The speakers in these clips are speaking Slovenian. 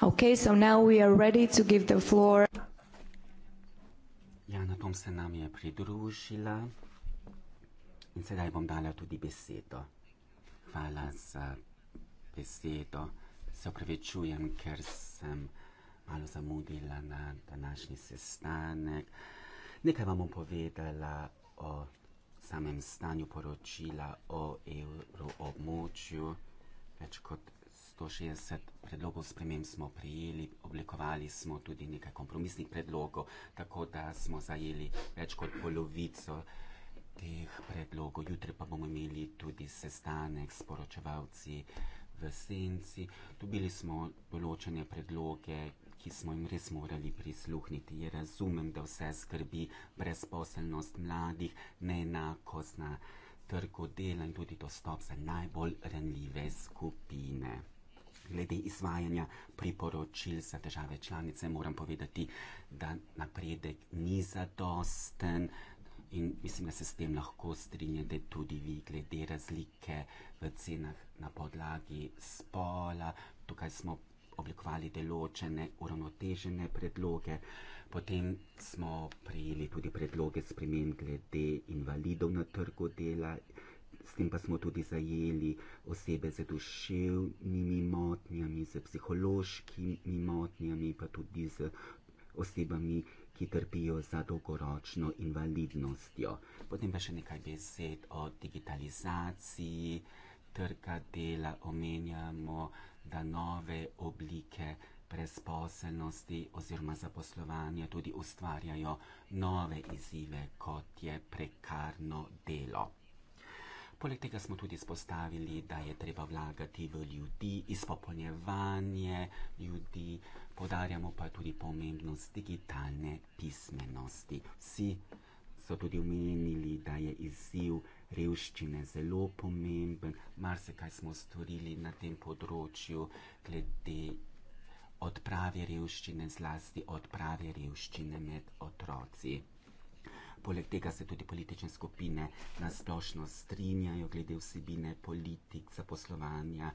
Okay, so now we are ready to give the floor. Jana Tom se nam je pridružila in sedaj bom dala tudi besedo. Hvala za besedo. Se upravičujem, ker sem malo zamudila na današnji sestanek. Nekaj vam bom povedala o samem stanju poročila o evroobmočju. Več kot 160 predlogov sprememb smo prijeli, oblikovali smo tudi nekaj kompromisnih predlogov, tako da smo zajeli več kot polovico teh predlogov. Jutri pa bomo imeli tudi sestanek s poročevalci v senci. Dobili smo določene predloge, ki smo jim res morali prisluhniti. Jaz razumem, da vse skrbi brezposelnost mladih, neenakost na trgu dela in tudi dostop za najbolj ranljive skupine glede izvajanja priporočil za države članice, moram povedati, da napredek ni zadosten. In mislim, da se s tem lahko strinjate tudi vi, glede razlike v cenah na podlagi spola. Tukaj smo oblikovali določene uravnotežene predloge, potem smo prijeli tudi predloge spremen glede invalidov na trgu dela s tem pa smo tudi zajeli osebe z duševnimi motnjami, z psihološkimi motnjami, pa tudi z osebami, ki trpijo za dolgoročno invalidnostjo. Potem pa še nekaj besed o digitalizaciji trga dela, omenjamo, da nove oblike brezposelnosti oziroma zaposlovanja tudi ustvarjajo nove izzive, kot je prekarno delo. Poleg tega smo tudi spostavili, da je treba vlagati v ljudi, izpopolnjevanje ljudi, podarjamo pa tudi pomembnost digitalne pismenosti. Vsi so tudi omenili, da je izziv revščine zelo pomemben, mar se kaj smo storili na tem področju glede odprave revščine, zlasti odprave revščine med otroci. Poleg tega se tudi politične skupine nasplošno strinjajo glede vsebine politik, zaposlovanja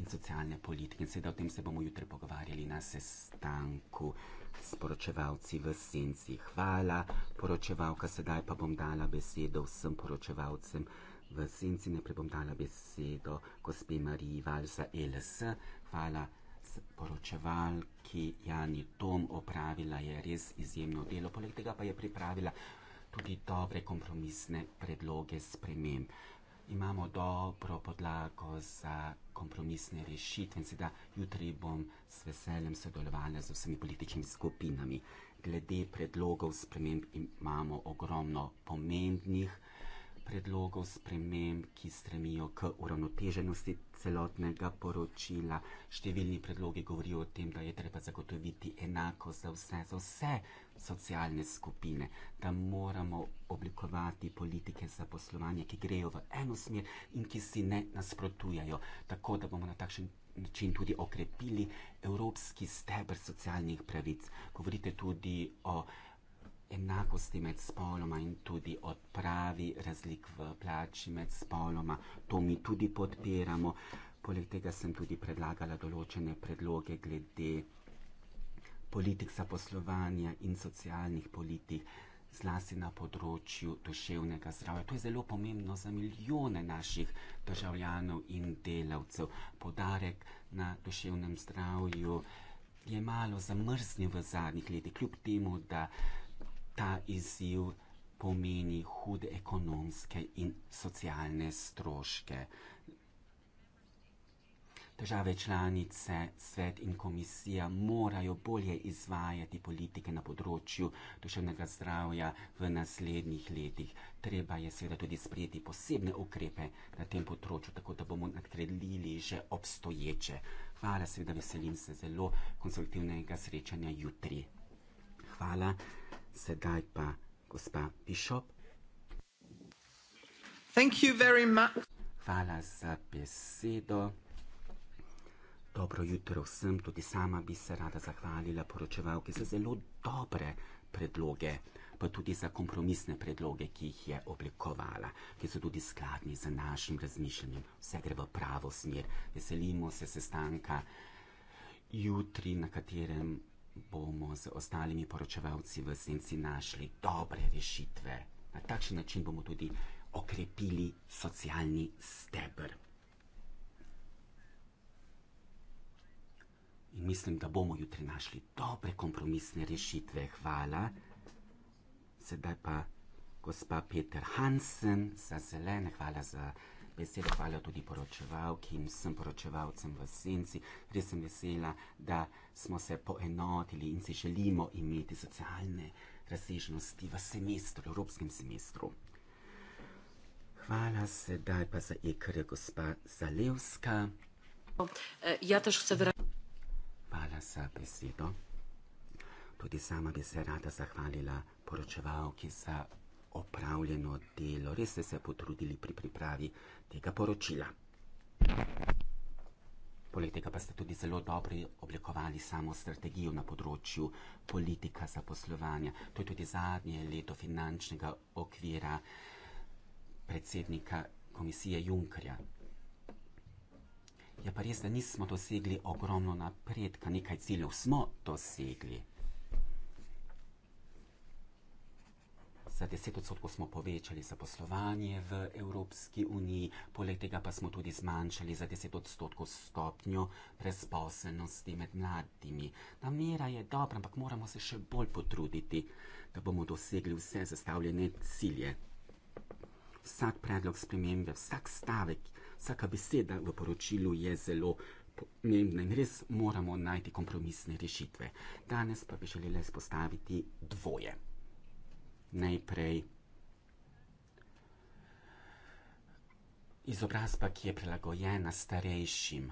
in socialne politike. In seveda o tem se bomo jutri pogovarjali na sestanku s poročevalci v senci. Hvala, poročevalka, sedaj pa bom dala besedo vsem poročevalcem. V senci najprej bom dala besedo gospe Mariji Valza e LS. Hvala poročevalki Jani Tom, opravila je res izjemno delo, poleg tega pa je pripravila tudi dobre kompromisne predloge sprememb. Imamo dobro podlago za kompromisne rešitve in sedaj jutri bom s veseljem sodelovala z vsemi političnimi skupinami. Glede predlogov sprememb imamo ogromno pomembnih, predlogov sprememb, ki stremijo k uravnoteženosti celotnega poročila. Številni predlogi govorijo o tem, da je treba zagotoviti enako za vse, za vse socialne skupine, da moramo oblikovati politike za poslovanje, ki grejo v eno smer in ki si ne nasprotujajo, tako da bomo na takšen način tudi okrepili evropski stebr socialnih pravic. Govorite tudi o enakosti med spoloma in tudi odpravi razlik v plači med spoloma. To mi tudi podpiramo. Poleg tega sem tudi predlagala določene predloge glede politik zaposlovanja in socialnih politik, zlasti na področju duševnega zdravja. To je zelo pomembno za milijone naših državljanov in delavcev. Podarek na duševnem zdravju je malo zamrznil v zadnjih letih, kljub temu, da ta izziv pomeni hude ekonomske in socialne stroške. Države članice, svet in komisija morajo bolje izvajati politike na področju duševnega zdravja v naslednjih letih. Treba je seveda tudi sprejeti posebne ukrepe na tem področju, tako da bomo nadgradili že obstoječe. Hvala, seveda veselim se zelo konstruktivnega srečanja jutri. Hvala sedaj pa gospa Bishop. Hvala za besedo. Dobro jutro vsem, tudi sama bi se rada zahvalila poročevalki za zelo dobre predloge, pa tudi za kompromisne predloge, ki jih je oblikovala, ki so tudi skladni z našim razmišljanjem. Vse gre v pravo smer. Veselimo se sestanka jutri, na katerem bomo z ostalimi poročevalci v senci našli dobre rešitve. Na takšen način bomo tudi okrepili socialni stebr. In mislim, da bomo jutri našli dobre kompromisne rešitve. Hvala. Sedaj pa gospa Peter Hansen za zelene. Hvala za besedo hvala tudi poročevalki in vsem poročevalcem v senci. Res sem vesela, da smo se poenotili in si želimo imeti socialne razsežnosti v semestru, evropskem semestru. Hvala sedaj pa za ekr, gospa Zalevska. Eh, ja, težko se vrati. Hvala za besedo. Tudi sama bi se rada zahvalila poročevalki za opravljeno delo. Res ste se potrudili pri pripravi tega poročila. Poleg tega pa ste tudi zelo dobro oblikovali samo strategijo na področju politika zaposlovanja. To je tudi zadnje leto finančnega okvira predsednika komisije Junkerja. Je pa res, da nismo dosegli ogromno napredka, nekaj ciljev smo dosegli. za 10 odstotkov smo povečali zaposlovanje v Evropski uniji, poleg tega pa smo tudi zmanjšali za 10 odstotkov stopnjo brezposelnosti med mladimi. Namera je dobra, ampak moramo se še bolj potruditi, da bomo dosegli vse zastavljene cilje. Vsak predlog spremembe, vsak stavek, vsaka beseda v poročilu je zelo pomembna in res moramo najti kompromisne rešitve. Danes pa bi želela izpostaviti dvoje najprej izobrazba, ki je prilagojena starejšim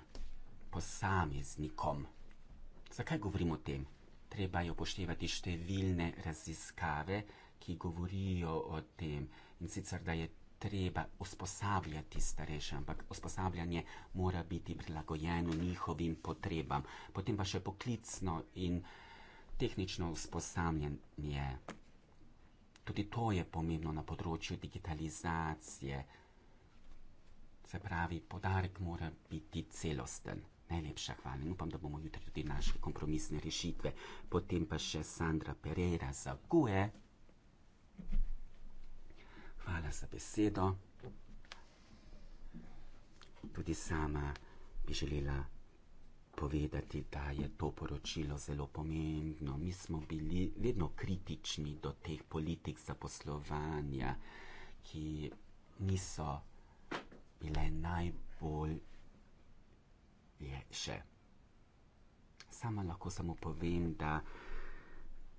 posameznikom. Zakaj govorimo o tem? Treba je upoštevati številne raziskave, ki govorijo o tem in sicer, da je treba usposabljati starejše, ampak usposabljanje mora biti prilagojeno njihovim potrebam. Potem pa še poklicno in tehnično usposabljanje. Tudi to je pomembno na področju digitalizacije. Se pravi, podarek mora biti celosten. Najlepša hvala in upam, da bomo jutri tudi našli kompromisne rešitve. Potem pa še Sandra Pereira za GUE. Hvala za besedo. Tudi sama bi želela povedati, da je to poročilo zelo pomembno. Mi smo bili vedno kritični do teh politik zaposlovanja, ki niso bile najbolj ješe. Sama lahko samo povem, da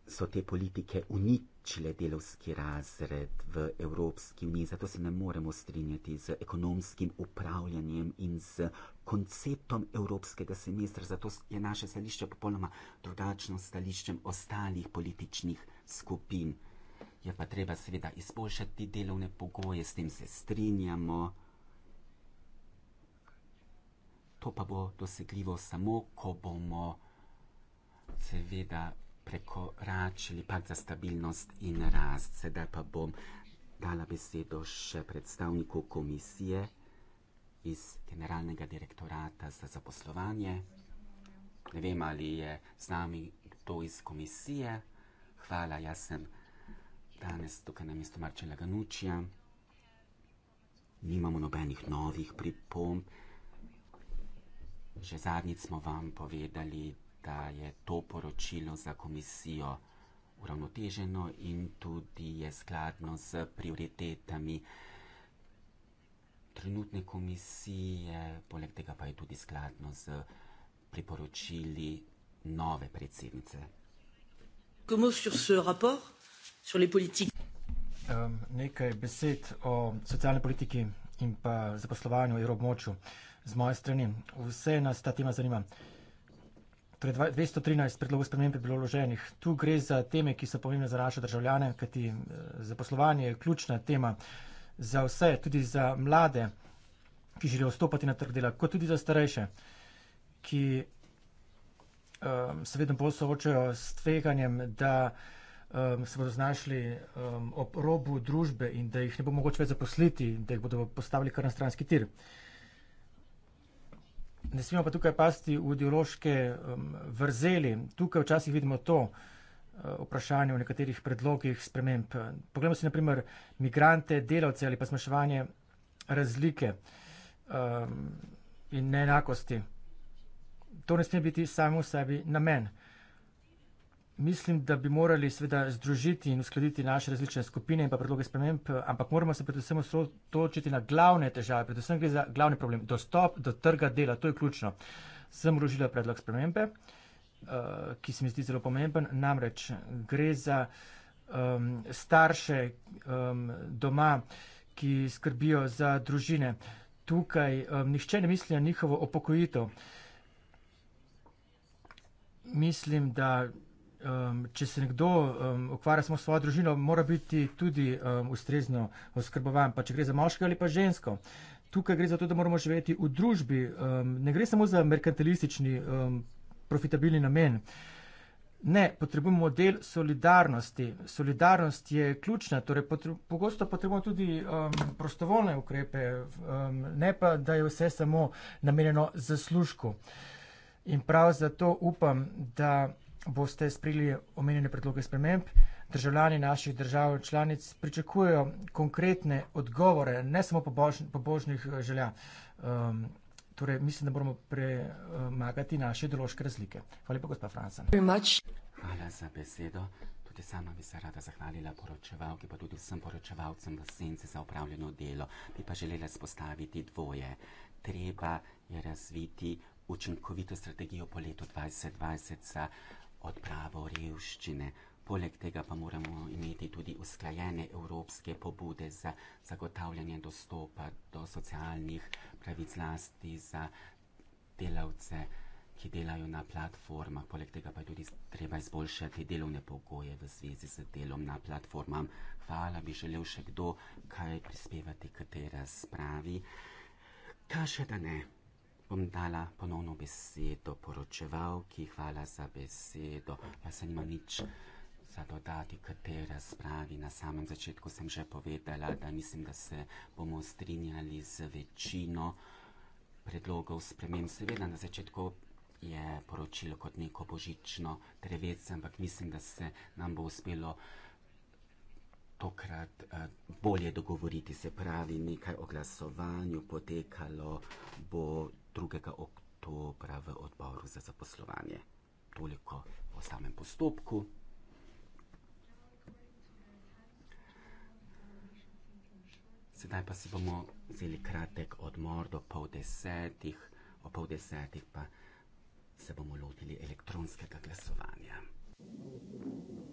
so te politike uničile delovski razred v Evropski uniji, zato se ne moremo strinjati z ekonomskim upravljanjem in z konceptom evropskega semestra. Zato je naše stališče popolnoma drugačno stališčem ostalih političnih skupin. Je pa treba seveda izboljšati delovne pogoje, s tem se strinjamo. To pa bo dosegljivo samo, ko bomo seveda prekoračili pakt za stabilnost in rast. Sedaj pa bom dala besedo še predstavniku komisije iz Generalnega direktorata za zaposlovanje. Ne vem, ali je z nami kdo iz komisije. Hvala, jaz sem danes tukaj na mestu Marčela Ganučija. Nimamo nobenih novih pripomb. Že zadnjič smo vam povedali, da je to poročilo za komisijo uravnoteženo in tudi je skladno z prioritetami trenutne komisije, poleg tega pa je tudi skladno z priporočili nove predsednice. Um, nekaj besed o socialni politiki in pa zaposlovanju v evrobmočju z moje strani. Vse nas ta tema zanima. Uh, torej 213 predlogov sprememb je bilo vloženih. Tu gre za teme, ki so pomembne za naše državljane, kajti eh, zaposlovanje je ključna tema za vse, tudi za mlade, ki želijo vstopati na trg dela, kot tudi za starejše, ki um, se vedno bolj soočajo s tveganjem, da um, se bodo znašli um, ob robu družbe in da jih ne bo mogoče več zaposliti, da jih bodo postavili kar na stranski tir. Uh, Ne smemo pa tukaj pasti v ideološke um, vrzeli. Tukaj včasih vidimo to uh, vprašanje o nekaterih predlogih sprememb. Poglejmo si naprimer migrante, delavce ali pa smaševanje razlike um, in neenakosti. To ne sme biti samo v sebi namen mislim, da bi morali seveda združiti in uskladiti naše različne skupine in pa predloge sprememb, ampak moramo se predvsem osredotočiti na glavne težave, predvsem gre za glavni problem, dostop do trga dela, to je ključno. Sem vložila predlog spremembe, eh, ki se mi zdi zelo pomemben, namreč gre za um, starše um, doma, ki skrbijo za družine. Tukaj um, nihče ne misli na njihovo opokojitev. Mislim, da um, če se nekdo um, ukvarja samo s svojo družino, mora biti tudi um, ustrezno oskrbovan, pa če gre za moškega ali pa žensko. Tukaj gre za to, da moramo živeti v družbi. Um, ne gre samo za merkantilistični, um, profitabilni namen. Ne, potrebujemo del solidarnosti. Solidarnost je ključna, torej potre, pogosto potrebujemo tudi um, prostovoljne ukrepe, um, ne pa, da je vse samo namenjeno zaslužku. In prav zato upam, da boste sprili omenjene predloge sprememb. Državljani naših držav članic pričakujejo konkretne odgovore, ne samo pobožnih po eh, želja. Um, torej, mislim, da moramo premagati naše ideološke razlike. Hvala lepa, gospod Franca. Hvala za besedo. Tudi sama bi se rada zahvalila poročevalki, pa tudi vsem poročevalcem v senci za upravljeno delo. Bi pa želela spostaviti dvoje. Treba je razviti učinkovito strategijo po letu 2020 za odpravo revščine. Poleg tega pa moramo imeti tudi usklajene evropske pobude za zagotavljanje dostopa do socialnih pravic lasti za delavce, ki delajo na platformah. Poleg tega pa je tudi treba izboljšati delovne pogoje v zvezi z delom na platformam. Hvala, bi želel še kdo kaj prispevati k tej razpravi. Kaže, da ne bom dala ponovno besedo poročevalki. Hvala za besedo. Vas nima nič za dodati, katera spravi. Na samem začetku sem že povedala, da mislim, da se bomo strinjali z večino predlogov sprememb. Seveda na začetku je poročilo kot neko božično drevece, ampak mislim, da se nam bo uspelo tokrat eh, bolje dogovoriti, se pravi, nekaj o glasovanju potekalo bo 2. oktobra v odboru za zaposlovanje. Toliko o samem postopku. Sedaj pa si bomo vzeli kratek odmor do pol desetih, o pol desetih pa se bomo lotili elektronskega glasovanja. Thank you.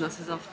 možnost za vse.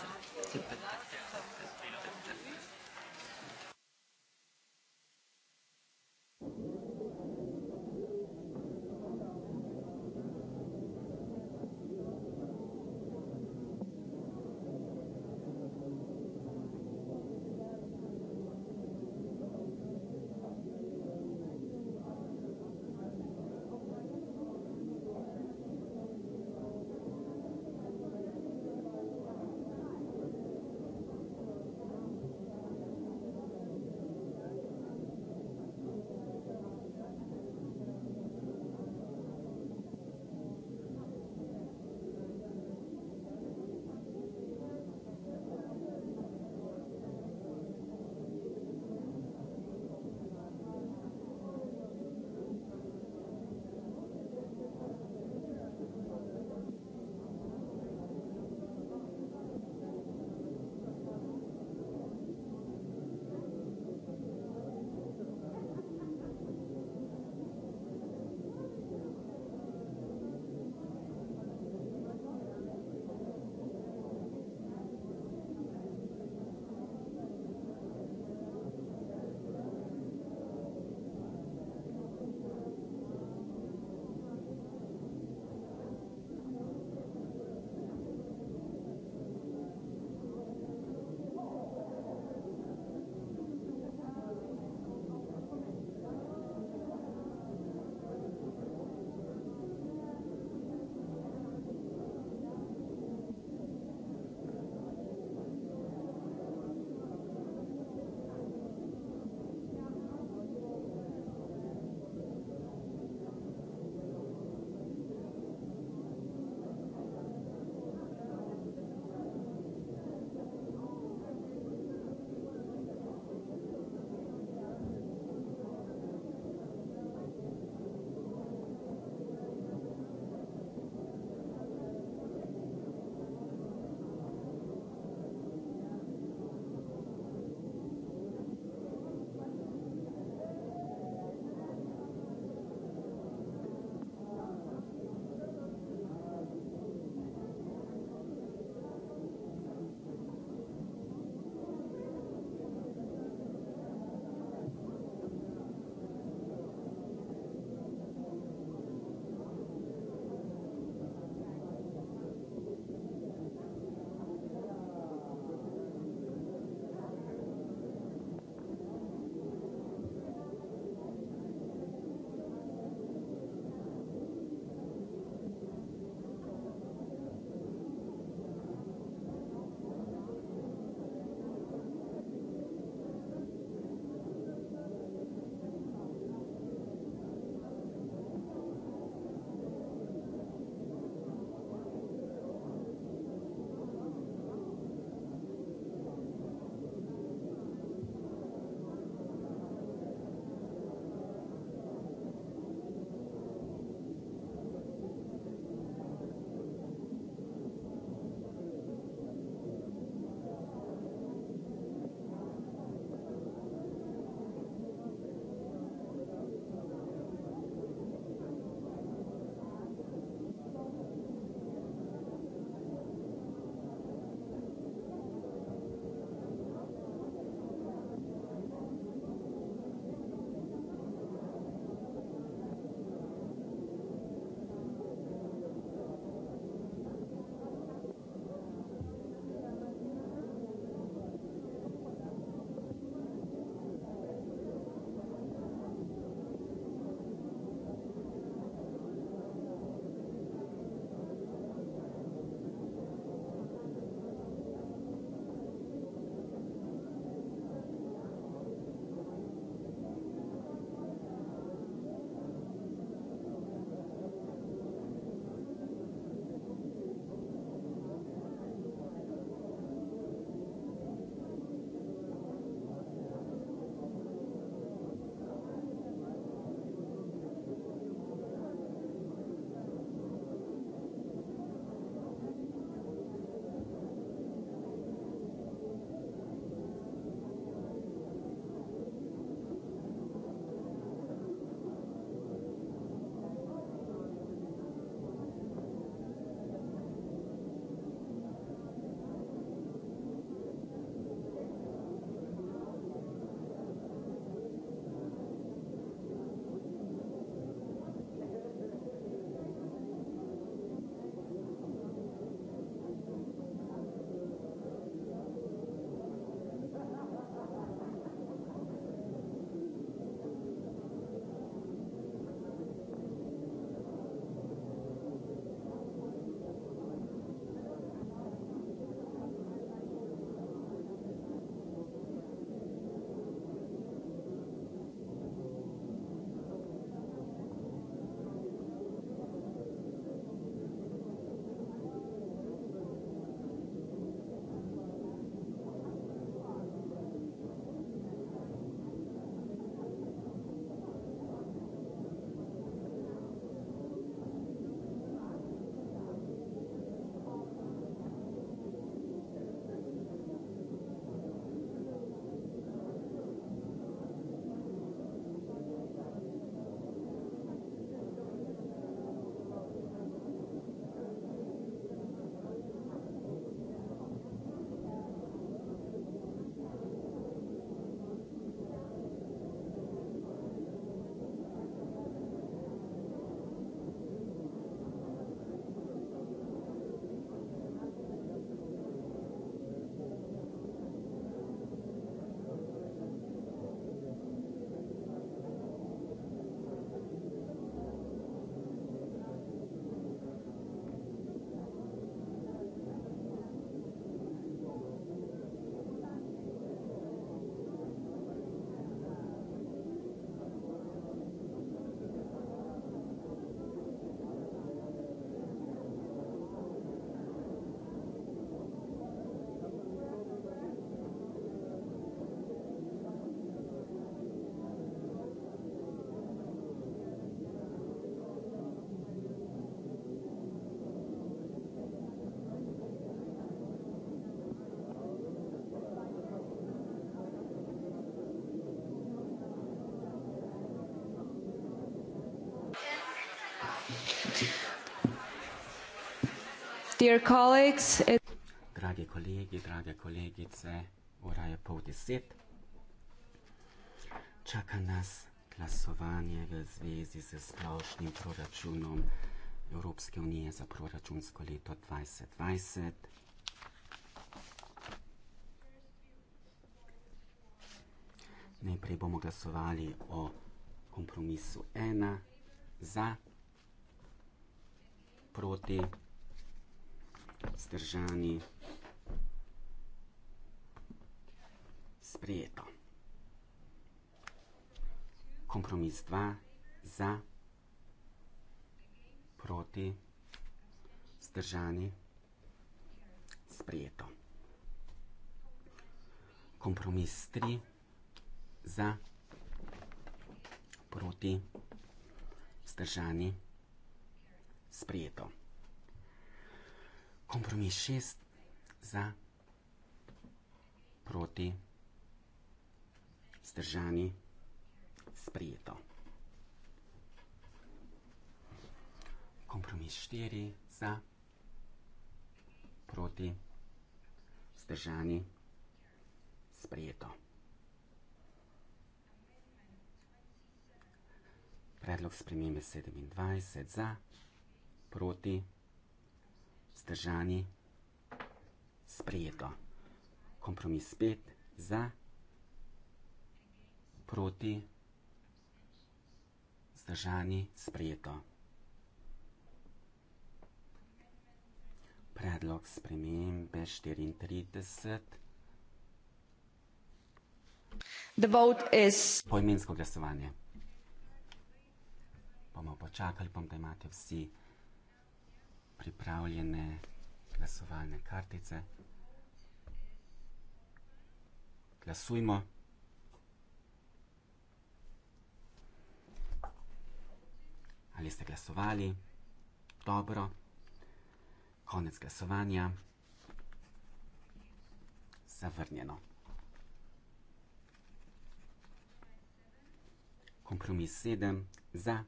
Dear colleagues, it... Dragi kolegi, drage kolegice, ura je pol deset. Čaka nas glasovanje v zvezi z splošnim proračunom Evropske unije za proračunsko leto 2020. Najprej bomo glasovali o kompromisu 1 za proti zdržani, sprijeto. Kompromis 2, za, proti, zdržani, sprijeto. Kompromis 3, za, proti, zdržani, sprijeto. Sprijeto kompromis šest za, proti, zdržani, sprijeto. Kompromis štiri za, proti, zdržani, sprijeto. Predlog spremembe 27 za, proti, zdržani, sprijeto zdržani, sprejeto. Kompromis spet za, proti, zdržani, sprejeto. Predlog spremembe 34. The vote is... Poimensko glasovanje. Bomo počakali, bom, da imate vsi glasovanje pripravljene glasovalne kartice. Glasujmo. Ali ste glasovali? Dobro. Konec glasovanja. Zavrnjeno. Kompromis 7 za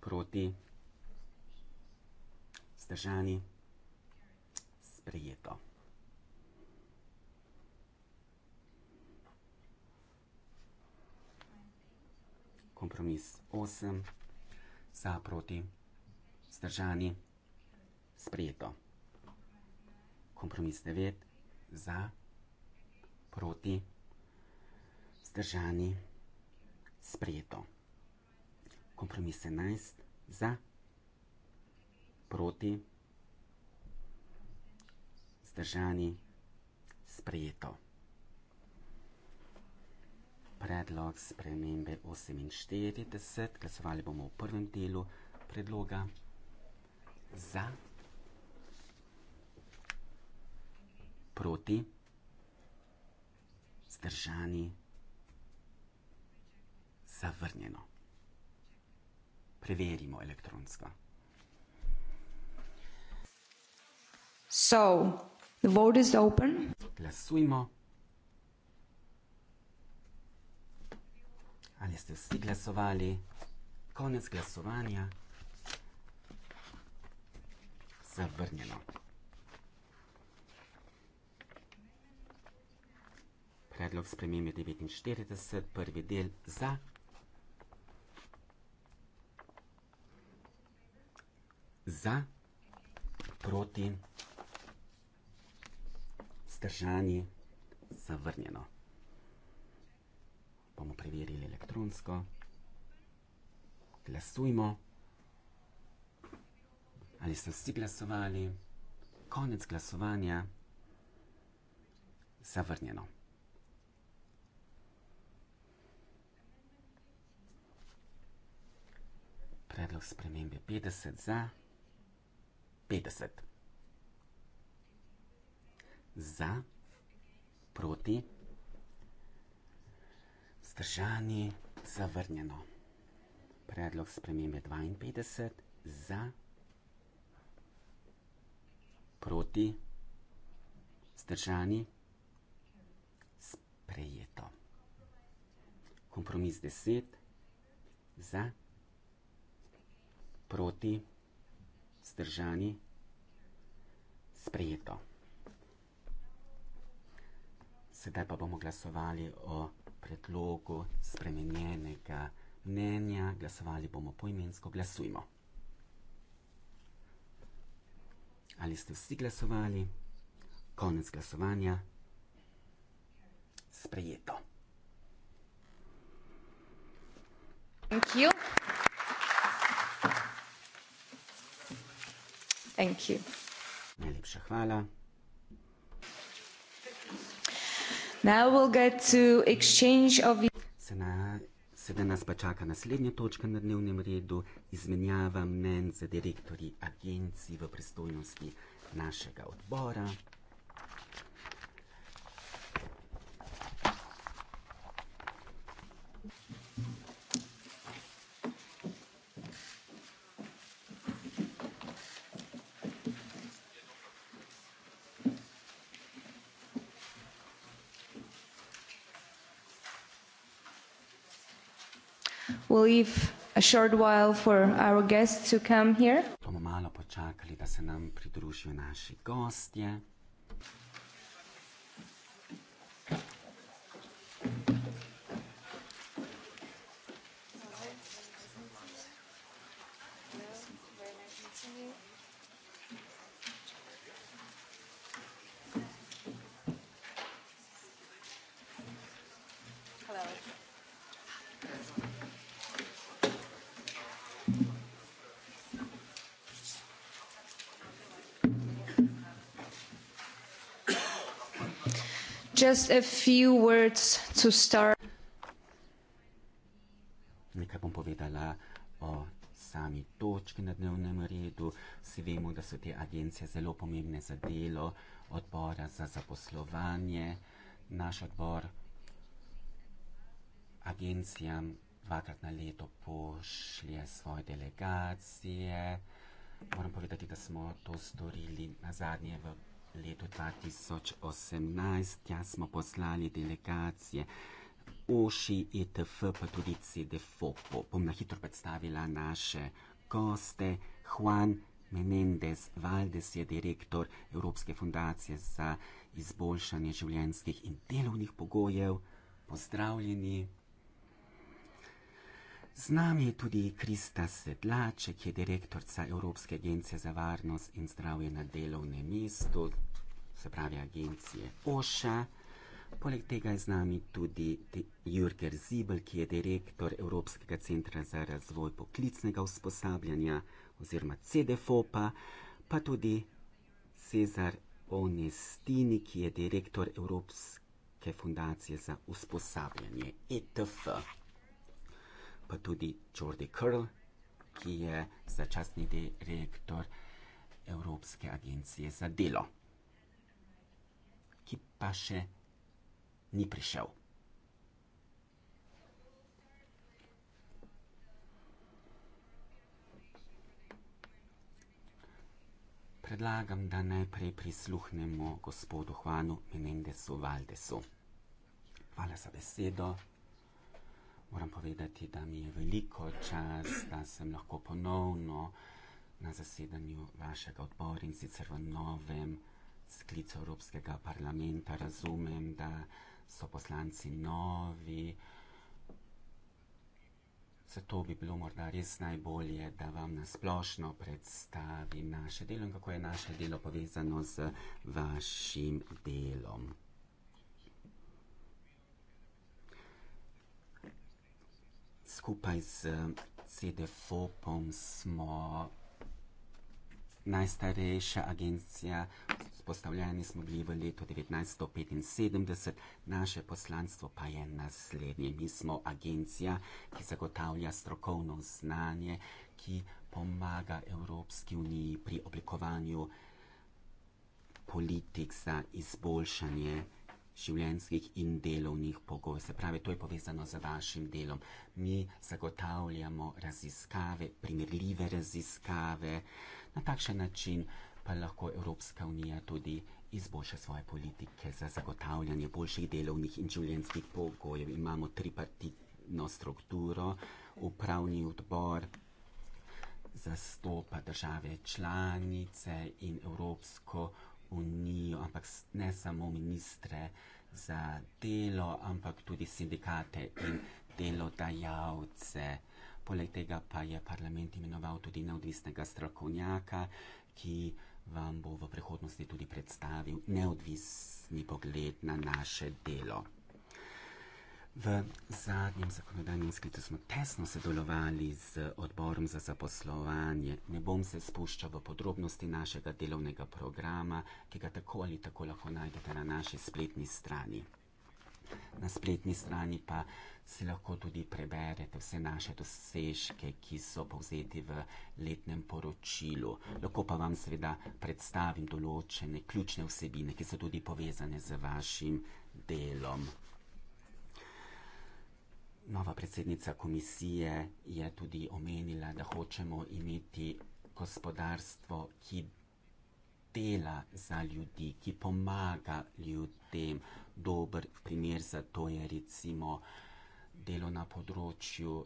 proti zdržani, sprejeto. Kompromis 8, za proti, zdržani, sprejeto. Kompromis 9, za proti, zdržani, sprejeto. Kompromis 11, za proti sproti, zdržani, sprejeto. Predlog spremembe 48, glasovali bomo v prvem delu predloga za, proti, zdržani, zavrnjeno. Preverimo elektronsko. So, the vote is open. Glasujmo. Ali ste vsi glasovali? Konec glasovanja. Zavrnjeno. Predlog spremembe 49, prvi del za. Za, proti, zdržani, zavrnjeno. Bomo preverili elektronsko. Glasujmo. Ali so vsi glasovali? Konec glasovanja. Zavrnjeno. Predlog spremembe 50 za 50 za, proti, vzdržani, zavrnjeno. Predlog spremembe 52, za, proti, vzdržani, sprejeto. Kompromis 10, za, proti, vzdržani, sprejeto. Sedaj pa bomo glasovali o predlogu spremenjenega mnenja. Glasovali bomo poimensko. Glasujmo. Ali ste vsi glasovali? Konec glasovanja. Sprejeto. Thank you. Thank you. Najlepša hvala. Now we'll get to exchange of... Seveda nas pa čaka naslednja točka na dnevnem redu, izmenjava mnen za direktori agencij v prestojnosti našega odbora. leave a short while for our guests to come here. Bomo malo počakali, da se nam pridružijo naši gostje. just a few words to start. Nekaj bom povedala o sami točki na dnevnem redu. Vsi vemo, da so te agencije zelo pomembne za delo odbora za zaposlovanje. Naš odbor agencijam dvakrat na leto pošlje svoje delegacije. Moram povedati, da smo to storili na zadnje v letu 2018, tja smo poslali delegacije. Oši, ITF, e pa tudi CDFOPO. Bom na hitro predstavila naše goste. Juan Menendez Valdes je direktor Evropske fundacije za izboljšanje življenjskih in delovnih pogojev. Pozdravljeni. Z nami je tudi Krista Sedlaček, ki je direktorica Evropske agencije za varnost in zdravje na delovnem mestu, se pravi agencije OŠA. Poleg tega je z nami tudi Jurger Zibel, ki je direktor Evropskega centra za razvoj poklicnega usposabljanja oziroma CDFOPA, pa tudi Cezar Onestini, ki je direktor Evropske fundacije za usposabljanje ETF pa tudi Jordi Curl, ki je začasni direktor Evropske agencije za delo, ki pa še ni prišel. Predlagam, da najprej prisluhnemo gospodu Juanu Menendezu Valdesu. Hvala za besedo. Moram povedati, da mi je veliko čas, da sem lahko ponovno na zasedanju vašega odbora in sicer v novem sklicu Evropskega parlamenta. Razumem, da so poslanci novi. Zato bi bilo morda res najbolje, da vam nasplošno predstavim naše delo in kako je naše delo povezano z vašim delom. skupaj z CDFOPom smo najstarejša agencija, postavljeni smo bili v letu 1975, naše poslanstvo pa je naslednje. Mi smo agencija, ki zagotavlja strokovno znanje, ki pomaga Evropski uniji pri oblikovanju politik za izboljšanje življenjskih in delovnih pogojev. Se pravi, to je povezano z vašim delom. Mi zagotavljamo raziskave, primerljive raziskave, na takšen način pa lahko Evropska unija tudi izboljša svoje politike za zagotavljanje boljših delovnih in življenjskih pogojev. Imamo tripartitno strukturo, upravni odbor zastopa države članice in Evropsko unijo unijo, ampak ne samo ministre za delo, ampak tudi sindikate in delodajalce. Poleg tega pa je parlament imenoval tudi neodvisnega strokovnjaka, ki vam bo v prihodnosti tudi predstavil neodvisni pogled na naše delo. V zadnjem zakonodajnem sklicu smo tesno sodelovali z odborom za zaposlovanje. Ne bom se spuščal v podrobnosti našega delovnega programa, ki ga tako ali tako lahko najdete na naši spletni strani. Na spletni strani pa si lahko tudi preberete vse naše dosežke, ki so povzeti v letnem poročilu. Lahko pa vam seveda predstavim določene ključne vsebine, ki so tudi povezane z vašim delom. Nova predsednica komisije je tudi omenila, da hočemo imeti gospodarstvo, ki dela za ljudi, ki pomaga ljudem. Dober primer za to je recimo delo na področju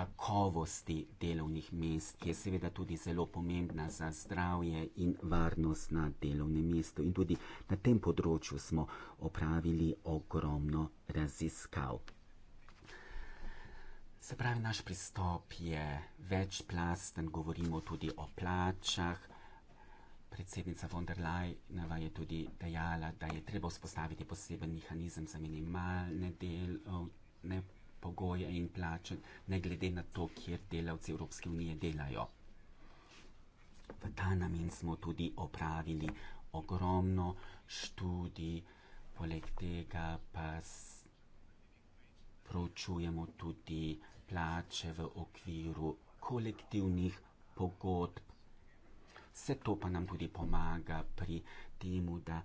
kakovosti delovnih mest, ki je seveda tudi zelo pomembna za zdravje in varnost na delovnem mestu. In tudi na tem področju smo opravili ogromno raziskav. Se pravi, naš pristop je večplasten, govorimo tudi o plačah. Predsednica von der Leyen je tudi dejala, da je treba vzpostaviti poseben mehanizem za minimalne delovne pogoje in plače, ne glede na to, kjer delavci Evropske unije delajo. V ta namen smo tudi opravili ogromno študij, poleg tega pa se proučujemo tudi plače v okviru kolektivnih pogodb. Vse to pa nam tudi pomaga pri tem, da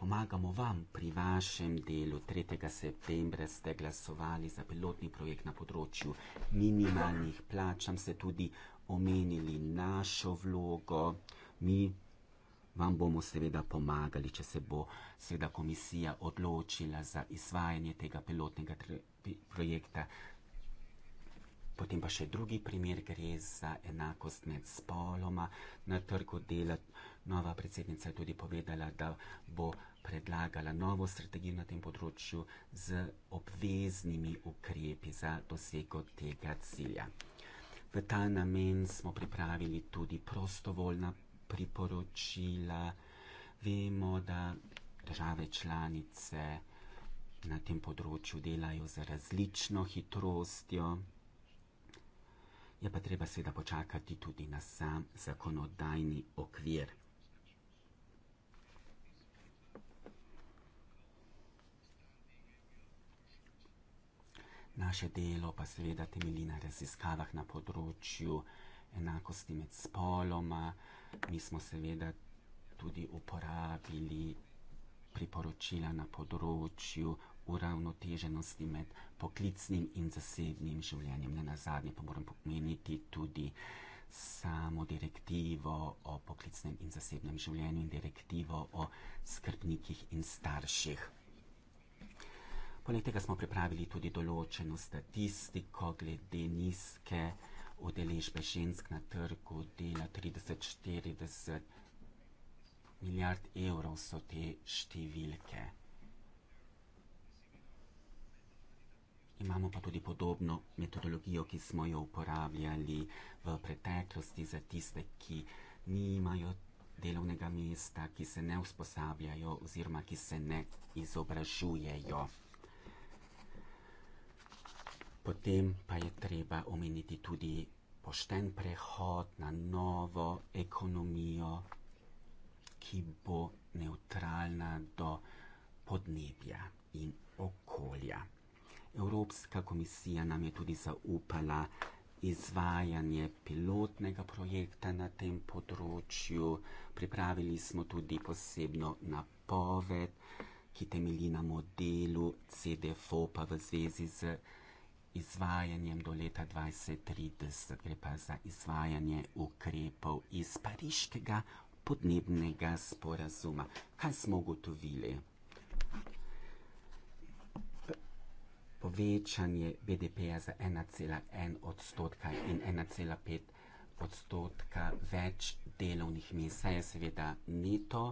pomagamo vam pri vašem delu. 3. septembra ste glasovali za pilotni projekt na področju minimalnih plač, tam ste tudi omenili našo vlogo. Mi vam bomo seveda pomagali, če se bo seveda komisija odločila za izvajanje tega pilotnega projekta. Potem pa še drugi primer, gre za enakost med spoloma na trgu dela. Nova predsednica je tudi povedala, da bo predlagala novo strategijo na tem področju z obveznimi ukrepi za dosego tega cilja. V ta namen smo pripravili tudi prostovoljna priporočila. Vemo, da države članice na tem področju delajo z različno hitrostjo. Je pa treba seveda počakati tudi na sam zakonodajni okvir. Naše delo pa seveda temelji na raziskavah na področju enakosti med spoloma. Mi smo seveda tudi uporabili priporočila na področju uravnoteženosti med poklicnim in zasebnim življenjem. Ne na zadnje pa moram pomeniti tudi samo direktivo o poklicnem in zasebnem življenju in direktivo o skrbnikih in starših. Poleg tega smo pripravili tudi določeno statistiko glede nizke udeležbe žensk na trgu dela 30-40 milijard evrov so te številke. Imamo pa tudi podobno metodologijo, ki smo jo uporabljali v preteklosti za tiste, ki nimajo delovnega mesta, ki se ne usposabljajo oziroma ki se ne izobražujejo. Potem pa je treba omeniti tudi pošten prehod na novo ekonomijo, ki bo neutralna do podnebja in okolja. Evropska komisija nam je tudi zaupala izvajanje pilotnega projekta na tem področju. Pripravili smo tudi posebno napoved, ki temelji na modelu CDFOPA v zvezi z izvajanjem do leta 2030, gre pa za izvajanje ukrepov iz pariškega podnebnega sporazuma. Kaj smo ugotovili? povečanje BDP-ja za 1,1 odstotka in 1,5 odstotka več delovnih mest. Saj je seveda neto,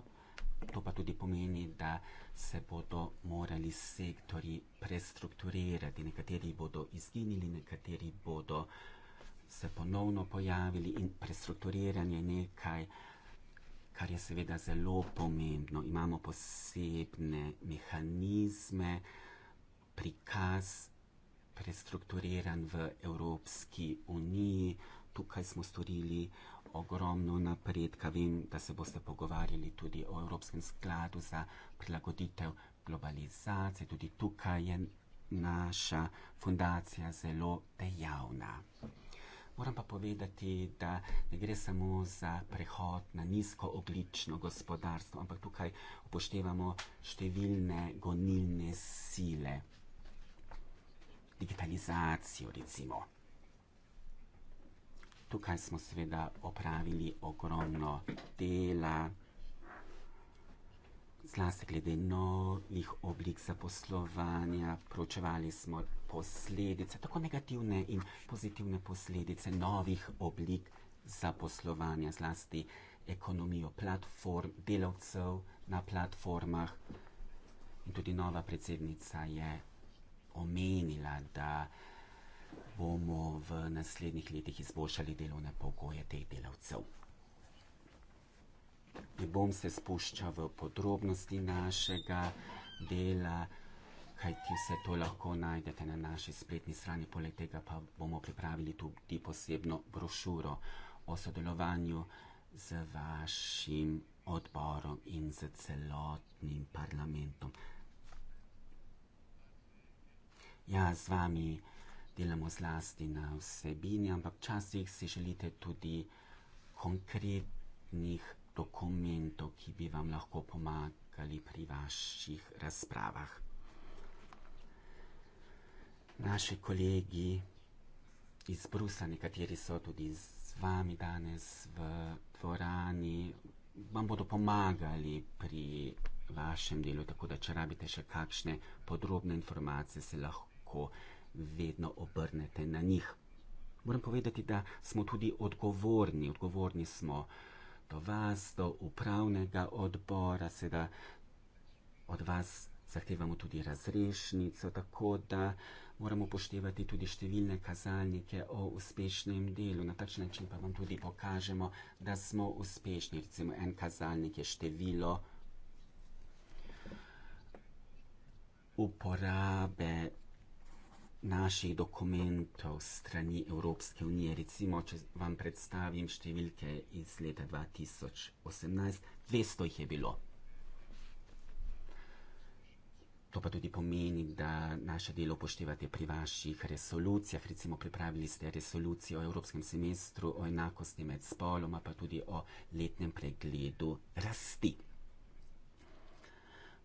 to pa tudi pomeni, da se bodo morali sektori prestrukturirati. Nekateri bodo izginili, nekateri bodo se ponovno pojavili in prestrukturiranje nekaj, kar je seveda zelo pomembno. Imamo posebne mehanizme, prikaz prestrukturiran v Evropski uniji. Tukaj smo storili ogromno napredka. Vem, da se boste pogovarjali tudi o Evropskem skladu za prilagoditev globalizacije. Tudi tukaj je naša fundacija zelo dejavna. Moram pa povedati, da ne gre samo za prehod na nizkooglično gospodarstvo, ampak tukaj upoštevamo številne gonilne sile digitalizacijo, recimo. Tukaj smo seveda opravili ogromno dela, zlasti glede novih oblik zaposlovanja, proučevali smo posledice, tako negativne in pozitivne posledice novih oblik zaposlovanja, zlasti ekonomijo platform, delavcev na platformah. In tudi nova predsednica je omenila, da bomo v naslednjih letih izboljšali delovne pogoje teh delavcev. Ne bom se spuščal v podrobnosti našega dela, kajti vse to lahko najdete na naši spletni strani, poleg tega pa bomo pripravili tudi posebno brošuro o sodelovanju z vašim odborom in z celotnim parlamentom ja, z vami delamo zlasti na vsebini, ampak včasih si želite tudi konkretnih dokumentov, ki bi vam lahko pomagali pri vaših razpravah. Naši kolegi iz Brusa, nekateri so tudi z vami danes v dvorani, vam bodo pomagali pri vašem delu, tako da če rabite še kakšne podrobne informacije, se lahko lahko vedno obrnete na njih. Moram povedati, da smo tudi odgovorni. Odgovorni smo do vas, do upravnega odbora, seveda od vas zahtevamo tudi razrešnico, tako da moramo poštevati tudi številne kazalnike o uspešnem delu. Na takšen način pa vam tudi pokažemo, da smo uspešni. Recimo en kazalnik je število uporabe naših dokumentov strani Evropske unije. Recimo, če vam predstavim številke iz leta 2018, 200 jih je bilo. To pa tudi pomeni, da naše delo upoštevate pri vaših resolucijah. Recimo, pripravili ste resolucijo o Evropskem semestru, o enakosti med spoloma, pa tudi o letnem pregledu rasti.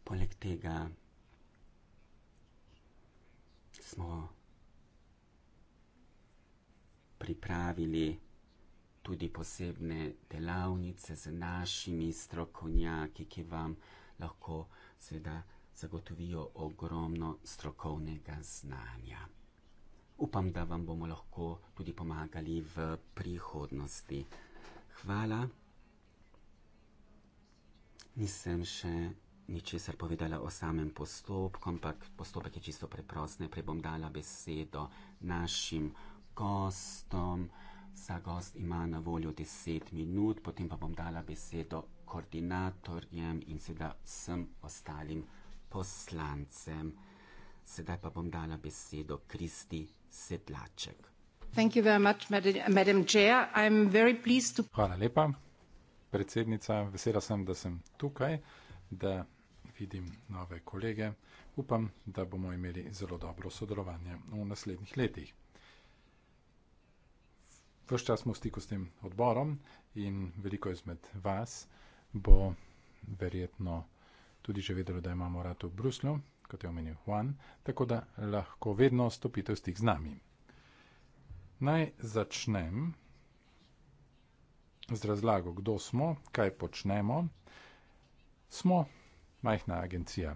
Poleg tega smo pripravili tudi posebne delavnice z našimi strokovnjaki, ki vam lahko seveda zagotovijo ogromno strokovnega znanja. Upam, da vam bomo lahko tudi pomagali v prihodnosti. Hvala. Nisem še ničesar povedala o samem postopku, ampak postopek je čisto preprost. Najprej bom dala besedo našim gostom. Vsak gost ima na voljo 10 minut, potem pa bom dala besedo koordinatorjem in seveda vsem ostalim poslancem. Sedaj pa bom dala besedo Kristi Sedlaček. Much, madam, madam to... Hvala lepa, predsednica. Vesela sem, da sem tukaj, da vidim nove kolege, upam, da bomo imeli zelo dobro sodelovanje v naslednjih letih. Ves čas smo v stiku s tem odborom in veliko izmed vas bo verjetno tudi že vedelo, da imamo rad v Bruslju, kot je omenil Juan, tako da lahko vedno stopite v stik z nami. Naj začnem z razlago, kdo smo, kaj počnemo. Smo majhna agencija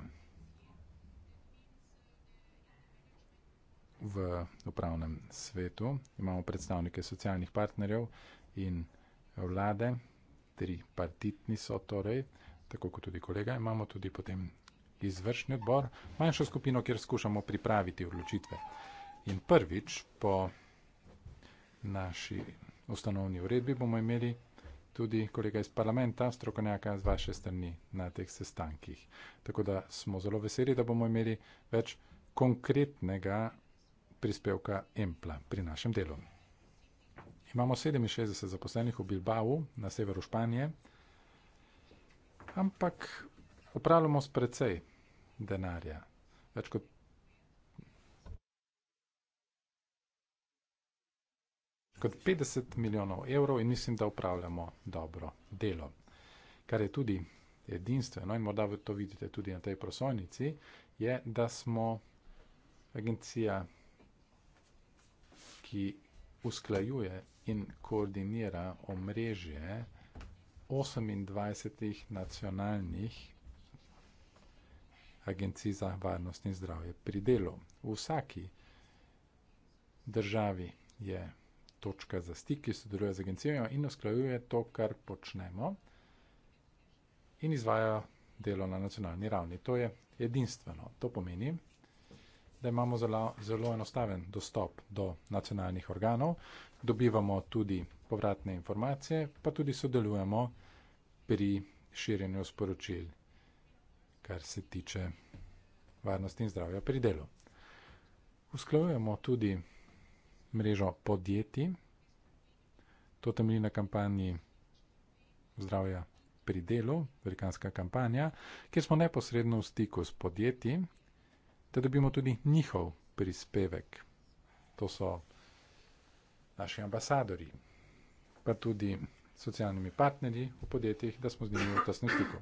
v upravnem svetu. Imamo predstavnike socialnih partnerjev in vlade, tri partitni so torej, tako kot tudi kolega, imamo tudi potem izvršni odbor, manjšo skupino, kjer skušamo pripraviti odločitve. In prvič po naši ustanovni uredbi bomo imeli tudi kolega iz parlamenta, strokovnjaka z vaše strani na teh sestankih. Tako da smo zelo veseli, da bomo imeli več konkretnega prispevka Empla pri našem delu. Imamo 67 zaposlenih v Bilbao na severu Španije, ampak upravljamo s precej denarja, več kot kot 50 milijonov evrov in mislim, da upravljamo dobro delo, kar je tudi edinstveno in morda to vidite tudi na tej prosojnici, je, da smo agencija, ki usklajuje in koordinira omrežje 28 nacionalnih agencij za varnost in zdravje pri delu. V vsaki državi je točka za stik, ki sodeluje z agencijo in usklajuje to, kar počnemo in izvaja delo na nacionalni ravni. To je edinstveno. To pomeni, da imamo zelo, zelo enostaven dostop do nacionalnih organov, dobivamo tudi povratne informacije, pa tudi sodelujemo pri širjenju sporočil, kar se tiče varnosti in zdravja pri delu. Usklajujemo tudi mrežo podjetij. To temelji na kampanji Zdravja pri delu, velikanska kampanja, kjer smo neposredno v stiku s podjetji, da dobimo tudi njihov prispevek. To so naši ambasadori, pa tudi socialnimi partnerji v podjetjih, da smo z njimi v tesnem stiku.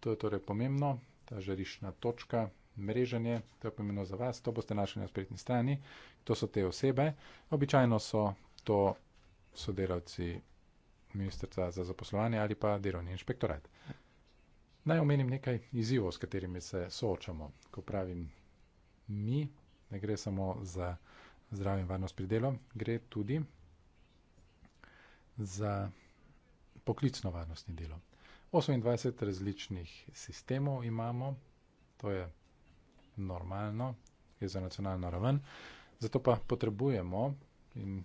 To je torej pomembno, ta žariščna točka, mreženje, to je pomeno za vas, to boste našli na spletni strani, to so te osebe. Običajno so to sodelavci ministrstva za zaposlovanje ali pa delovni inšpektorat. Naj omenim nekaj izzivov, s katerimi se soočamo. Ko pravim mi, ne gre samo za zdravje in varnost pri delu, gre tudi za poklicno varnostni delo. 28 različnih sistemov imamo, to je normalno, je za nacionalno raven. Zato pa potrebujemo in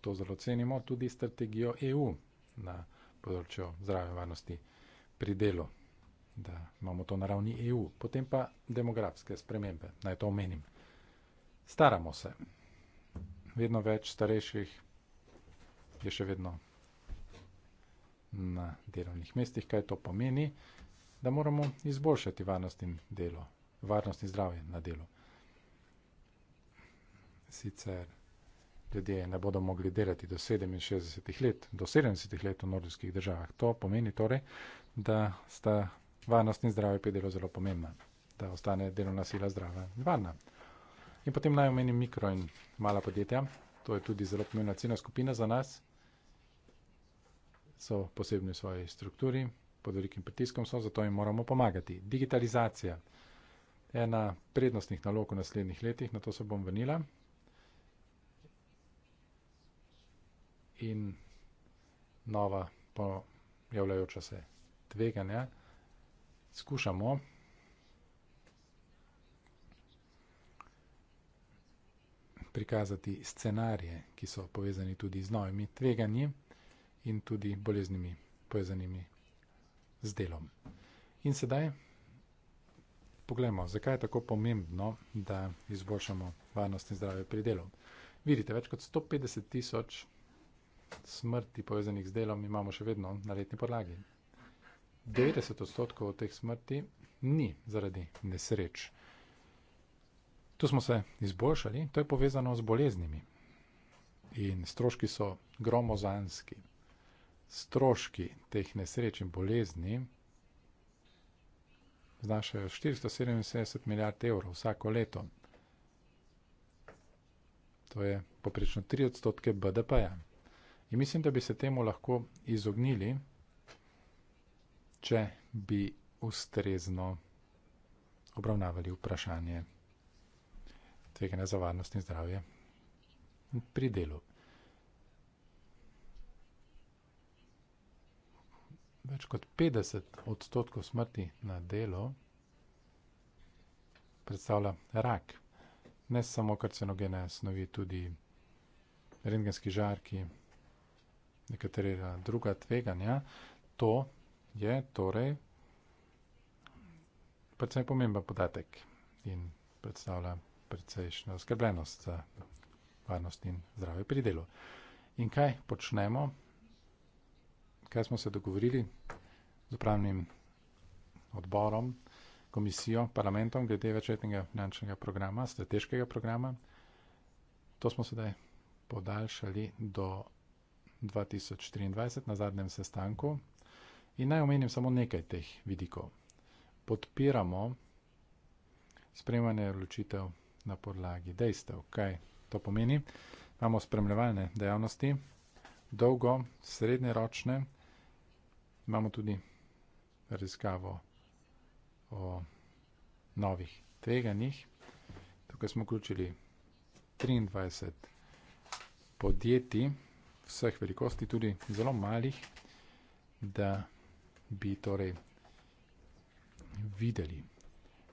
to zelo cenimo tudi strategijo EU na področju zdrave varnosti pri delu, da imamo to na ravni EU. Potem pa demografske spremembe, naj to omenim. Staramo se. Vedno več starejših je še vedno na delovnih mestih, kaj to pomeni, da moramo izboljšati varnost in delo varnost in zdravje na delu. Sicer ljudje ne bodo mogli delati do 67 let, do 70 let v nordijskih državah. To pomeni torej, da sta varnost in zdravje pri delu zelo pomembna, da ostane delovna sila zdrava in varna. In potem naj omenim mikro in mala podjetja, to je tudi zelo pomembna ciljna skupina za nas, so posebni v svoji strukturi, pod velikim pritiskom so, zato jim moramo pomagati. Digitalizacija ena prednostnih nalog v naslednjih letih, na to se bom vrnila. In nova pojavljajoča se tveganja. Skušamo prikazati scenarije, ki so povezani tudi z novimi tveganji in tudi boleznimi povezanimi z delom. In sedaj Poglejmo, zakaj je tako pomembno, da izboljšamo varnost in zdravje pri delu. Vidite, več kot 150 tisoč smrti povezanih z delom imamo še vedno na letni podlagi. 90 odstotkov teh smrti ni zaradi nesreč. Tu smo se izboljšali, to je povezano z boleznimi. In stroški so gromozanski. Stroški teh nesreč in bolezni znašajo 477 milijard evrov vsako leto. To je poprečno 3 odstotke BDP-ja. In mislim, da bi se temu lahko izognili, če bi ustrezno obravnavali vprašanje tveganja za varnost in zdravje pri delu. več kot 50 odstotkov smrti na delu predstavlja rak. Ne samo karcinogene snovi, tudi rengenski žarki, nekatere druga tveganja. To je torej predvsem pomemben podatek in predstavlja predvsejšno skrbljenost za varnost in zdravje pri delu. In kaj počnemo? kaj smo se dogovorili z upravnim odborom, komisijo, parlamentom glede večletnega finančnega programa, strateškega programa. To smo sedaj podaljšali do 2024 na zadnjem sestanku. In naj omenim samo nekaj teh vidikov. Podpiramo spremljanje odločitev na podlagi dejstev. Kaj to pomeni? Imamo spremljevalne dejavnosti, dolgo, srednjeročne, imamo tudi raziskavo o novih tveganjih. Tukaj smo vključili 23 podjetij vseh velikosti, tudi zelo malih, da bi torej videli,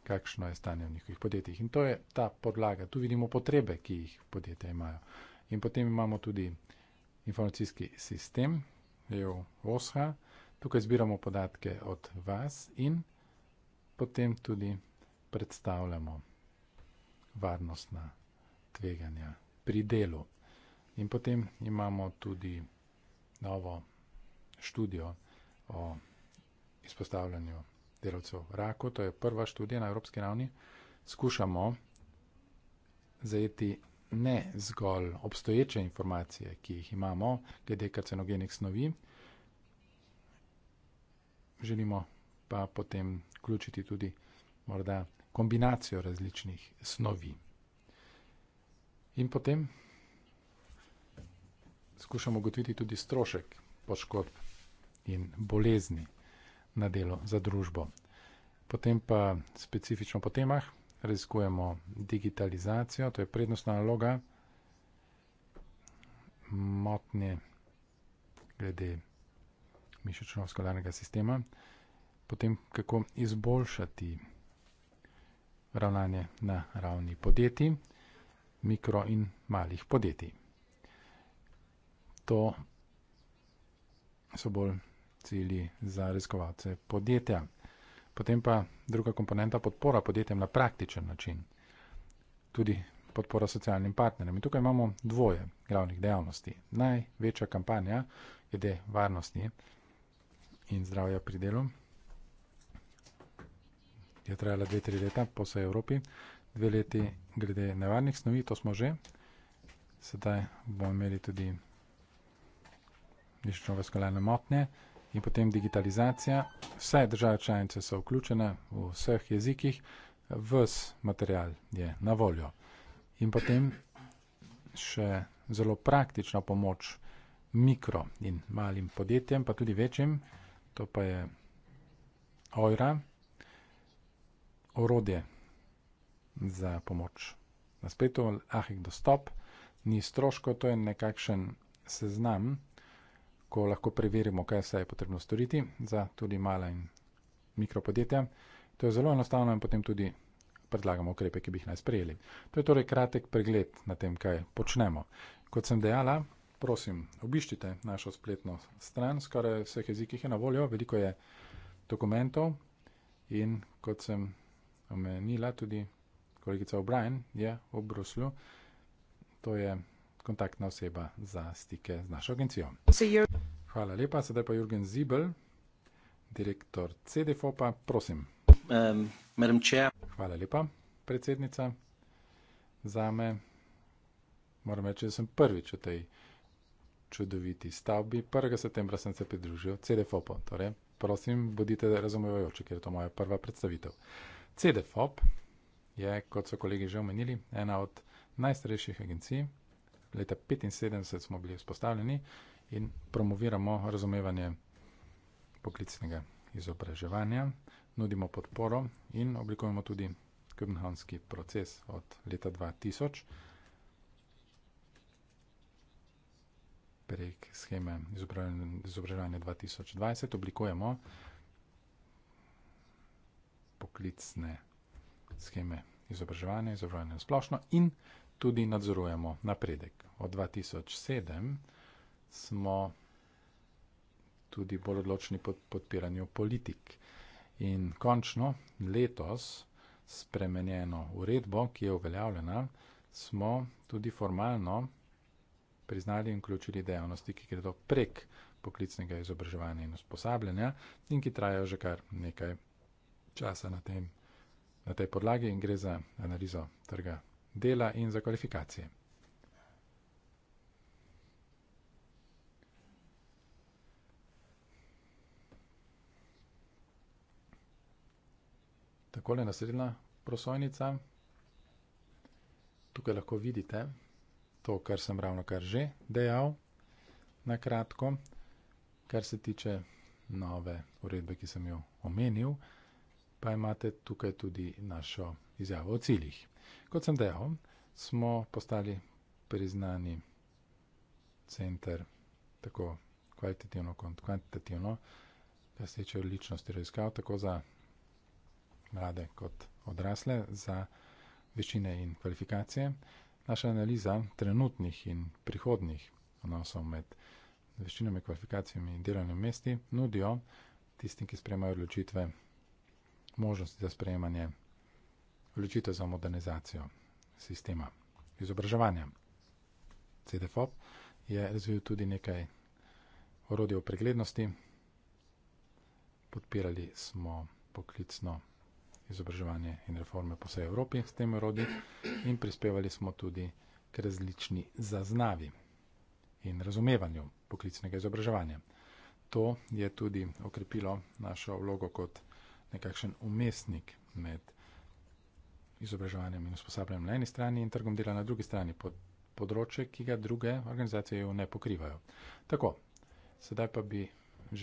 kakšno je stanje v njihovih podjetjih. In to je ta podlaga. Tu vidimo potrebe, ki jih podjetja imajo. In potem imamo tudi informacijski sistem, EOSHA, EO Tukaj zbiramo podatke od vas in potem tudi predstavljamo varnostna tveganja pri delu. In potem imamo tudi novo študijo o izpostavljanju delavcev raku. To je prva študija na evropski ravni. Skušamo zajeti ne zgolj obstoječe informacije, ki jih imamo glede karcinogenih snovi, želimo pa potem vključiti tudi morda kombinacijo različnih snovi. In potem skušamo ugotoviti tudi strošek poškodb in bolezni na delo za družbo. Potem pa specifično po temah raziskujemo digitalizacijo, to je prednostna naloga, motnje glede mišično-skalarnega sistema, potem kako izboljšati ravnanje na ravni podjetij, mikro in malih podjetij. To so bolj cilji za raziskovalce podjetja. Potem pa druga komponenta podpora podjetjem na praktičen način, tudi podpora socialnim partnerjem. In tukaj imamo dvoje glavnih dejavnosti. Največja kampanja glede varnosti in zdravja pri delu. Je trajala dve, tri leta po vsej Evropi, dve leti glede nevarnih snovi, to smo že. Sedaj bomo imeli tudi mišično vaskalne motnje in potem digitalizacija. Vse države članice so vključene v vseh jezikih, vs material je na voljo. In potem še zelo praktična pomoč mikro in malim podjetjem, pa tudi večjim to pa je ojra, orodje za pomoč. Na spletu Ahik dostop ni stroško, to je nekakšen seznam, ko lahko preverimo, kaj vse je potrebno storiti za tudi mala in mikropodjetja. To je zelo enostavno in potem tudi predlagamo ukrepe, ki bi jih naj sprejeli. To je torej kratek pregled na tem, kaj počnemo. Kot sem dejala, prosim, obiščite našo spletno stran, skoraj vseh jezikih je na voljo, veliko je dokumentov in kot sem omenila, tudi kolegica O'Brien je v Bruslju, to je kontaktna oseba za stike z našo agencijo. Hvala lepa, sedaj pa Jürgen Zibel, direktor CDFOPA, prosim. Um, Hvala lepa, predsednica, za me. Moram reči, da sem prvič v tej čudoviti stavbi. 1. septembra sem se pridružil CDFOP. Torej, prosim, bodite razumevajoči, ker je to moja prva predstavitev. CDFOP je, kot so kolegi že omenili, ena od najstarejših agencij. Leta 1975 smo bili vzpostavljeni in promoviramo razumevanje poklicnega izobraževanja, nudimo podporo in oblikujemo tudi Kübnhanski proces od leta 2000. prek scheme izobraževanja 2020 oblikujemo poklicne scheme izobraževanja, izobraževanja splošno in tudi nadzorujemo napredek. Od 2007 smo tudi bolj odločni pod podpiranju politik. In končno letos spremenjeno uredbo, ki je uveljavljena, smo tudi formalno priznali in vključili dejavnosti, ki gredo prek poklicnega izobraževanja in usposabljanja in ki trajajo že kar nekaj časa na, tem, na tej podlagi in gre za analizo trga dela in za kvalifikacije. Takole naslednja prosojnica. Tukaj lahko vidite, to, kar sem ravno kar že dejal, na kratko, kar se tiče nove uredbe, ki sem jo omenil, pa imate tukaj tudi našo izjavo o ciljih. Kot sem dejal, smo postali priznani center tako kvalitativno kot kvantitativno, kar se tiče odličnosti raziskav, tako za mlade kot odrasle, za veščine in kvalifikacije naša analiza trenutnih in prihodnih odnosov med veščinami, kvalifikacijami in delovnimi mesti nudijo tistim, ki sprejemajo odločitve, možnosti za sprejemanje odločitev za modernizacijo sistema izobraževanja. CDFOP je razvil tudi nekaj orodij o preglednosti. Podpirali smo poklicno izobraževanje in reforme po vsej Evropi s tem orodjem in prispevali smo tudi k različni zaznavi in razumevanju poklicnega izobraževanja. To je tudi okrepilo našo vlogo kot nekakšen umestnik med izobraževanjem in usposabljanjem na eni strani in trgom dela na drugi strani, pod področje, ki ga druge organizacije EU ne pokrivajo. Tako, sedaj pa bi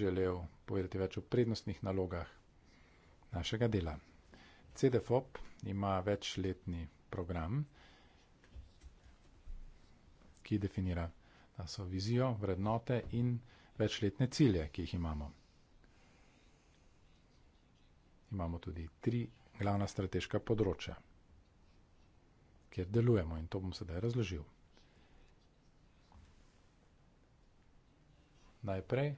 želel povedati več o prednostnih nalogah našega dela. CDFOP ima večletni program, ki definira, da so vizijo, vrednote in večletne cilje, ki jih imamo. Imamo tudi tri glavna strateška področja, kjer delujemo in to bom sedaj razložil. Najprej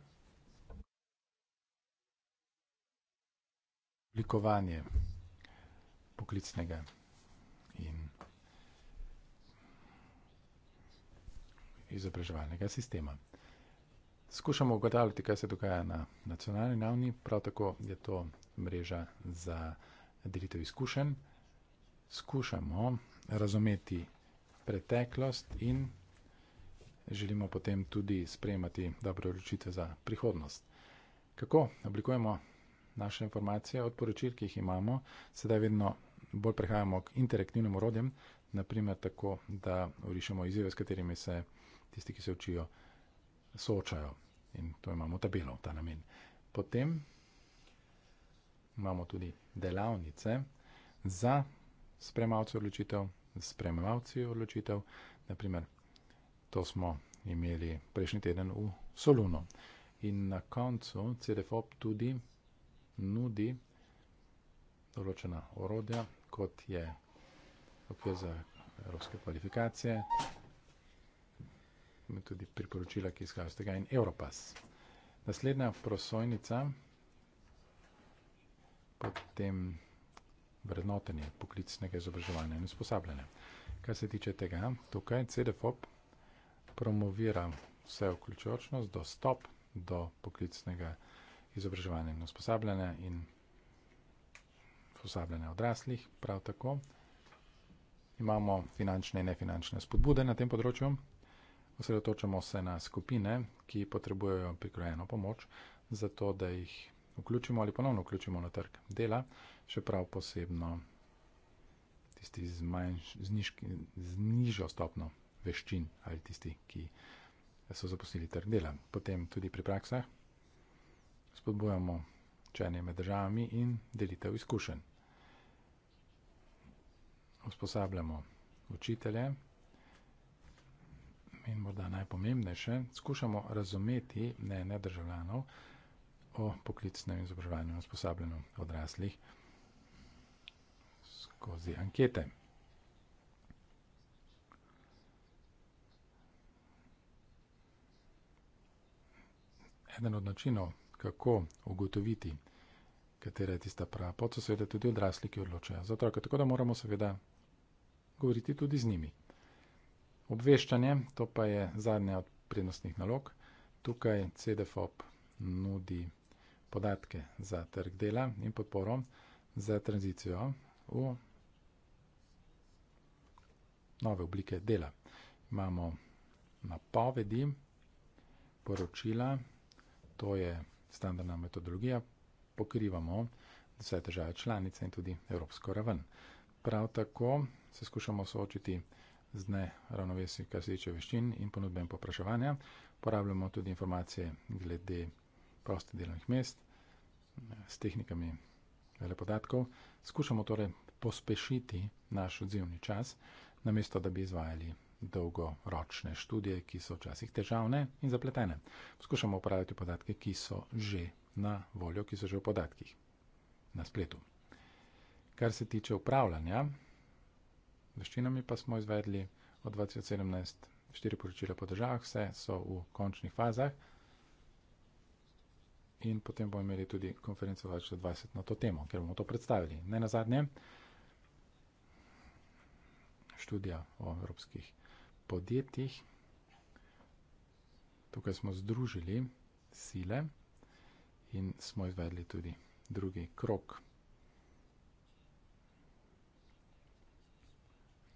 oblikovanje poklicnega. In izobraževalnega sistema. Skušamo ugotavljati, kaj se dogaja na nacionalni ravni, prav tako je to mreža za delitev izkušenj. Skušamo razumeti preteklost in želimo potem tudi sprejemati dobre odločitve za prihodnost. Kako oblikujemo naše informacije od poročil, ki jih imamo, sedaj vedno bolj prehajamo k interaktivnim orodjem, naprimer tako, da urišemo izjave, s katerimi se tisti, ki se učijo, soočajo. In to imamo tabelo, ta namen. Potem imamo tudi delavnice za spremavce odločitev, spremavci odločitev, naprimer to smo imeli prejšnji teden v Solunu. In na koncu CDFOP tudi nudi določena orodja, kot je okvir za evropske kvalifikacije, in tudi priporočila, ki izhajajo z tega, in Europas. Naslednja prosojnica, potem vrednotenje poklicnega izobraževanja in usposabljanja. Kar se tiče tega, tukaj CDFOP promovira vse vključujočnost, dostop do poklicnega izobraževanja in usposabljanja in usposabljanja odraslih, prav tako. Imamo finančne in nefinančne spodbude na tem področju. Osredotočamo se na skupine, ki potrebujejo prikrojeno pomoč, zato da jih vključimo ali ponovno vključimo na trg dela, še prav posebno tisti z, manjš, z, nižki, z nižjo stopno veščin ali tisti, ki so zaposlili trg dela. Potem tudi pri praksah spodbujamo čenje med državami in delitev izkušenj usposabljamo učitelje in morda najpomembnejše, skušamo razumeti mnenje državljanov o poklicnem izobraževanju in usposabljanju odraslih skozi ankete. Eden od načinov, kako ugotoviti, katera je tista prava pot, so seveda tudi odrasli, ki odločajo za otroke. Tako da moramo seveda govoriti tudi z njimi. Obveščanje, to pa je zadnja od prednostnih nalog. Tukaj CDFOP nudi podatke za trg dela in podporo za tranzicijo v nove oblike dela. Imamo napovedi, poročila, to je standardna metodologija, pokrivamo vse države članice in tudi evropsko raven. Prav tako se skušamo soočiti z neravnovesi, kar se tiče veščin in ponudben popraševanja. Porabljamo tudi informacije glede prostih delovnih mest s tehnikami velepodatkov. Skušamo torej pospešiti naš odzivni čas, namesto da bi izvajali dolgoročne študije, ki so včasih težavne in zapletene. Skušamo uporabljati podatke, ki so že na voljo, ki so že v podatkih na spletu kar se tiče upravljanja. Veščinami pa smo izvedli od 2017 štiri poročila po državah, vse so v končnih fazah. In potem bomo imeli tudi konferenco 2020 na to temo, ker bomo to predstavili. Ne na zadnje, študija o evropskih podjetjih. Tukaj smo združili sile in smo izvedli tudi drugi krok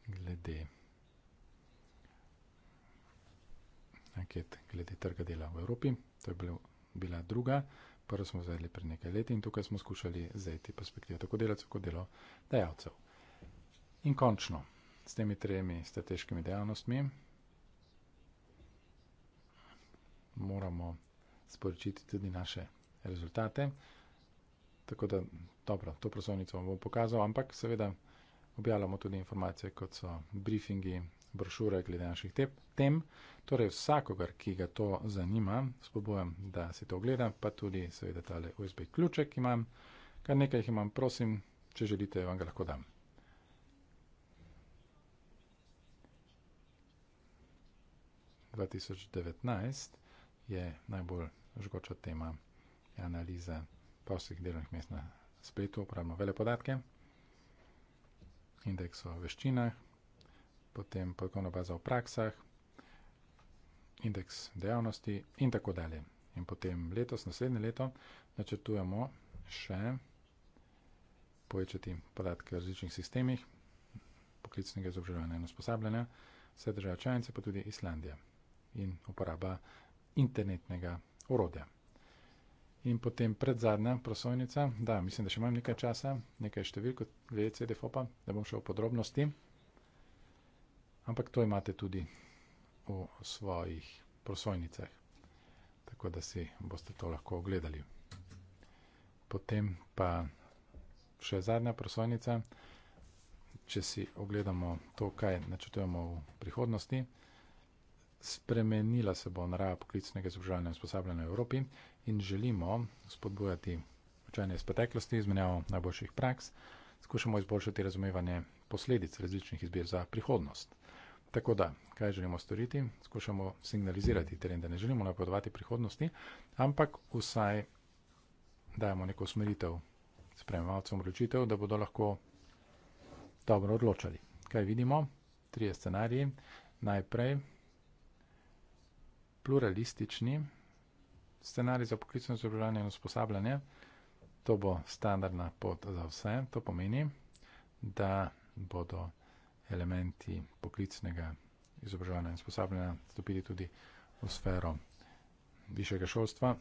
glede anket glede trga dela v Evropi. To je bilo, bila druga, prvo smo vzeli pred nekaj leti in tukaj smo skušali zajeti perspektive tako delavcev kot delo dejavcev. In končno, s temi tremi strateškimi dejavnostmi moramo sporočiti tudi naše rezultate. Tako da, dobro, to prosovnico bom pokazal, ampak seveda objavljamo tudi informacije, kot so briefingi, brošure glede naših tem. Torej vsakogar, ki ga to zanima, spobujem, da si to ogleda, pa tudi seveda tale USB ključek imam. Kar nekaj jih imam, prosim, če želite, vam ga lahko dam. je najbolj žgoča tema analiza polskih delovnih mest na spletu, uporabljamo vele podatke indeks o veščinah, potem podkovna baza o praksah, indeks dejavnosti in tako dalje. In potem letos, naslednje leto, načrtujemo še povečati podatke o različnih sistemih poklicnega izobraževanja in usposabljanja, vse države članice, pa tudi Islandija in uporaba internetnega urodja. In potem predzadnja prosojnica, da mislim, da še imam nekaj časa, nekaj številk od VCDFOPA, da bom šel v podrobnosti. Ampak to imate tudi v svojih prosojnicah, tako da si boste to lahko ogledali. Potem pa še zadnja prosojnica, če si ogledamo to, kaj načrtujemo v prihodnosti. Spremenila se bo narava poklicnega izobraževanja in usposabljanja v Evropi in želimo spodbujati učenje iz preteklosti, izmenjavo najboljših praks, skušamo izboljšati razumevanje posledic različnih izbir za prihodnost. Tako da, kaj želimo storiti? Skušamo signalizirati teren, da ne želimo napovedovati prihodnosti, ampak vsaj dajemo neko usmeritev spremljavcem odločitev, da bodo lahko dobro odločali. Kaj vidimo? Trije scenariji. Najprej pluralistični scenarij za poklicno izobraževanje in usposabljanje. To bo standardna pot za vse. To pomeni, da bodo elementi poklicnega izobraževanja in usposabljanja stopili tudi v sfero višjega šolstva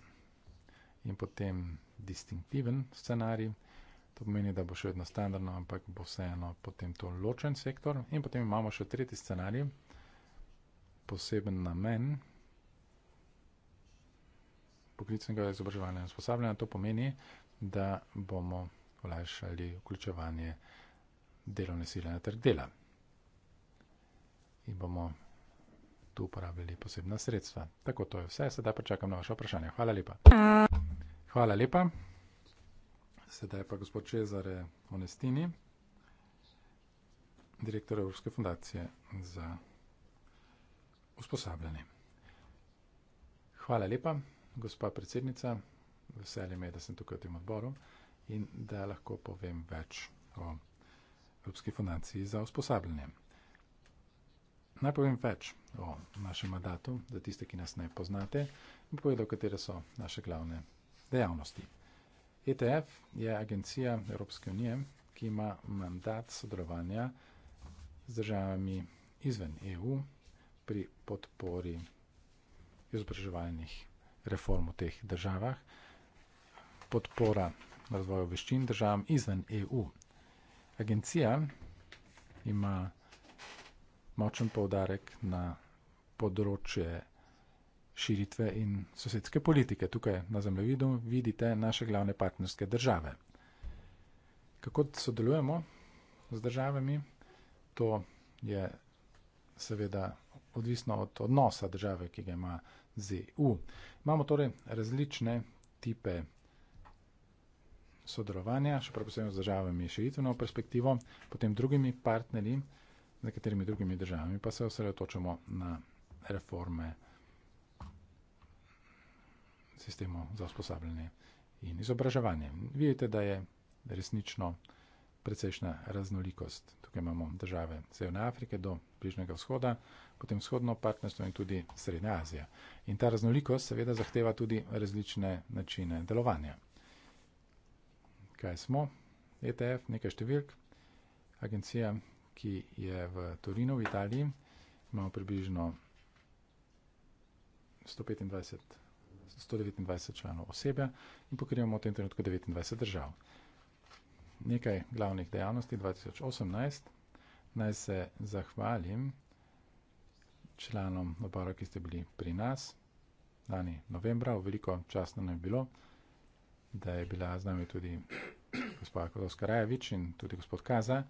in potem distinktiven scenarij. To pomeni, da bo še vedno standardno, ampak bo vseeno potem to ločen sektor. In potem imamo še tretji scenarij, poseben namen poklicnega izobraževanja in usposabljanja. To pomeni, da bomo olajšali vključevanje delovne sile na trg dela. In bomo tu uporabili posebna sredstva. Tako to je vse, sedaj pa čakam na vaše vprašanje. Hvala lepa. Hvala lepa. Sedaj pa gospod Čezare Onestini, direktor Evropske fundacije za usposabljanje. Hvala lepa gospa predsednica, veselje me je, da sem tukaj v tem odboru in da lahko povem več o Evropski fundaciji za usposabljanje. Naj povem več o našem mandatu, za tiste, ki nas ne poznate, in povedal, katere so naše glavne dejavnosti. ETF je agencija Evropske unije, ki ima mandat sodelovanja z državami izven EU pri podpori izobraževalnih reform v teh državah, podpora razvoju veščin državam izven EU. Agencija ima močen povdarek na področje širitve in sosedske politike. Tukaj na zemljevidu vidite naše glavne partnerske države. Kako sodelujemo z državami, to je seveda odvisno od odnosa države, ki ga ima ZEU. Imamo torej različne tipe sodelovanja, še posebej z državami širitveno perspektivo, potem drugimi partnerji, z nekaterimi drugimi državami pa se osredotočamo na reforme sistemov za usposabljanje in izobraževanje. Vidite, da je resnično precejšna raznolikost. Tukaj imamo države Severne Afrike do Bližnjega vzhoda, potem vzhodno partnerstvo in tudi Srednja Azija. In ta raznolikost seveda zahteva tudi različne načine delovanja. Kaj smo? ETF, nekaj številk, agencija, ki je v Torinu v Italiji, imamo približno 125, 129 članov osebja in pokrivamo v tem trenutku 29 držav nekaj glavnih dejavnosti 2018. Naj se zahvalim članom odbora, ki ste bili pri nas lani novembra, v veliko časno nam je bilo, da je bila z nami tudi gospod Kodovska Rajevič in tudi gospod Kaza.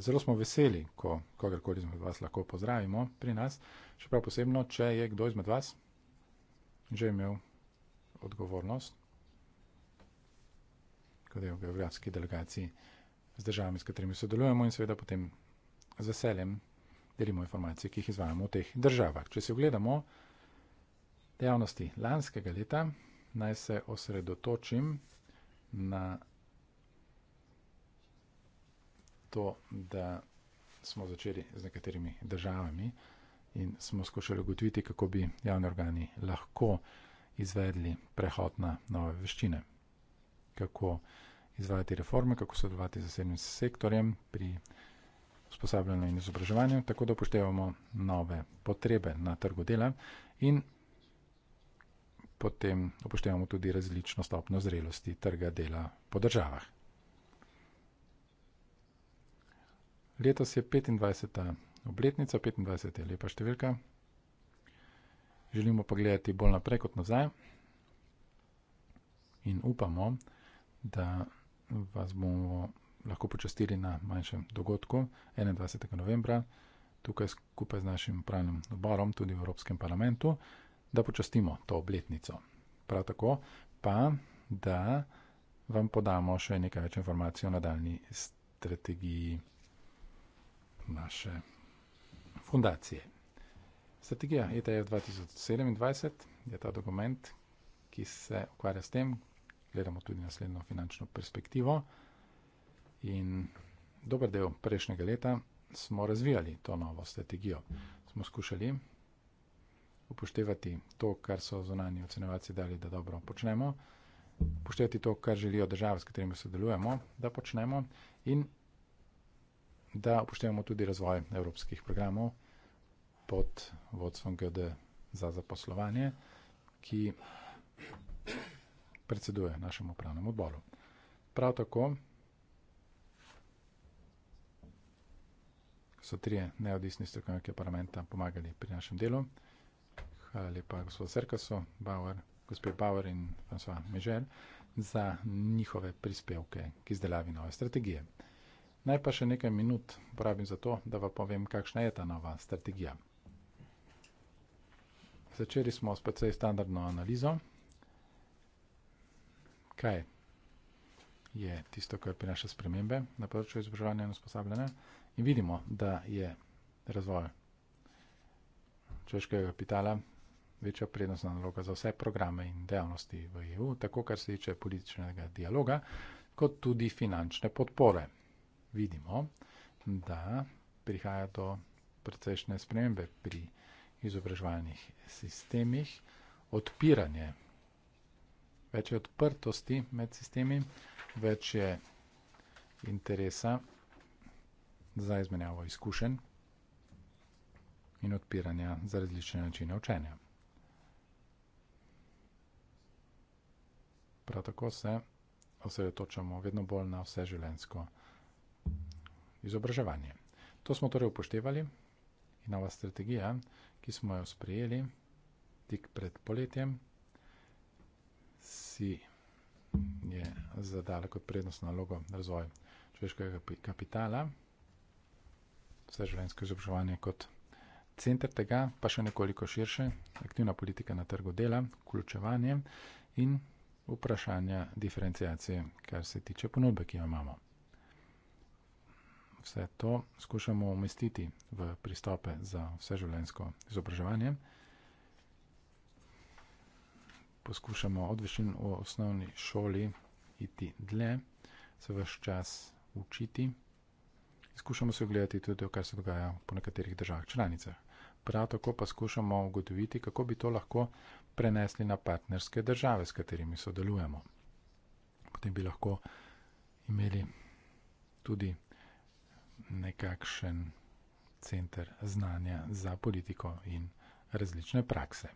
Zelo smo veseli, ko kogarkoli izmed vas lahko pozdravimo pri nas, še prav posebno, če je kdo izmed vas že imel odgovornost tudi v geografski delegaciji z državami, s katerimi sodelujemo in seveda potem z veseljem delimo informacije, ki jih izvajamo v teh državah. Če si ogledamo dejavnosti lanskega leta, naj se osredotočim na to, da smo začeli z nekaterimi državami in smo skušali ugotoviti, kako bi javni organi lahko izvedli prehod na nove veščine. Kako izvajati reforme, kako sodelovati z zasebnim sektorjem pri usposabljanju in izobraževanju, tako da upoštevamo nove potrebe na trgu dela in potem upoštevamo tudi različno stopno zrelosti trga dela po državah. Letos je 25. obletnica, 25 je lepa številka. Želimo pa gledati bolj naprej kot nazaj in upamo, da vas bomo lahko počastili na manjšem dogodku 21. novembra, tukaj skupaj z našim pravnim odborom, tudi v Evropskem parlamentu, da počastimo to obletnico. Prav tako pa, da vam podamo še nekaj več informacij o nadaljni strategiji naše fundacije. Strategija e ETF 2027 je ta dokument, ki se ukvarja s tem, gledamo tudi naslednjo finančno perspektivo. In dober del prejšnjega leta smo razvijali to novo strategijo. Smo skušali upoštevati to, kar so zunanji ocenevalci dali, da dobro počnemo, upoštevati to, kar želijo države, s katerimi sodelujemo, da počnemo in da upoštevamo tudi razvoj evropskih programov pod vodstvom GD za zaposlovanje, ki predseduje našemu upravnemu odboru. Prav tako so trije neodvisni strokovnjaki parlamenta pomagali pri našem delu. Hvala lepa gospod Serkaso, Bauer, gospod Bauer in François Mežel za njihove prispevke k izdelavi nove strategije. Naj pa še nekaj minut porabim za to, da vam povem, kakšna je ta nova strategija. Začeli smo s precej standardno analizo, kaj je tisto, kar prinaša spremembe na področju izobraževanja in usposabljanja. In vidimo, da je razvoj človeškega kapitala večja prednostna naloga za vse programe in dejavnosti v EU, tako kar se tiče političnega dialoga, kot tudi finančne podpore. Vidimo, da prihaja do precejšnje spremembe pri izobraževalnih sistemih, odpiranje več je odprtosti med sistemi, več je interesa za izmenjavo izkušenj in odpiranja za različne načine učenja. Prav tako se osredotočamo vedno bolj na vse življenjsko izobraževanje. To smo torej upoštevali in nova strategija, ki smo jo sprejeli tik pred poletjem, si je zadala kot prednost nalogo razvoj človeškega kapitala, vse življenjsko izobraževanje kot center tega, pa še nekoliko širše, aktivna politika na trgu dela, vključevanje in vprašanja diferencijacije, kar se tiče ponudbe, ki jo imamo. Vse to skušamo umestiti v pristope za vse življenjsko izobraževanje poskušamo od višin v osnovni šoli iti dlje, se vaš čas učiti. Skušamo se ogledati tudi, kaj se dogaja po nekaterih državah članicah. Prav tako pa skušamo ugotoviti, kako bi to lahko prenesli na partnerske države, s katerimi sodelujemo. Potem bi lahko imeli tudi nekakšen center znanja za politiko in različne prakse.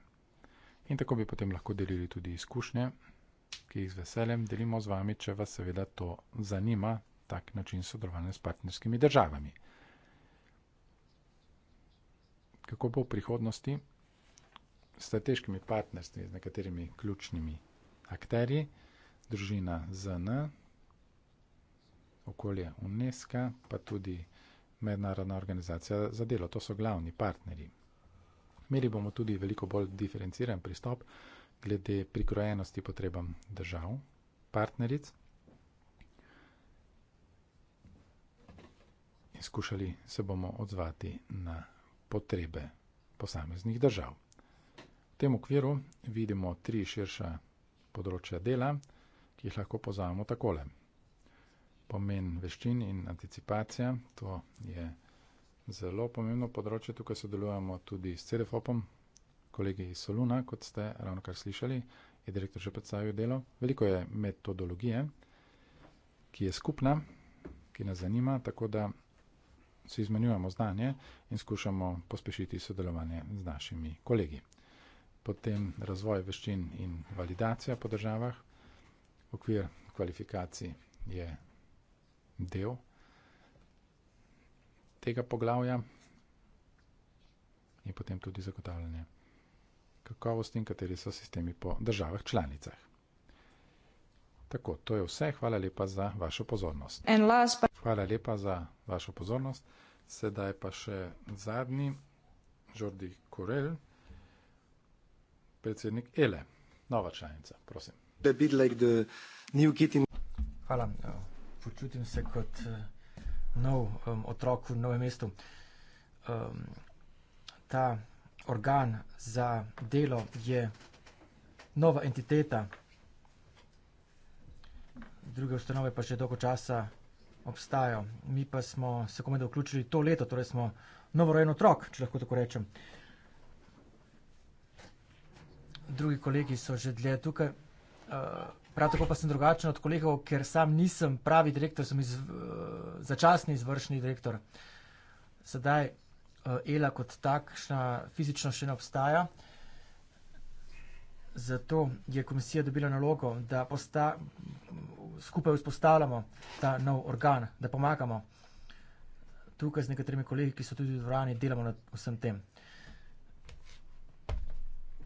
In tako bi potem lahko delili tudi izkušnje, ki jih z veseljem delimo z vami, če vas seveda to zanima, tak način sodelovanja s partnerskimi državami. Kako bo v prihodnosti s strateškimi partnerstvi, z nekaterimi ključnimi akterji, družina ZN, okolje UNESCO, pa tudi Mednarodna organizacija za delo, to so glavni partnerji. Imeli bomo tudi veliko bolj diferenciran pristop glede prikrojenosti potrebam držav, partneric. In skušali se bomo odzvati na potrebe posameznih držav. V tem okviru vidimo tri širša področja dela, ki jih lahko poznamo takole. Pomen veščin in anticipacija, to je. Zelo pomembno področje tukaj sodelujemo tudi s CDFOPom, kolegi iz Soluna, kot ste ravno kar slišali, je direktor že predstavil delo. Veliko je metodologije, ki je skupna, ki nas zanima, tako da se izmenjujemo znanje in skušamo pospešiti sodelovanje z našimi kolegi. Potem razvoj veščin in validacija po državah, okvir kvalifikacij je del tega poglavja in potem tudi zagotavljanje kakovosti in kateri so sistemi po državah članicah. Tako, to je vse. Hvala lepa za vašo pozornost. Hvala lepa za vašo pozornost. Sedaj pa še zadnji, Jordi Kurel, predsednik ELE, nova članica, prosim. Hvala. Počutim se kot uh, nov um, otrok v novem mestu. Um, ta organ za delo je nova entiteta. Druge ustanove pa že dolgo časa obstajajo. Mi pa smo se komedo vključili to leto, torej smo novorojen otrok, če lahko tako rečem. Drugi kolegi so že dlje tukaj. Uh, Prav tako pa sem drugačen od kolegov, ker sam nisem pravi direktor, sem izv, eh, začasni izvršni direktor. Sedaj eh, Ela kot takšna fizično še ne obstaja. Zato je komisija dobila nalogo, da posta, skupaj vzpostavljamo ta nov organ, da pomagamo. Tukaj z nekaterimi kolegi, ki so tudi v dvorani, delamo nad vsem tem.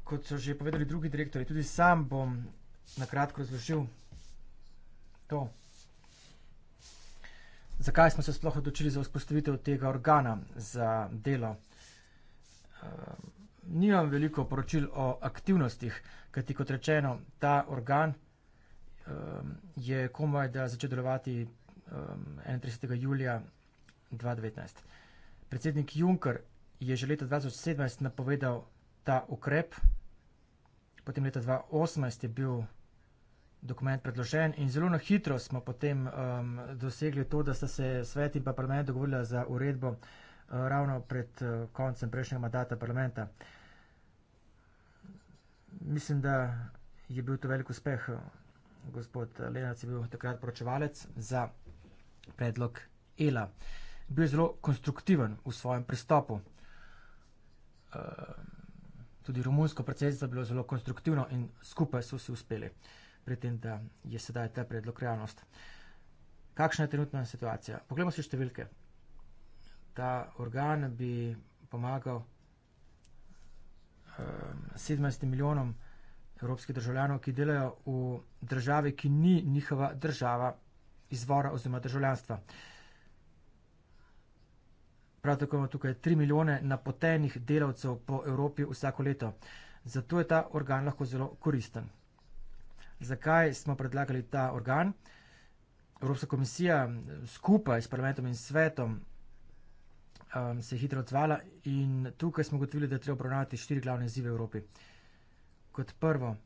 Kot so že povedali drugi direktori, tudi sam bom na kratko razložil to, zakaj smo se sploh odločili za vzpostavitev tega organa za delo. Eh, nimam veliko poročil o aktivnostih, kajti kot rečeno, ta organ eh, je komaj da začel delovati 31. Eh, julija 2019. Predsednik Juncker je že leta 2017 napovedal ta ukrep, potem leta 2018 je bil dokument predložen in zelo na hitro smo potem um, dosegli to, da sta se svet in pa parlament dogovorila za uredbo uh, ravno pred uh, koncem prejšnjega mandata parlamenta. Mislim, da je bil to velik uspeh. Gospod Lenac je bil takrat poročevalec za predlog ELA. Bil je zelo konstruktiven v svojem pristopu. Uh, tudi romunsko predsedstvo je bilo zelo konstruktivno in skupaj so se uspeli pri tem, da je sedaj ta predlog realnost. Kakšna je trenutna situacija? Poglejmo si številke. Ta organ bi pomagal um, ehm, 17 milijonom evropskih državljanov, ki delajo v državi, ki ni njihova država izvora oziroma državljanstva. Prav tako imamo tukaj 3 milijone napotenih delavcev po Evropi vsako leto. Zato je ta organ lahko zelo koristen zakaj smo predlagali ta organ. Evropska komisija skupaj s parlamentom in svetom um, se je hitro odzvala in tukaj smo gotovili, da je treba obravnavati štiri glavne zive Evropi. Kot prvo,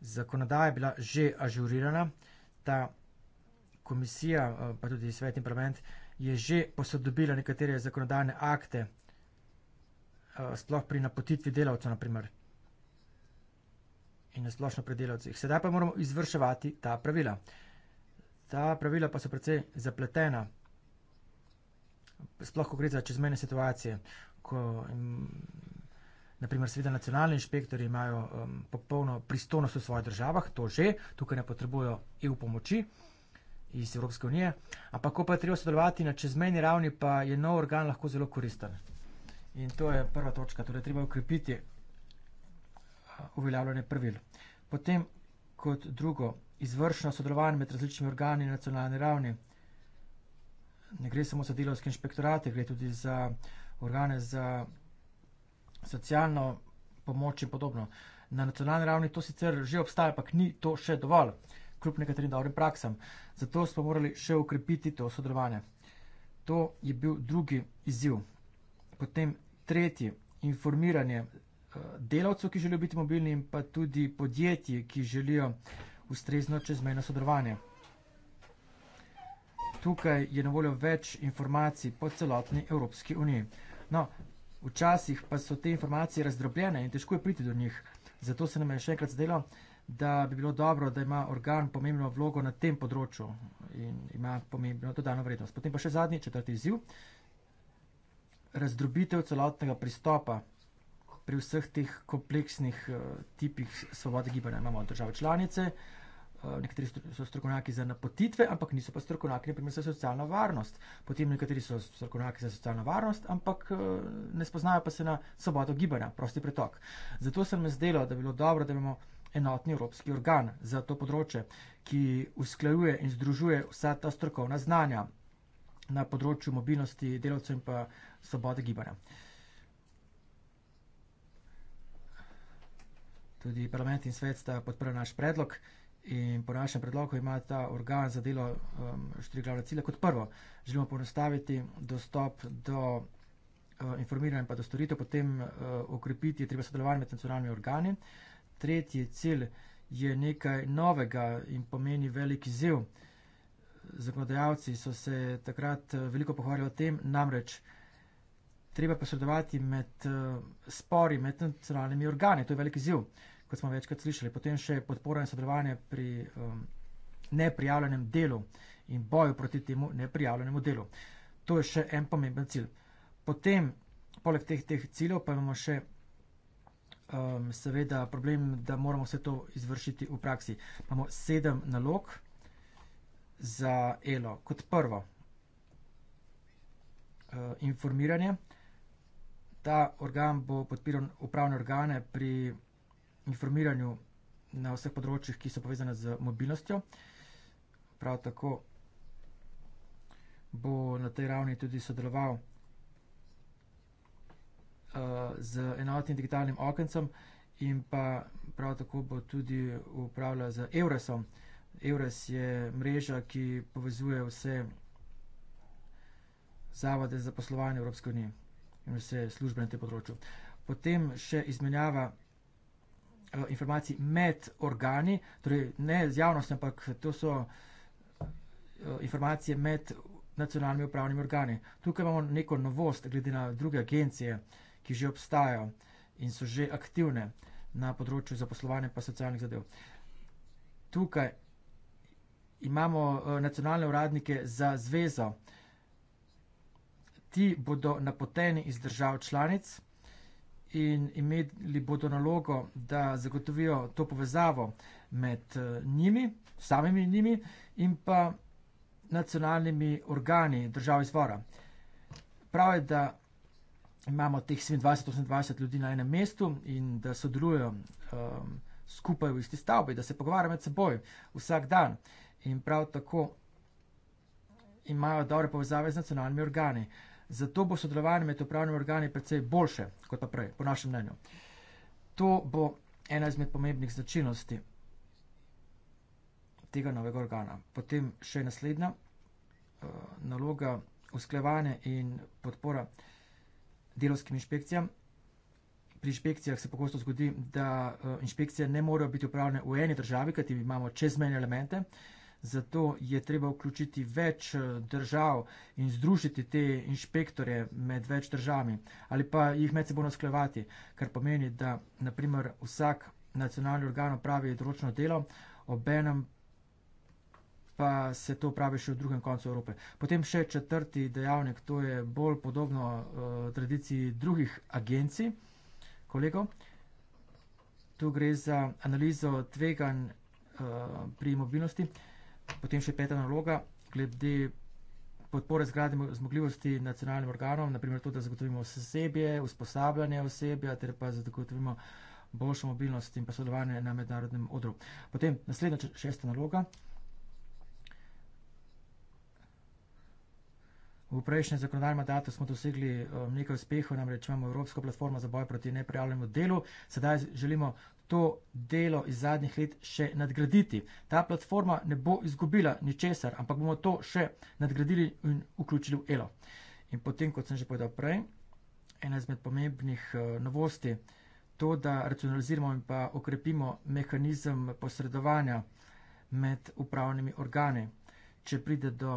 zakonodaja je bila že ažurirana, ta komisija, pa tudi svet in parlament, je že posodobila nekatere zakonodajne akte, uh, sploh pri napotitvi delavcev, naprimer in nasplošno pri delavcih. Sedaj pa moramo izvrševati ta pravila. Ta pravila pa so precej zapletena, sploh ko gre za čezmene situacije, ko naprimer seveda nacionalni inšpektori imajo um, popolno pristojnost v svojih državah, to že, tukaj ne potrebujo EU pomoči iz Evropske unije, ampak ko pa je treba sodelovati na čezmeni ravni, pa je nov organ lahko zelo koristen. In to je prva točka, torej treba ukrepiti uveljavljanje pravil. Potem, kot drugo, izvršno sodelovanje med različnimi organi na nacionalni ravni. Ne gre samo za delovske inšpektorate, gre tudi za organe za socialno pomoč in podobno. Na nacionalni ravni to sicer že obstaja, ampak ni to še dovolj, kljub nekaterim dobrim praksam. Zato smo morali še ukrepiti to sodelovanje. To je bil drugi izziv. Potem tretji, informiranje Eh, delavcev, ki želijo biti mobilni, in pa tudi podjetij, ki želijo ustrezno čezmejno sodelovanje. Tukaj je na voljo več informacij po celotni Evropski uniji. No, včasih pa so te informacije razdrobljene in težko je priti do njih. Zato se nam je še enkrat zdelo, da bi bilo dobro, da ima organ pomembno vlogo na tem področju in ima pomembno dodano vrednost. Potem pa še zadnji, četrti izziv, razdrobitev celotnega pristopa pri vseh teh kompleksnih uh, tipih svobode gibanja imamo države članice, uh, nekateri so strokovnjaki za napotitve, ampak niso pa strokovnjaki, naprimer, za socialno varnost. Potem nekateri so strokovnjaki za socialno varnost, ampak uh, ne spoznajo pa se na svobodo gibanja, prosti pretok. Zato sem me zdelo, da bi bilo dobro, da imamo enotni evropski organ za to področje, ki usklajuje in združuje vsa ta strokovna znanja na področju mobilnosti delavcev in pa svobode gibanja. Uh, Tudi parlament in svet sta podprli naš predlog in po našem predlogu ima ta organ za delo um, štiri glavne cilje. Kot prvo, želimo ponostaviti dostop do uh, informiranja in pa do storitev, potem uh, okrepiti je treba sodelovanje med nacionalnimi organi. Tretji cilj je nekaj novega in pomeni veliki ziv. Zakonodajalci so se takrat uh, veliko pohvarjali o tem, namreč treba posredovati med uh, spori, med nacionalnimi organi. To je veliki ziv. Uh, kot smo večkrat slišali. Potem še podpora in sodelovanje pri um, neprijavljenem delu in boju proti temu neprijavljenemu delu. To je še en pomemben cilj. Potem, poleg teh, teh ciljev, pa imamo še um, seveda problem, da moramo vse to izvršiti v praksi. Imamo sedem nalog za ELO. Kot prvo, uh, informiranje. Ta organ bo podpiral upravne organe pri informiranju na vseh področjih, ki so povezane z mobilnostjo. Prav tako bo na tej ravni tudi sodeloval uh, z enotnim digitalnim okencem in pa prav tako bo tudi upravljal z Euresom. Eures je mreža, ki povezuje vse zavode za poslovanje Evropske unije in vse službe na tem področju. Potem še izmenjava Eh, informacij med organi, torej ne z javnostjo, ampak to so eh, informacije med nacionalnimi upravnimi organi. Tukaj imamo neko novost, glede na druge agencije, ki že obstajajo in so že aktivne na področju zaposlovanja pa socialnih zadev. Tukaj imamo eh, nacionalne uradnike za zvezo. Ti bodo napoteni iz držav članic, in imeli bodo nalogo, da zagotovijo to povezavo med eh, njimi, samimi njimi in pa nacionalnimi organi države izvora. Prav je, da imamo teh 27-28 ljudi na enem mestu in da sodelujo um, ehm, skupaj v isti stavbi, da se pogovarjajo med seboj vsak dan in prav tako imajo dobre povezave z nacionalnimi organi. Uh, Zato bo sodelovanje med upravnimi organi precej boljše, kot pa prej, po našem mnenju. To bo ena izmed pomembnih značilnosti tega novega organa. Potem še naslednja eh, naloga, usklevanje in podpora delovskim inšpekcijam. Pri inšpekcijah se pogosto zgodi, da eh, inšpekcije ne morejo biti upravljene v eni državi, kajti imamo čezmejne elemente, zato je treba vključiti več eh, držav in združiti te inšpektorje med več državami ali pa jih med seboj nasklevati, kar pomeni, da naprimer vsak nacionalni organ opravi določeno delo, obenem pa se to pravi še v drugem koncu Evrope. Potem še četrti dejavnik, to je bolj podobno uh, tradiciji drugih agencij, kolego. Tu gre za analizo tveganj uh, pri mobilnosti. Uh, Potem še peta naloga, glede podpore zgradnje zmogljivosti nacionalnim organom, naprimer to, da zagotovimo osebje, usposabljanje osebja, ter pa zagotovimo boljšo mobilnost in pa sodelovanje na mednarodnem odru. Potem naslednja šesta naloga. V prejšnjem zakonodajnem mandatu smo dosegli um, nekaj uspehov, namreč imamo Evropsko platformo za boj proti neprijavljenemu delu. Sedaj želimo to delo iz zadnjih let še nadgraditi. Ta platforma ne bo izgubila ničesar, ampak bomo to še nadgradili in vključili v ELO. In potem, kot sem že povedal prej, ena izmed pomembnih eh, novosti, to, da racionaliziramo in pa okrepimo mehanizem posredovanja med upravnimi organi, če pride do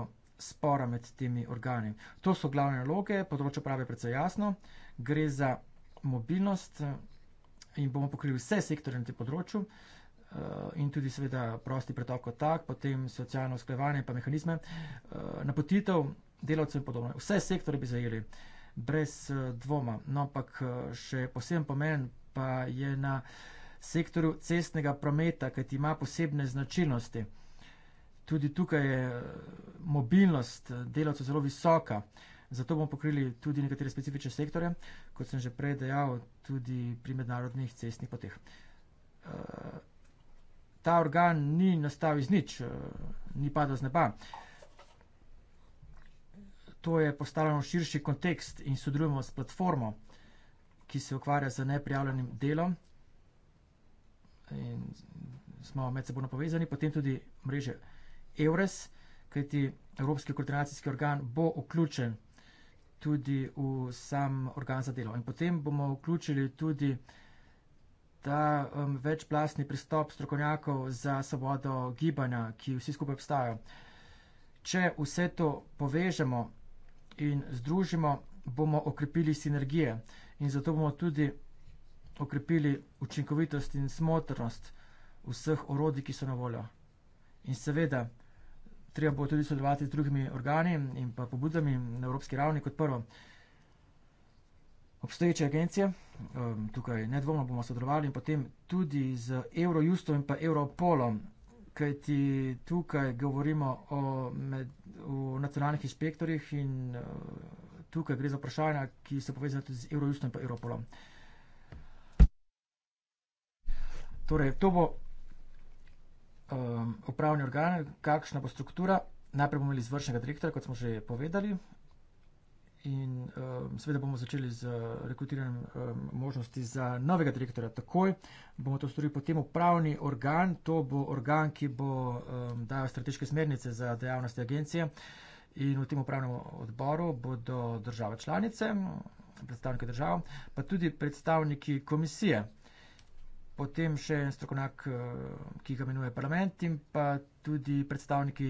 spora med temi organi. To so glavne naloge, področje prave je precej jasno, gre za mobilnost, in bomo pokrili vse sektore na tem področju eh, in tudi seveda prosti pretok kot tak, potem socialno usklajevanje in pa mehanizme, eh, napotitev delavcev in podobno. Vse sektore bi zajeli brez eh, dvoma. No, ampak še poseben pomen pa je na sektorju cestnega prometa, kajti ima posebne značilnosti. Tudi tukaj je mobilnost delavcev zelo visoka. Zato bomo pokrili tudi nekatere specifične sektore, kot sem že prej dejal, tudi pri mednarodnih cestnih poteh. Eh, ta organ ni nastal iz nič, eh, ni padel z neba. To je postavljeno v širši kontekst in sodelujemo s platformo, ki se ukvarja z neprijavljenim delom in smo med sebojno povezani, potem tudi mreže EURES, kajti Evropski koordinacijski organ bo vključen tudi v sam organ za delo. In potem bomo vključili tudi ta um, večplastni pristop strokovnjakov za svobodo gibanja, ki vsi skupaj obstajajo. Če vse to povežemo in združimo, bomo okrepili sinergije in zato bomo tudi okrepili učinkovitost in smotrnost vseh orodij, ki so na voljo. In seveda, treba bo tudi sodelovati z drugimi organi in pa pobudami na evropski ravni kot prvo. Obstoječe agencije, ehm, tukaj nedvomno bomo sodelovali in potem tudi z Eurojustom in pa Europolom, kajti tukaj govorimo o, med, o nacionalnih inšpektorjih in eh, tukaj gre za vprašanja, ki so povezane tudi z Eurojustom in pa Europolom. Torej, to bo um, upravni organ, kakšna bo struktura. Najprej bomo imeli izvršnega direktorja, kot smo že povedali, in um, seveda bomo začeli z rekrutiranjem um, možnosti za novega direktorja. Takoj bomo to storili potem upravni organ, to bo organ, ki bo um, dajal strateške smernice za dejavnosti agencije. In v tem upravnem odboru bodo države članice, predstavniki držav, pa tudi predstavniki komisije potem še en strokovnjak, eh, ki ga imenuje parlament in pa tudi predstavniki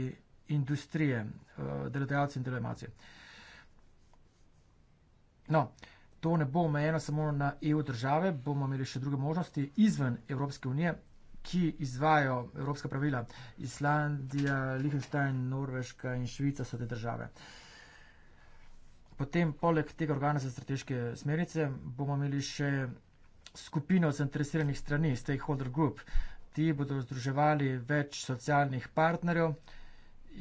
industrije, eh, delodajalci in delojemalci. No, to ne bo omejeno samo na EU države, bomo imeli še druge možnosti izven Evropske unije, ki izvajo evropska pravila. Islandija, Liechtenstein, Norveška in Švica so te države. Potem, poleg tega organa za strateške smernice, bomo imeli še skupino zainteresiranih strani, stakeholder group. Ti bodo združevali več socialnih partnerjev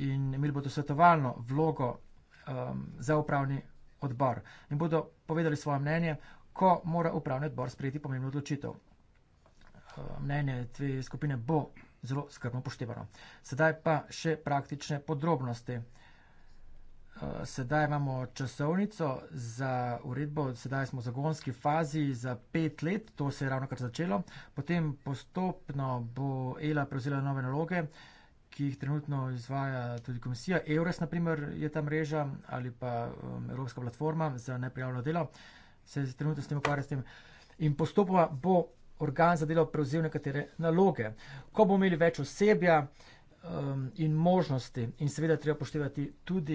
in imeli bodo svetovalno vlogo um, za upravni odbor. In bodo povedali svoje mnenje, ko mora upravni odbor sprejeti pomembno odločitev. Um, mnenje te skupine bo zelo skrbno upoštevano. Sedaj pa še praktične podrobnosti. Eh, sedaj imamo časovnico za uredbo, sedaj smo v zagonski fazi za pet let, to se je ravno kar začelo. Potem postopno bo ELA prevzela nove naloge, ki jih trenutno izvaja tudi komisija. EURES, na primer, je ta mreža ali pa um, Evropska platforma za neprijavljeno delo, se je trenutno s tem ukvarjala. In postopoma bo organ za delo prevzel nekatere naloge. Ko bomo imeli več osebja, In možnosti, in seveda, treba poštevati tudi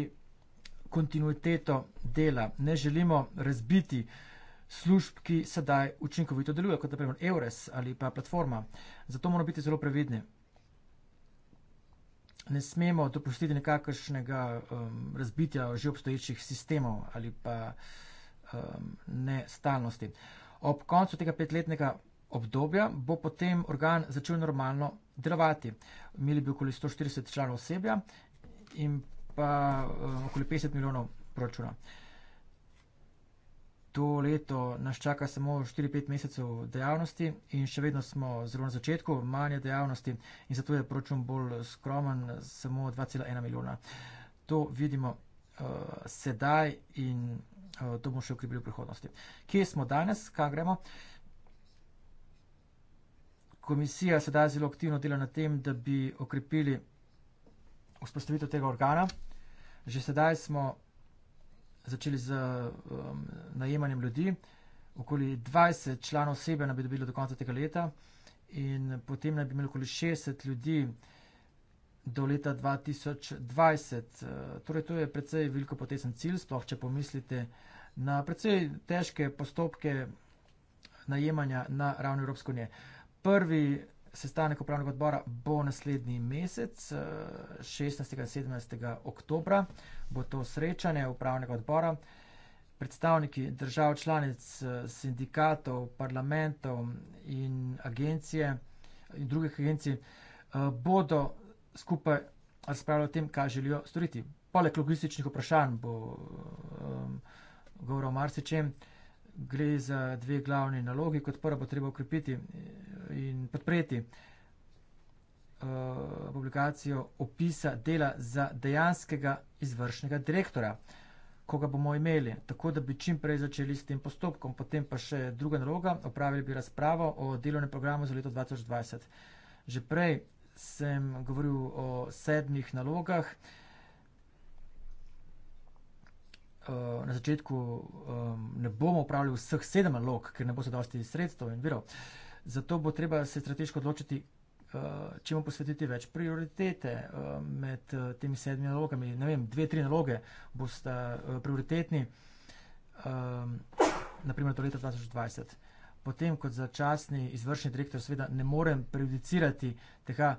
kontinuiteto dela, ne želimo razbiti služb, ki sedaj učinkovito delujejo, kot naprimer EURES ali pa platforma. Zato moramo biti zelo previdni. Ne smemo dopustiti nekakršnega um, razbitja že obstoječih sistemov ali pa um, nestalnosti. Ob koncu tega petletnega obdobja bo potem organ začel normalno delovati. Imeli bi okoli 140 članov osebja in pa um, okoli 50 milijonov proračuna. To leto nas čaka samo 4-5 mesecev dejavnosti in še vedno smo zelo na začetku, manje dejavnosti in zato je proračun bolj skromen, samo 2,1 milijona. To vidimo uh, sedaj in uh, to bomo še ukrepili v prihodnosti. Kje smo danes, kaj gremo? Komisija sedaj zelo aktivno dela na tem, da bi okrepili vzpostavitev tega organa. Že sedaj smo začeli z um, najemanjem ljudi, okoli 20 članov osebe naj bi dobilo do konca tega leta in potem naj bi imeli okoli 60 ljudi do leta 2020. Eh, torej, to je precej veliko potesen cilj, sploh če pomislite na precej težke postopke najemanja na ravni Evropske unije. Prvi Sestanek upravnega odbora bo naslednji mesec, 16. Eh, in 17. oktober, bo to srečanje upravnega odbora. Predstavniki držav, članic, eh, sindikatov, parlamentov in agencije in drugih agencij eh, bodo skupaj razpravljali o tem, kaj želijo storiti. Poleg logističnih vprašanj bo um, govoril o marsičem. Uh, gre za dve glavni nalogi. Kot prvo bo treba ukrepiti eh, in podpreti uh, publikacijo opisa dela za dejanskega izvršnega direktora, koga bomo imeli, tako da bi čim prej začeli s tem postopkom. Potem pa še druga naloga, opravili bi razpravo o delovnem programu za leto 2020. Že prej sem govoril o sedmih nalogah. Eh, na začetku um, ne bomo upravljali vseh sedem nalog, ker ne bo se dosti sredstev in virov. Zato bo treba se strateško odločiti, uh, čemu posvetiti več prioritete uh, med uh, temi sedmimi nalogami. Ne vem, dve, tri naloge boste uh, prioritetni, um, naprimer do leta 2020. Potem kot začasni izvršni direktor, seveda ne morem prejudicirati tega,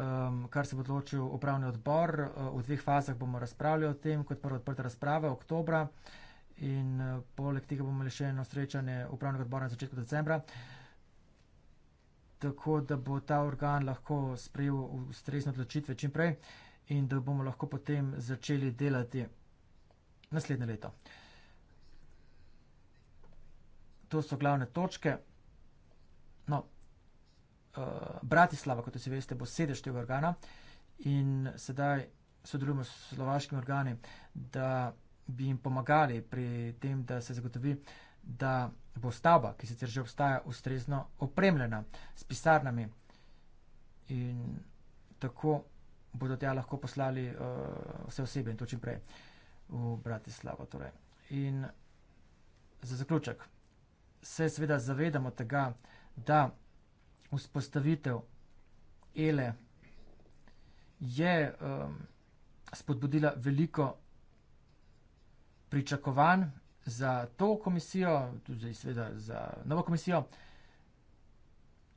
um, kar se bo odločil upravni odbor. Eh, v dveh fazah bomo razpravljali o tem, kot prva odprta razprava, oktobra in eh, poleg tega bomo imeli še eno srečanje upravnega odbora na začetku decembra. Tako da bo ta organ lahko sprejel ustrezne odločitve čimprej in da bomo lahko potem začeli delati naslednje leto. To so glavne točke. Eh, Bratislava, kot vsi veste, bo sedež tega organa in sedaj sodelujemo s slovaškimi organi, da bi jim pomagali pri tem, da se zagotovi, da bo stavba, ki sicer že obstaja, ustrezno opremljena s pisarnami in tako bodo tja lahko poslali uh, vse osebe in to čim prej v Bratislavo. Torej. In za zaključek, se seveda zavedamo tega, da vzpostavitev ele je um, spodbudila veliko pričakovanj za to komisijo, tudi seveda za novo komisijo.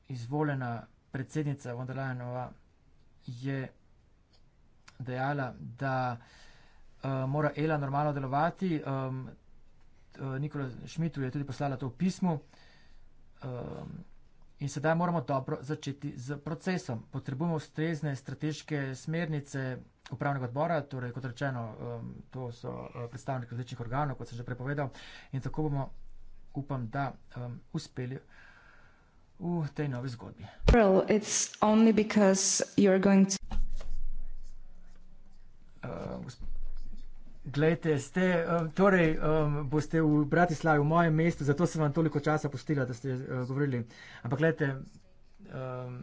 Izvoljena predsednica Vondrajanova je dejala, da um, mora ela normalno delovati. Um, uh, Nikola Šmitu je tudi poslala to v pismu. Um, In sedaj moramo dobro začeti z procesom. Potrebujemo ustrezne strateške smernice upravnega odbora, torej kot rečeno, um, to so uh, predstavniki različnih organov, kot sem že prepovedal, in tako bomo, upam, da um, uspeli v tej novi zgodbi. Uh, Glejte, ste, um, torej, um, boste v Bratislavi, v mojem mestu, zato sem vam toliko časa postila, da ste uh, govorili. Ampak gledajte, um,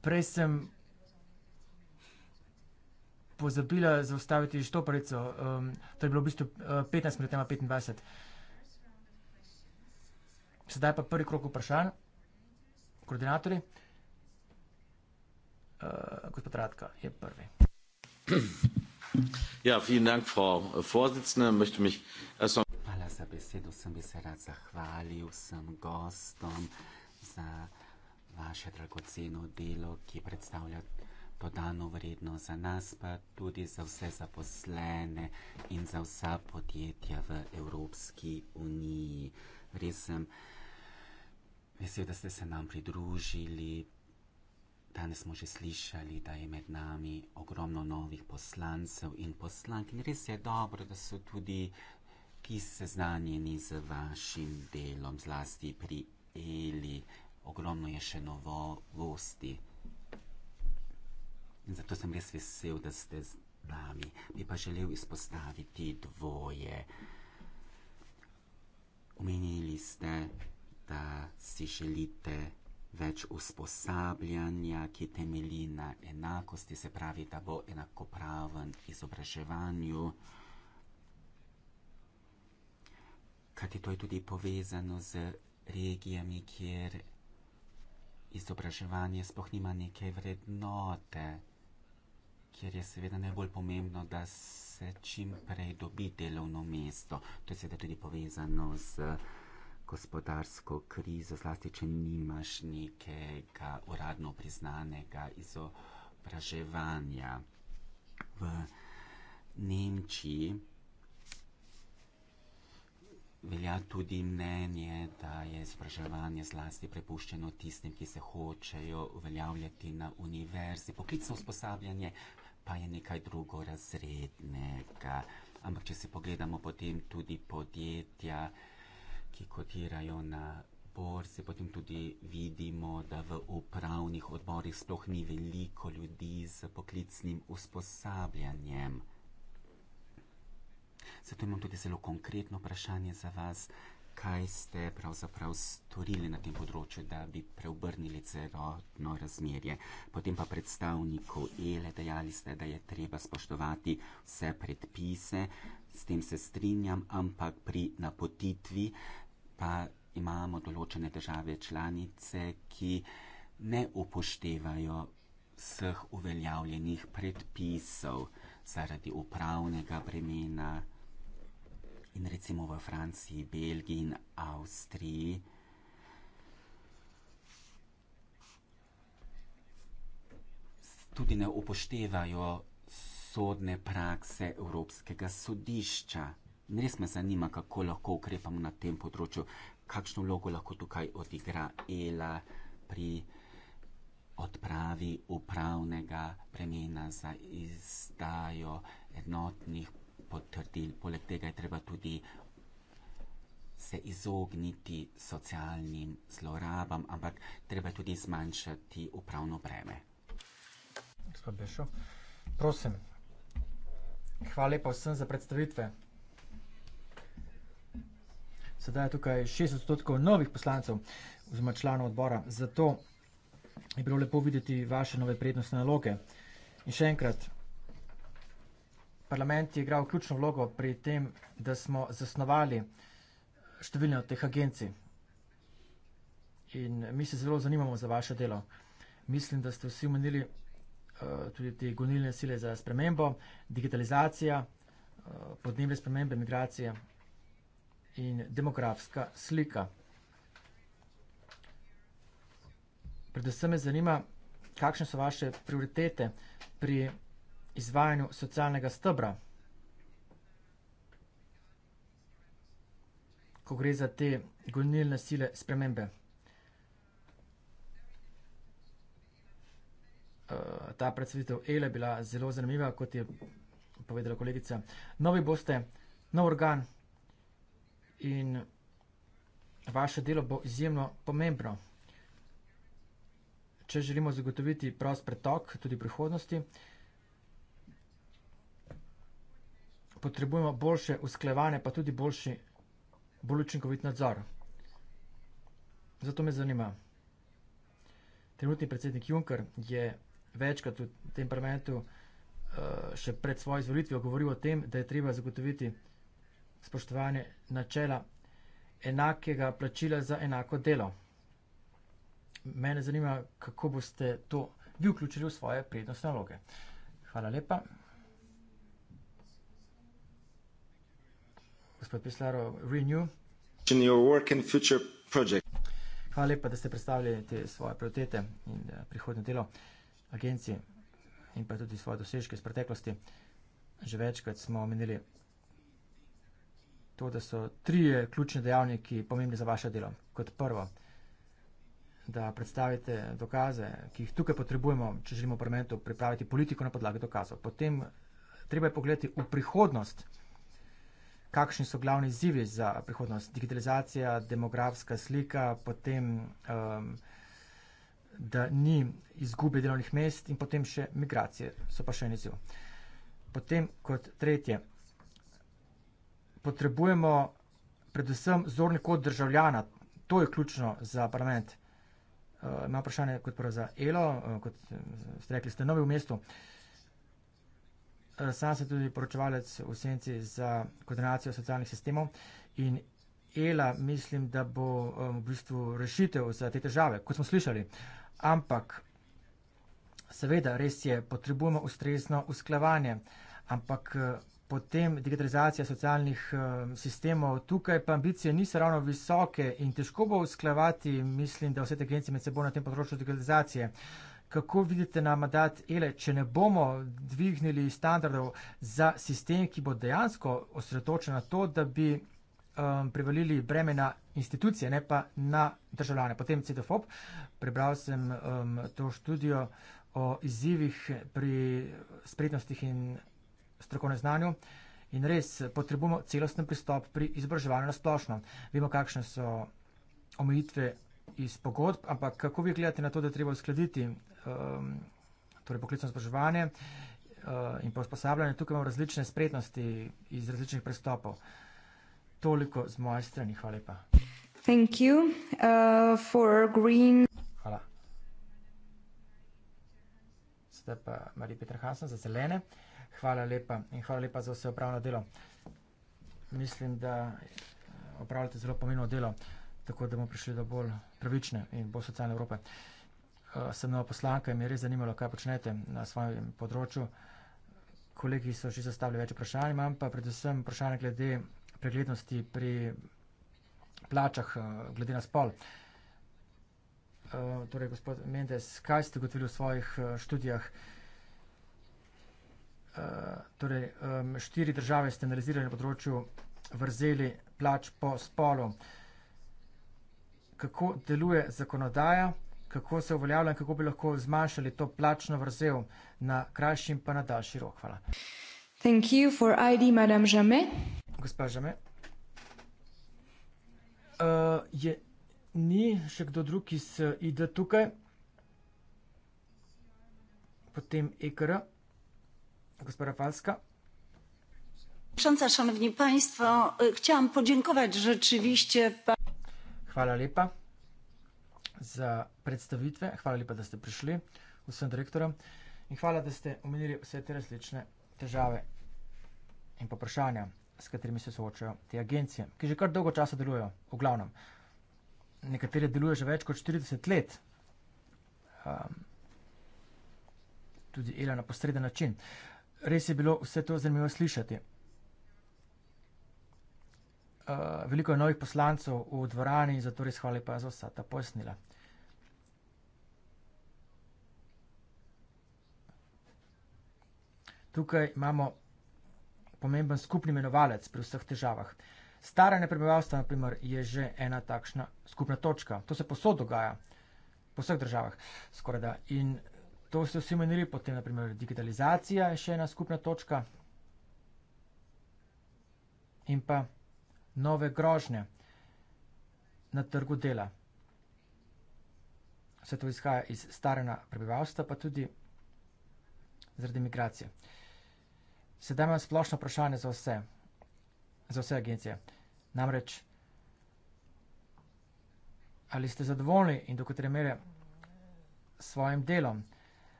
prej sem pozabila zaustaviti štoparico, um, to je bilo v bistvu uh, eh, 15 minut, ima 25. Sedaj pa prvi krok vprašanj, koordinatorji. Uh, gospod Radka je prvi. Ja, vielen Dank, Frau äh, Vorsitzende. Ich möchte mich erst noch Hvala za besedo, sem bi se rad zahvalil vsem gostom za vaše dragoceno delo, ki predstavlja dodano vredno za nas, pa tudi za vse zaposlene in za vsa podjetja v Evropski uniji. Res sem vesel, da ste se nam pridružili. Danes smo že slišali, da je med nami ogromno novih poslancev in poslank, in res je dobro, da so tudi ki seznanjeni z vašim delom, zlasti pri Eli. Ogromno je še novosti. In zato sem res vesel, da ste z nami. Bi pa želel izpostaviti dvoje. Omenili ste, da si želite več usposabljanja, ki temelji na enakosti, se pravi, da bo enakopraven izobraževanju. Kajti to je tudi povezano z regijami, kjer izobraževanje sploh nima neke vrednote, kjer je seveda najbolj pomembno, da se čim prej dobi delovno mesto. To je seveda tudi povezano z gospodarsko krizo, zlasti če nimaš nekega uradno priznanega izobraževanja. V Nemčiji velja tudi mnenje, da je izobraževanje zlasti prepuščeno tistim, ki se hočejo uveljavljati na univerzi. Poklicno usposabljanje pa je nekaj drugorazrednega. Ampak, če si pogledamo potem tudi podjetja, ki kotirajo na borzi, potem tudi vidimo, da v upravnih odborih sploh ni veliko ljudi z poklicnim usposabljanjem. Zato imam tudi zelo konkretno vprašanje za vas, kaj ste pravzaprav storili na tem področju, da bi preobrnili celotno razmerje. Potem pa predstavniku ELE dejali ste, da je treba spoštovati vse predpise, s tem se strinjam, ampak pri napotitvi uh, pa imamo določene države članice, ki ne upoštevajo vseh uveljavljenih predpisov zaradi upravnega bremena. In recimo v Franciji, Belgiji in Avstriji tudi ne upoštevajo sodne prakse Evropskega sodišča. Res me zanima, kako lahko ukrepamo na tem področju, kakšno vlogo lahko tukaj odigra ELA pri odpravi upravnega premjena za izdajo enotnih potrdil. Poleg tega je treba tudi se izogniti socialnim zlorabam, ampak treba je tudi zmanjšati upravno breme. Gospod Bešo, prosim, hvala lepa vsem za predstavitve sedaj je tukaj 6 odstotkov novih poslancev oziroma članov odbora. Zato je bilo lepo videti vaše nove prednostne naloge. In še enkrat, parlament je igral ključno vlogo pri tem, da smo zasnovali številne od teh agencij. In mi se zelo zanimamo za vaše delo. Mislim, da ste vsi omenili uh, tudi te gonilne sile za spremembo, digitalizacija, uh, podnebne spremembe, migracije in demografska slika. Predvsem me zanima, kakšne so vaše prioritete pri izvajanju socialnega stebra, ko gre za te gonilne sile spremembe. Eh, ta predstavitev Ele je bila zelo zanimiva, kot je povedala kolegica. Novi boste, nov organ in vaše delo bo izjemno pomembno. Če želimo zagotoviti prost pretok tudi prihodnosti, potrebujemo boljše usklevanje, pa tudi boljši, bolj učinkovit nadzor. Zato me zanima. Trenutni predsednik Juncker je večkrat v tem parlamentu eh, še pred svojo izvolitvijo govoril o tem, da je treba zagotoviti prost pretok spoštovanje načela enakega plačila za enako delo. Mene zanima, kako boste to vi vključili v svoje prednostne naloge. Hvala lepa. Gospod Pislaro, Renew. Hvala lepa, da ste predstavili te svoje prioritete in eh, prihodne delo agencije in pa tudi svoje dosežke iz preteklosti. Že večkrat smo omenili to, da so tri ključne dejavniki pomembni za vaše delo. Kot prvo, da predstavite dokaze, ki jih tukaj potrebujemo, če želimo v parlamentu pripraviti politiko na podlagi dokazov. Potem treba je pogledati v prihodnost, kakšni so glavni izzivi za prihodnost. Digitalizacija, demografska slika, potem. Um, da ni izgube delovnih mest in potem še migracije, so pa še en izziv. Potem kot tretje, potrebujemo predvsem zorni kot državljana. To je ključno za parlament. Uh, eh, Imam vprašanje kot prvo za Elo, uh, kot eh, ste rekli, ste novi v mestu. Uh, sam sem tudi poročevalec v senci za koordinacijo socialnih sistemov in Ela mislim, da bo um, v bistvu rešitev za te težave, kot smo slišali. Ampak seveda res je, potrebujemo ustrezno usklavanje, ampak potem digitalizacija socialnih eh, sistemov. Tukaj pa ambicije niso ravno visoke in težko bo usklavati, mislim, da vse te agencije med seboj na tem področju digitalizacije. Kako vidite na mandat ELE, če ne bomo dvignili standardov za sistem, ki bo dejansko osredotočen na to, da bi um, prevalili breme na institucije, ne pa na državljane. Potem CDFOP, prebral sem um, to študijo o izzivih pri spretnostih in strokovnem znanju. In res potrebujemo celosten pristop pri izobraževanju na splošno. Vemo, kakšne so omejitve iz pogodb, ampak kako vi gledate na to, da treba uskladiti um, torej poklicno izobraževanje uh, in pa usposabljanje? Tukaj imamo različne spretnosti iz različnih pristopov. Toliko z moje strani. Hvala lepa. Thank you uh, for green. Hvala. Zdaj pa Marija Petra Hasna za zelene. Uh, Hvala lepa in hvala lepa za vse upravno delo. Mislim, da eh, opravljate zelo pomembno delo, tako da bomo prišli do bolj pravične in bolj socialne Evrope. Uh, sem nova poslanka in me je res zanimalo, kaj počnete na svojem področju. Kolegi so že zastavili več vprašanj, imam pa predvsem vprašanje glede preglednosti pri plačah, eh, glede na spol. Uh, torej, gospod Mendes, kaj ste gotovili v svojih študijah? Uh, torej, um, štiri države ste analizirali na področju vrzeli plač po spolu. Kako deluje zakonodaja, kako se uveljavlja in kako bi lahko zmanjšali to plačno vrzel na krajši in pa na daljši rok? Hvala. Thank you for ID, madam Žame. Gospa Žame. Uh, e, je, ni še kdo drug iz ID tukaj? Potem EKR. Szanowni Państwo, chciałam podziękować rzeczywiście. Hvala lepa za predstavitve, hvala lepa, da ste prišli vsem direktorom in hvala, da ste omenili vse te različne težave in poprašanja, s katerimi se soočajo te agencije, ki že kar dolgo časa delujejo, v glavnem. Nekatere delujejo že več kot 40 let, um, tudi ela na posreden način. Uh, res je bilo vse to zanimivo slišati. Uh, veliko je novih poslancev v dvorani, zato res hvala lepa za vsa ta pojasnila. Tukaj imamo pomemben skupni imenovalec pri vseh težavah. Staranje prebivalstva, na primer, je že ena takšna skupna točka. To se posod dogaja po vseh državah skoraj da. In to ste vsi omenili, potem naprimer digitalizacija je še ena skupna točka in pa nove grožnje na trgu dela. Vse to izhaja iz starena prebivalstva, pa tudi zaradi migracije. Sedaj imam splošno vprašanje za vse, za vse agencije. Namreč, ali ste zadovoljni in do katere mere s svojim delom,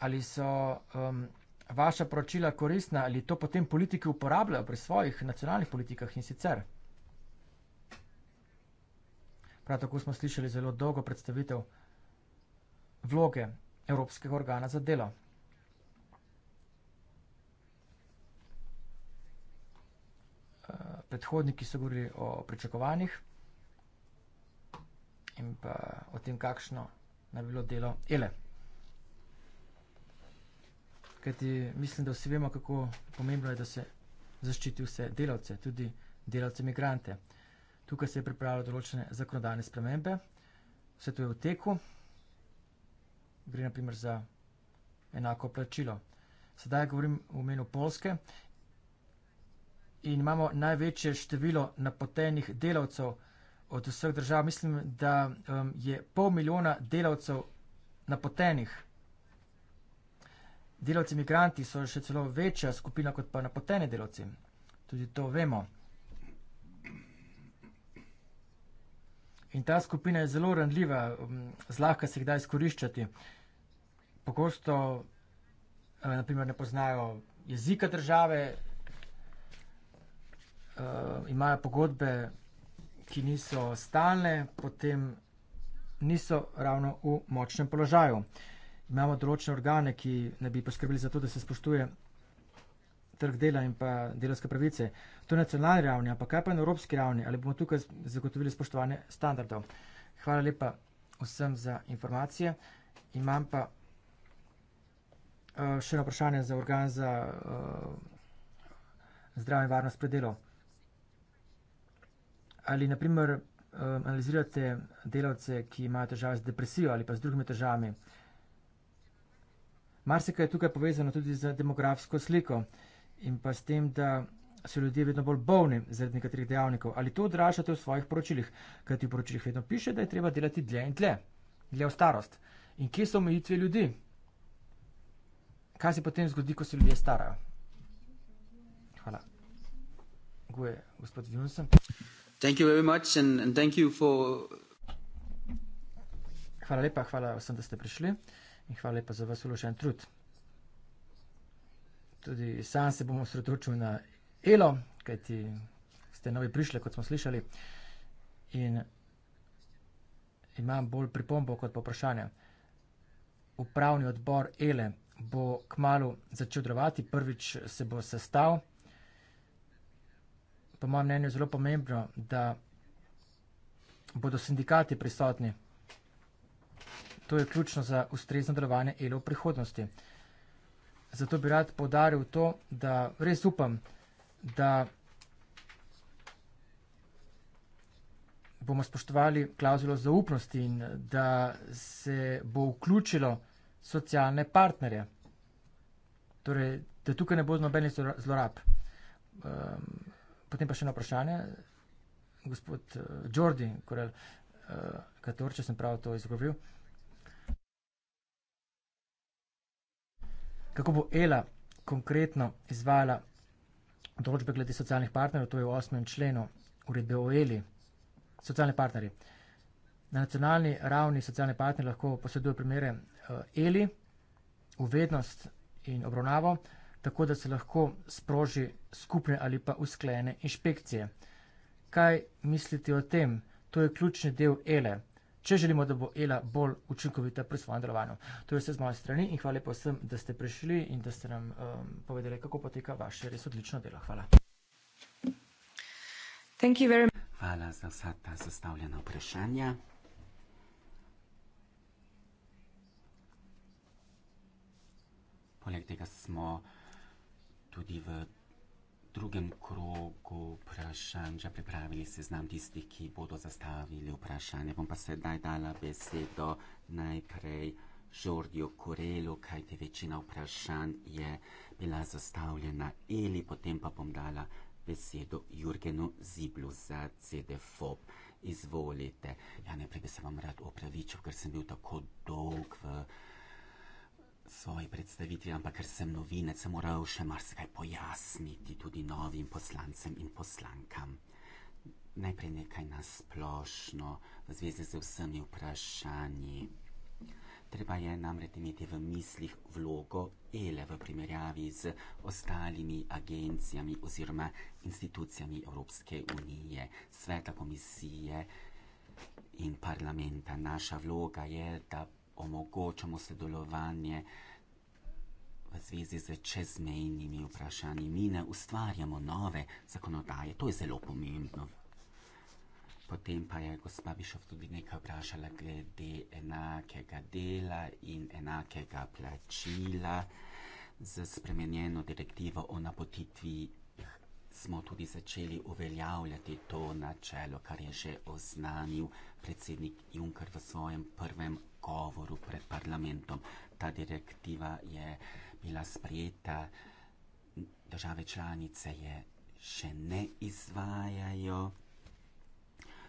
ali so um, vaša poročila koristna, ali to potem politiki uporabljajo pri svojih nacionalnih politikah in sicer. Prav tako smo slišali zelo dolgo predstavitev vloge Evropskega organa za delo. Uh, predhodniki so govorili o pričakovanjih in pa o tem, kakšno naj bi bilo delo ele. Kajti mislim, da vsi vemo, kako pomembno je, da se zaščiti vse delavce, tudi delavce imigrante. Tukaj se je pripravljalo določene zakonodajne spremembe, vse to je v teku, gre naprimer za enako plačilo. Sedaj govorim v imenu Polske in imamo največje število napotenih delavcev od vseh držav. Mislim, da um, je pol milijona delavcev napotenih. Delavci imigranti so še celo večja skupina kot pa napoteni delavci. Tudi to vemo. In ta skupina je zelo randljiva, um, zlahka se jih da izkoriščati. Pogosto, eh, naprimer, ne poznajo jezika države, eh, imajo pogodbe, ki niso stalne, potem niso ravno v močnem položaju imamo določene organe, ki ne bi poskrbeli za to, da se spoštuje trg dela in pa delovske pravice. To je na nacionalni ravni, ampak kaj pa na evropski ravni? Ali bomo tukaj zagotovili spoštovanje standardov? Hvala lepa vsem za informacije. Imam pa uh, še eno vprašanje za organ za uh, zdravje in varnost predelov. Ali naprimer uh, eh, analizirate delavce, ki imajo težave z depresijo ali pa z drugimi težavami? Uh, Marsikaj je tukaj povezano tudi z demografsko sliko in pa s tem, da so ljudje vedno bolj bolni zaradi nekaterih dejavnikov. Ali to odražate v svojih poročilih? Kajti v poročilih vedno piše, da je treba delati dlje in dlje, dlje v starost. In kje so omejitve ljudi? Kaj se potem zgodi, ko se ljudje starajo? Hvala. Guje, gospod Junsen. Thank you very much and, and thank you for... Hvala lepa, hvala vsem, da ste prišli in hvala lepa za vas uložen trud. Tudi sam se bom osredotočil na Elo, kajti ste novi prišli, kot smo slišali, in imam bolj pripombo kot poprašanje. Upravni odbor Ele bo kmalo začel drvati, prvič se bo sestav. Po mojem mnenju je zelo pomembno, da bodo sindikati prisotni. To je ključno za ustrezno delovanje ELO v prihodnosti. Zato bi rad podaril to, da res upam, da bomo spoštovali klauzulo zaupnosti in da se bo vključilo socialne partnerje. Torej, da tukaj ne bo nobenih zlorab. Ehm, potem pa še eno vprašanje. Gospod eh, Jordi, eh, Katorče sem prav to izgovoril. kako bo Ela konkretno izvajala določbe glede socialnih partnerjev, to je v 8. členu uredbe o Eli. Socialni partnerji. Na nacionalni ravni socialni partner lahko posreduje primere eh, Eli, uvednost in obravnavo, tako da se lahko sproži skupne ali pa usklajene inšpekcije. Kaj mislite o tem? To je ključni del Ele če želimo, da bo Ela bolj učinkovita pri svojem delovanju. To je vse z moje strani in hvala lepa vsem, da ste prišli in da ste nam um, povedali, kako poteka vaše res odlično delo. Hvala. Hvala za vsa ta zastavljena vprašanja. Poleg tega smo tudi v drugem krogu vprašanj že pripravili seznam tistih, ki bodo zastavili vprašanje. Bom pa sedaj dala besedo najprej Žordijo Korelu, kajti večina vprašanj je bila zastavljena ali potem pa bom dala besedo Jurgenu Ziblu za CDFOB. Izvolite. Ja, najprej bi se vam rad opravičil, ker sem bil tako dolg v svoji predstavitvi, ampak ker sem novinec, sem moral še marsikaj pojasniti tudi novim poslancem in poslankam. Najprej nekaj nasplošno v zvezi z vsemi vprašanji. Treba je namreč imeti v mislih vlogo ELE v primerjavi z ostalimi agencijami oziroma institucijami Evropske unije, sveta komisije in parlamenta. Naša vloga je, da omogočamo sodelovanje v zvezi z čezmejnimi vprašanji. Mi ne ustvarjamo nove zakonodaje, to je zelo pomembno. Potem pa je gospa Višov tudi nekaj vprašala glede enakega dela in enakega plačila z spremenjeno direktivo o napotitvi smo tudi začeli uveljavljati to načelo, kar je že oznanil predsednik Juncker v svojem prvem govoru pred parlamentom. Ta direktiva je bila sprejeta, države članice je še ne izvajajo.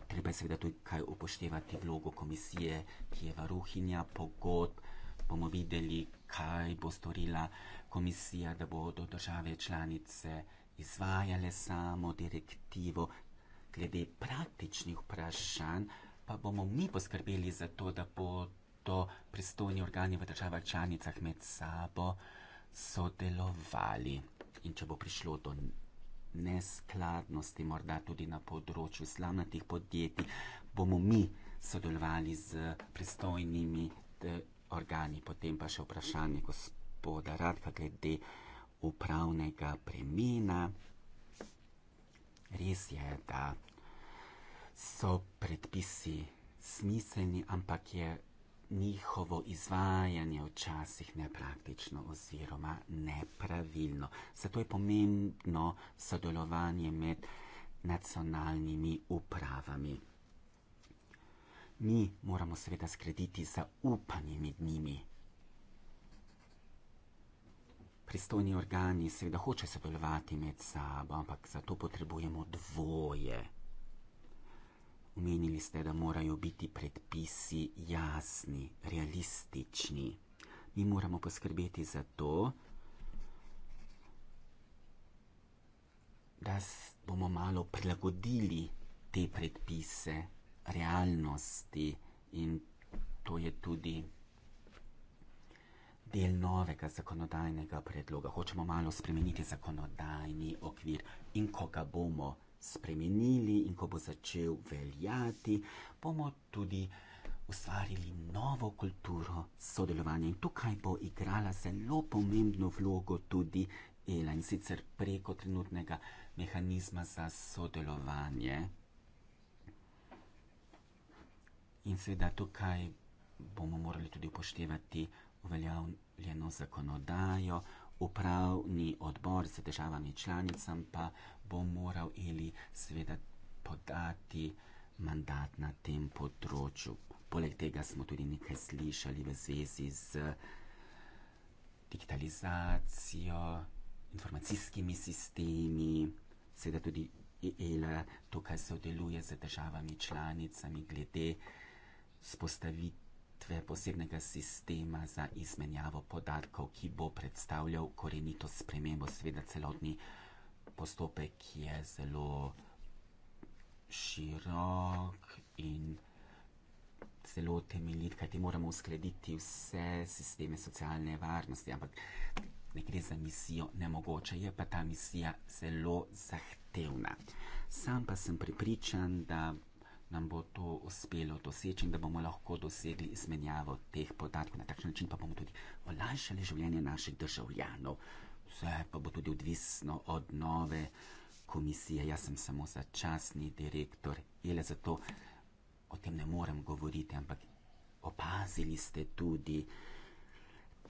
Treba je seveda tudi kaj upoštevati vlogo komisije, ki je varuhinja pogodb. Bomo videli, kaj bo storila komisija, da bodo države članice izvajale samo direktivo. Glede praktičnih vprašanj pa bomo mi poskrbeli za to, da bodo pristojni organi v državah članicah med sabo sodelovali. In če bo prišlo do neskladnosti, morda tudi na področju slamnatih podjetij, bomo mi sodelovali z pristojnimi eh, organi. Potem pa še vprašanje gospoda Radka glede upravnega premena. Res je, da so predpisi smiselni, ampak je njihovo izvajanje včasih nepraktično oziroma nepravilno. Zato je pomembno sodelovanje med nacionalnimi upravami. Mi moramo seveda skrediti zaupanje med njimi pristojni organi seveda hoče sodelovati med sabo, ampak za to potrebujemo dvoje. Umenili ste, da morajo biti predpisi jasni, realistični. Mi moramo poskrbeti za to, da bomo malo prilagodili te predpise realnosti in to je tudi del novega zakonodajnega predloga. Hočemo malo spremeniti zakonodajni okvir in ko ga bomo spremenili in ko bo začel veljati, bomo tudi ustvarili novo kulturo sodelovanja in tukaj bo igrala zelo pomembno vlogo tudi ELA in sicer preko trenutnega mehanizma za sodelovanje. In seveda tukaj bomo morali tudi upoštevati uveljavljeno zakonodajo, upravni odbor z državami članicam pa bo moral ali seveda podati mandat na tem področju. Poleg tega smo tudi nekaj slišali v zvezi z digitalizacijo, informacijskimi sistemi, seveda tudi ELA tukaj sodeluje z državami članicami glede spostavitve ureditve posebnega sistema za izmenjavo podatkov, ki bo predstavljal korenito spremembo. Seveda celotni postopek je zelo širok in zelo temeljit, kajti moramo uskladiti vse sisteme socialne varnosti, ampak ne gre za misijo, nemogoče je pa ta misija zelo zahtevna. Sam pa sem pripričan, da nam bo to uspelo doseči in da bomo lahko dosegli izmenjavo teh podatkov. Na takšen način pa bomo tudi olajšali življenje naših državljanov. Vse pa bo tudi odvisno od nove komisije. Jaz sem samo začasni direktor ELE, zato o tem ne morem govoriti, ampak opazili ste tudi,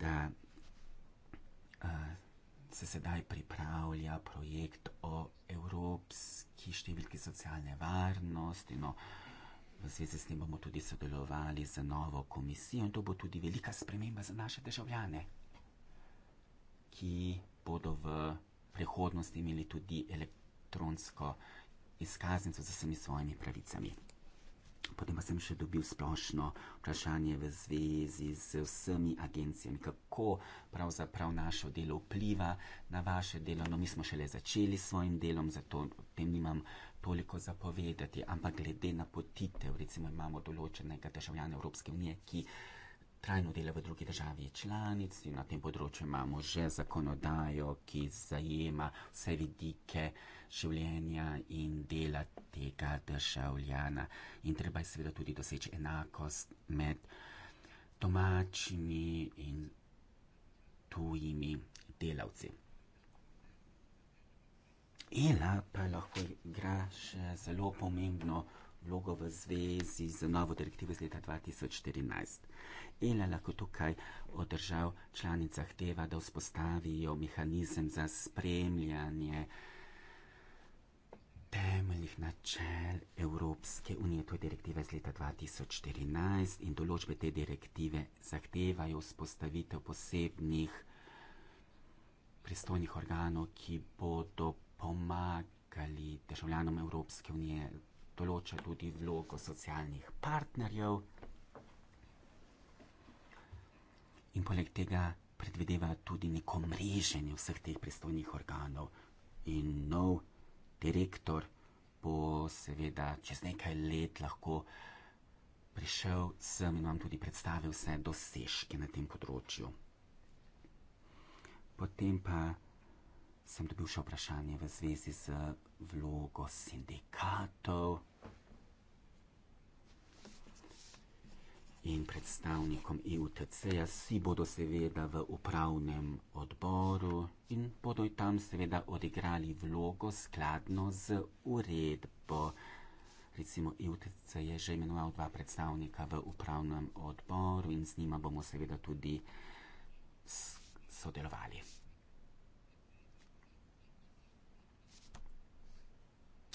da. Uh, se sedaj pripravlja projekt o evropski številki socialne varnosti. No, v zvezi s tem bomo tudi sodelovali z novo komisijo in to bo tudi velika sprememba za naše državljane, ki bodo v prihodnosti imeli tudi elektronsko izkaznico za vsemi svojimi pravicami. Potem pa sem še dobil splošno vprašanje v zvezi z vsemi agencijami, kako pravzaprav naše delo vpliva na vaše delo. No, mi smo šele začeli s svojim delom, zato tem nimam toliko zapovedati, ampak glede na potitev, recimo imamo določenega državljana Evropske unije, ki trajno dela v drugi državi članici. Na tem področju imamo že zakonodajo, ki zajema vse vidike življenja in dela tega državljana. In treba je seveda tudi doseči enakost med domačimi in tujimi delavci. Ela pa lahko igra še zelo pomembno vlogo vlogo v zvezi z novo direktivo iz leta 2014. Ela lahko tukaj od držav članic zahteva, da vzpostavijo mehanizem za spremljanje temeljnih načel Evropske unije, to je direktiva iz leta 2014 in določbe te direktive zahtevajo vzpostavitev posebnih pristojnih organov, ki bodo pomagali državljanom Evropske unije določa tudi vlogo socialnih partnerjev in poleg tega predvideva tudi neko mreženje vseh teh pristojnih organov in nov direktor bo seveda čez nekaj let lahko prišel sem in vam tudi predstavil vse dosežke na tem področju. Potem pa sem dobil še vprašanje v zvezi z vlogo sindikatov in predstavnikom IUTC-ja. Vsi bodo seveda v upravnem odboru in bodo tam seveda odigrali vlogo skladno z uredbo. Recimo IUTC je že imenoval dva predstavnika v upravnem odboru in z njima bomo seveda tudi sodelovali.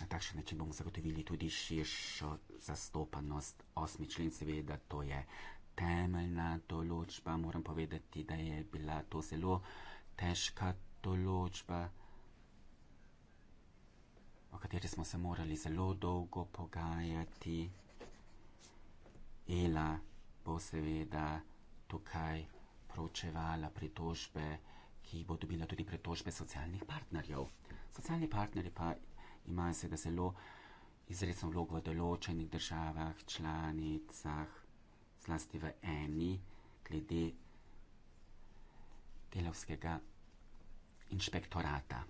Na takšen način bomo zagotovili tudi širšo zastopanost. Osmi člen, seveda, to je temeljna določba. Moram povedati, da je bila to zelo težka določba, o kateri smo se morali zelo dolgo pogajati. Ela bo seveda tukaj pročevala pritožbe, ki bo dobila tudi pritožbe socialnih partnerjev. Socialni partnerji pa imajo seveda zelo izredno vlogo v določenih državah, članicah, zlasti v eni, glede delovskega inšpektorata.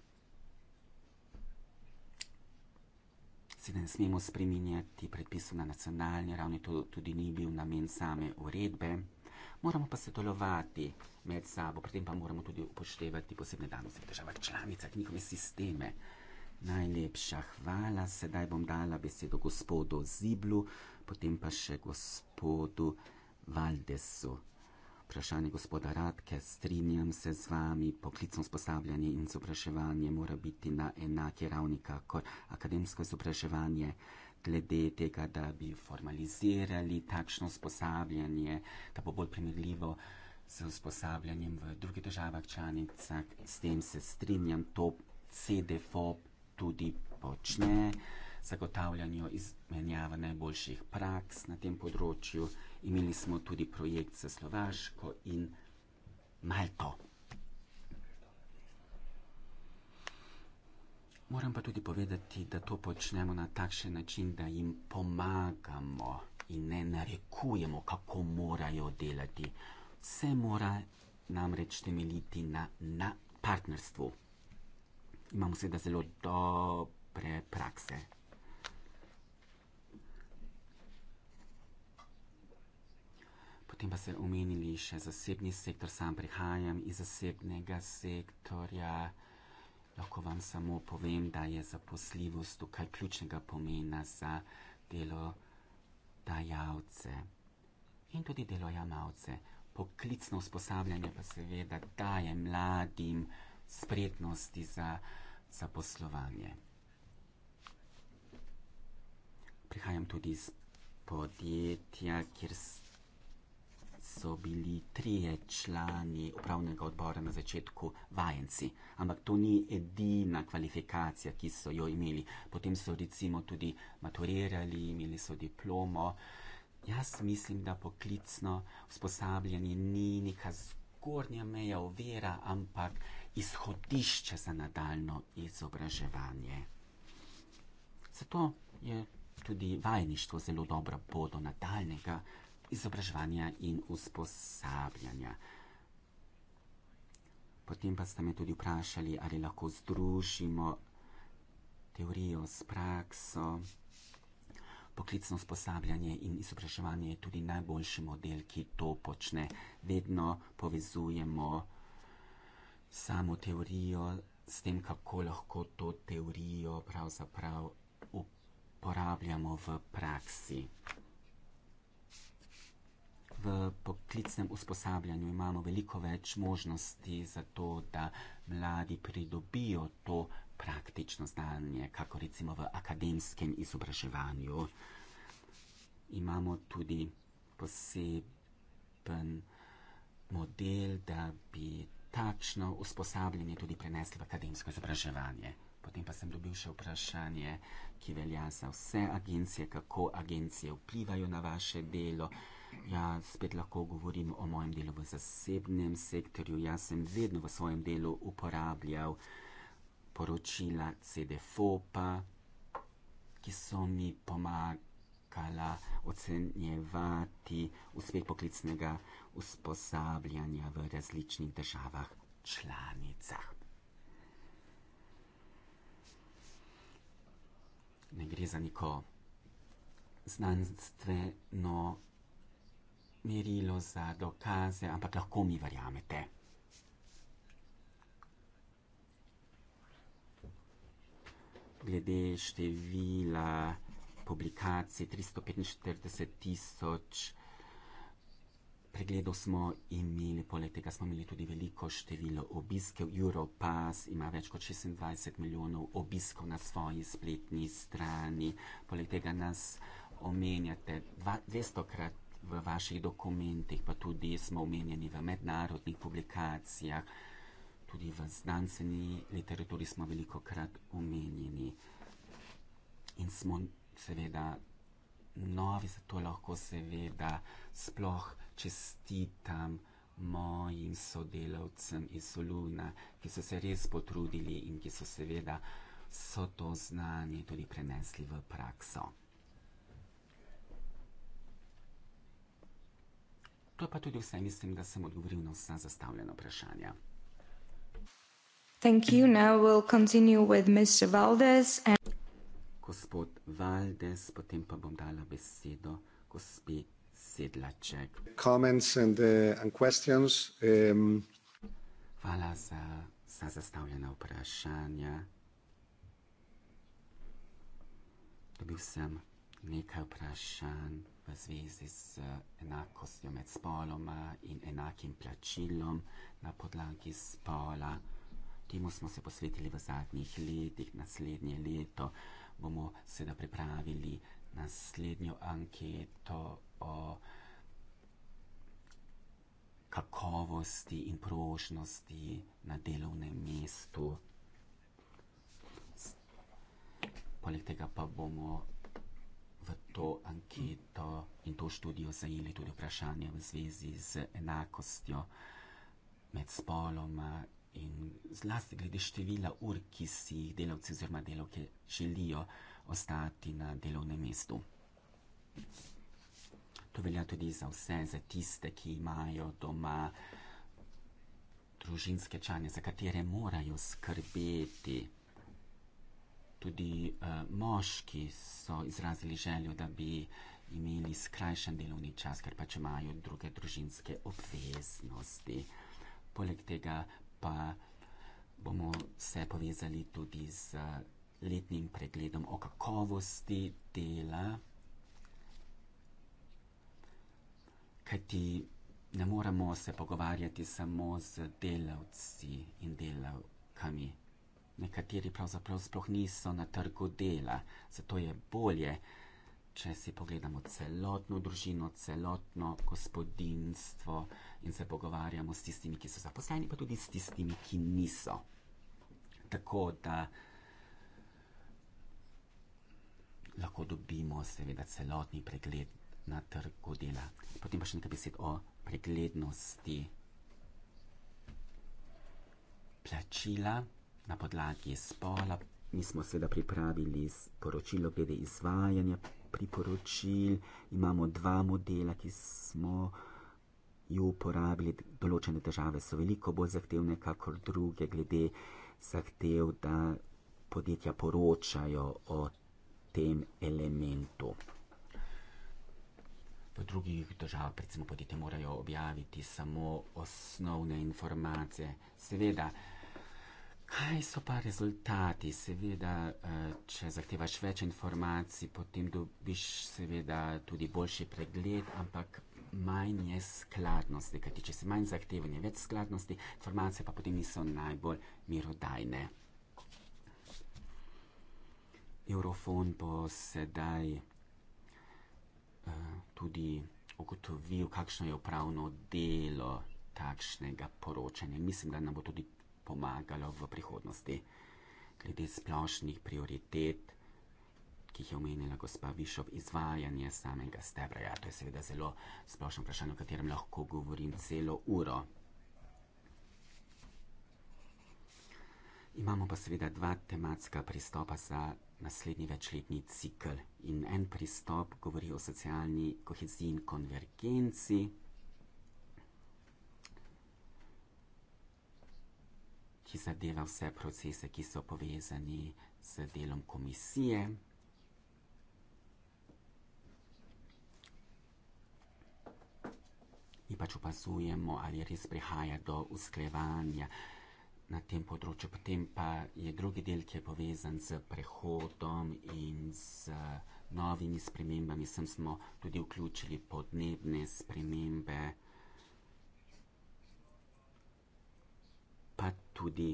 Sedaj ne smemo spreminjati predpisov na nacionalni ravni, to tudi ni bil namen same uredbe. Moramo pa se delovati med sabo, pri tem pa moramo tudi upoštevati posebne danosti v državah članicah, njihove sisteme. Najlepša hvala. Sedaj bom dala besedo gospodu Ziblu, potem pa še gospodu Valdesu. Vprašanje gospoda Radke, strinjam se z vami, poklicno usposabljanje in izobraževanje mora biti na enaki ravni kot akademsko izobraževanje. Glede tega, da bi formalizirali takšno usposabljanje, da bo bolj primerljivo z usposabljanjem v drugih državah članicah, s tem se strinjam, to CDFOP tudi počne, zagotavljanju izmenjava najboljših praks na tem področju. Imeli smo tudi projekt za Slovaško in Malto. Moram pa tudi povedati, da to počnemo na takšen način, da jim pomagamo in ne narekujemo, kako morajo delati. Vse mora namreč temeljiti na, na partnerstvu imamo seveda zelo dobre prakse. Potem pa se omenili še zasebni sektor, sam prihajam iz zasebnega sektorja. Lahko vam samo povem, da je zaposljivost tukaj ključnega pomena za delo dajalce in tudi delo jamalce. Poklicno usposabljanje pa seveda daje mladim, uh, spretnosti za zaposlovanje. Prihajam tudi iz podjetja, kjer so bili trije člani upravnega odbora na začetku vajenci. Ampak to ni edina kvalifikacija, ki so jo imeli. Potem so recimo tudi maturirali, imeli so diplomo. Jaz mislim, da poklicno usposabljanje ni neka zgornja meja ovira, ampak izhodišče za nadaljno izobraževanje. Zato je tudi vajništvo zelo dobra pot do nadaljnega izobraževanja in usposabljanja. Potem pa ste me tudi vprašali, ali lahko združimo teorijo s prakso. Poklicno usposabljanje in izobraževanje je tudi najboljši model, ki to počne. Vedno povezujemo samo teorijo, s tem, kako lahko to teorijo pravzaprav uporabljamo v praksi. V poklicnem usposabljanju imamo veliko več možnosti za to, da mladi pridobijo to praktično znanje, kako recimo v akademskem izobraževanju. Imamo tudi poseben model, da bi takšno usposabljanje tudi prenesli v akademsko izobraževanje. Potem pa sem dobil še vprašanje, ki velja za vse agencije, kako agencije vplivajo na vaše delo. Ja, spet lahko govorim o mojem delu v zasebnem sektorju. Jaz sem vedno v svojem delu uporabljal poročila CDFOPA, ki so mi pomagali skala ocenjevati uspeh poklicnega usposabljanja v različnih državah članicah. Ne gre za neko znanstveno merilo za dokaze, ampak lahko mi verjamete. Glede števila publikacij, 345 tisoč pregledov smo imeli, poleg tega smo imeli tudi veliko število obiskov. Europass ima več kot 26 milijonov obiskov na svoji spletni strani. Poleg tega nas omenjate 200krat v vaših dokumentih, pa tudi smo omenjeni v mednarodnih publikacijah, tudi v znanstveni literaturi smo veliko krat omenjeni. In smo seveda novi, zato lahko seveda sploh čestitam mojim sodelavcem iz Soluna, ki so se res potrudili in ki so seveda vso to znanje tudi prenesli v prakso. To pa tudi vse, mislim, da sem odgovoril na vsa zastavljena vprašanja. Thank you. Now we'll continue with Mr. Valdez. And gospod Valdes, potem pa bom dala besedo gospi Sedlaček. And, uh, and um... Hvala za, za zastavljena vprašanja. Dobil sem nekaj vprašanj v zvezi z enakostjo med spoloma in enakim plačilom na podlagi spola. Temu smo se posvetili v zadnjih letih, naslednje leto bomo seveda pripravili naslednjo anketo o kakovosti in prožnosti na delovnem mestu. Poleg tega pa bomo v to anketo in to študijo zajeli tudi vprašanje v zvezi z enakostjo med spoloma in zlasti glede števila ur, ki si jih delavci oziroma delavke želijo ostati na delovnem mestu. To velja tudi za vse, za tiste, ki imajo doma družinske čane, za katere morajo skrbeti. Tudi uh, moški so izrazili željo, da bi imeli skrajšan delovni čas, ker pač imajo druge družinske obveznosti. Poleg tega pa bomo se povezali tudi z letnim pregledom o kakovosti dela, kajti ne moremo se pogovarjati samo z delavci in delavkami. Nekateri pravzaprav sploh niso na trgu dela, zato je bolje, da če si pogledamo celotno družino, celotno gospodinstvo in se pogovarjamo s tistimi, ki so zaposleni, pa tudi s tistimi, ki niso. Tako da lahko dobimo seveda celotni pregled na trgu dela. Potem pa še nekaj besed o preglednosti plačila na podlagi spola. Mi smo seveda pripravili poročilo glede izvajanja priporočil, imamo dva modela, ki smo ju uporabili. Določene države so veliko bolj zahtevne, kakor druge, glede zahtev, da podjetja poročajo o tem elementu. V drugih državah, predvsem podjetja, morajo objaviti samo osnovne informacije. Seveda, Kaj so pa rezultati? Seveda, eh, če zahtevaš več informacij, potem dobiš seveda tudi boljši pregled, ampak manj je skladnosti. Kajti, če si manj zahteven, je več skladnosti, informacije pa potem niso najbolj mirodajne. Eurofon bo sedaj uh, tudi ugotovil, kakšno je upravno delo takšnega poročanja. Mislim, da nam bo tudi to pomagalo v prihodnosti. Glede splošnih prioritet, ki jih je omenila gospa Višov, izvajanje samega stebra. Ja, to je seveda zelo splošno vprašanje, o katerem lahko govorim celo uro. Imamo pa seveda dva tematska pristopa za naslednji večletni cikl. In en pristop govori o socialni koheziji in konvergenci. ki zadeva vse procese, ki so povezani z delom komisije. In pač opazujemo, ali res prihaja do usklevanja na tem področju. Potem pa je drugi del, ki je povezan z prehodom in z novimi spremembami. Sem smo tudi vključili podnebne spremembe. tudi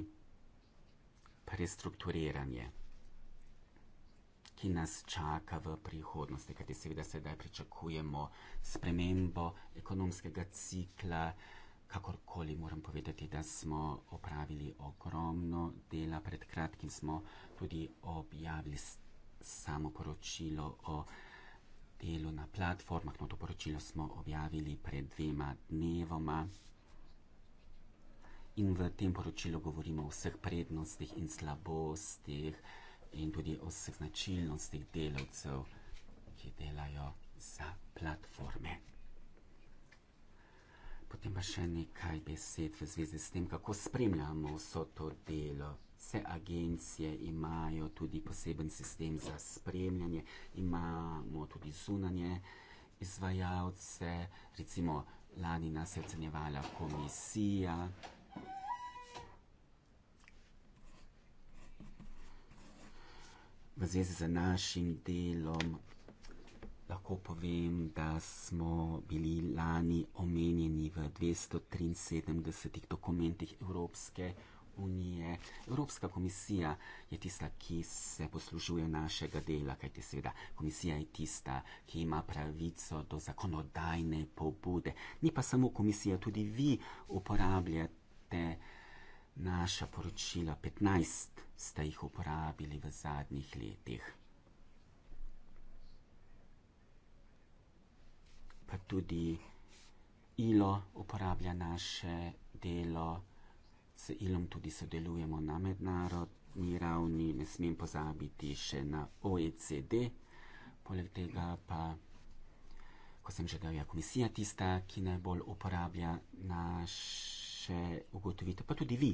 prestrukturiranje, ki nas čaka v prihodnosti, kajti seveda sedaj pričakujemo spremembo ekonomskega cikla. Kakorkoli moram povedati, da smo opravili ogromno dela, pred kratkim smo tudi objavili samo poročilo o delu na platformah, no to poročilo smo objavili pred dvema dnevoma in v tem poročilu govorimo o vseh prednostih in slabostih, in tudi o vseh značilnostih delavcev, ki delajo za platforme. Potem pa še nekaj besed v zvezi s tem, kako spremljamo vso to delo. Vse agencije imajo tudi poseben sistem za spremljanje, imamo tudi zunanje izvajalce, recimo lani nas je ocenjevala komisija. v zvezi z našim delom. Lahko povem, da smo bili lani omenjeni v 273 dokumentih Evropske unije. Evropska komisija je tista, ki se poslužuje našega dela, kajti seveda komisija je tista, ki ima pravico do zakonodajne pobude. Ni pa samo komisija, tudi vi uporabljate naša poročila 15 ste jih uporabili v zadnjih letih. Pa tudi ILO uporablja naše delo, s ILOM tudi sodelujemo na mednarodni ravni, ne smem pozabiti še na OECD. Poleg tega pa, ko sem že dal, je komisija tista, ki najbolj uporablja naše ugotovitve, pa tudi vi.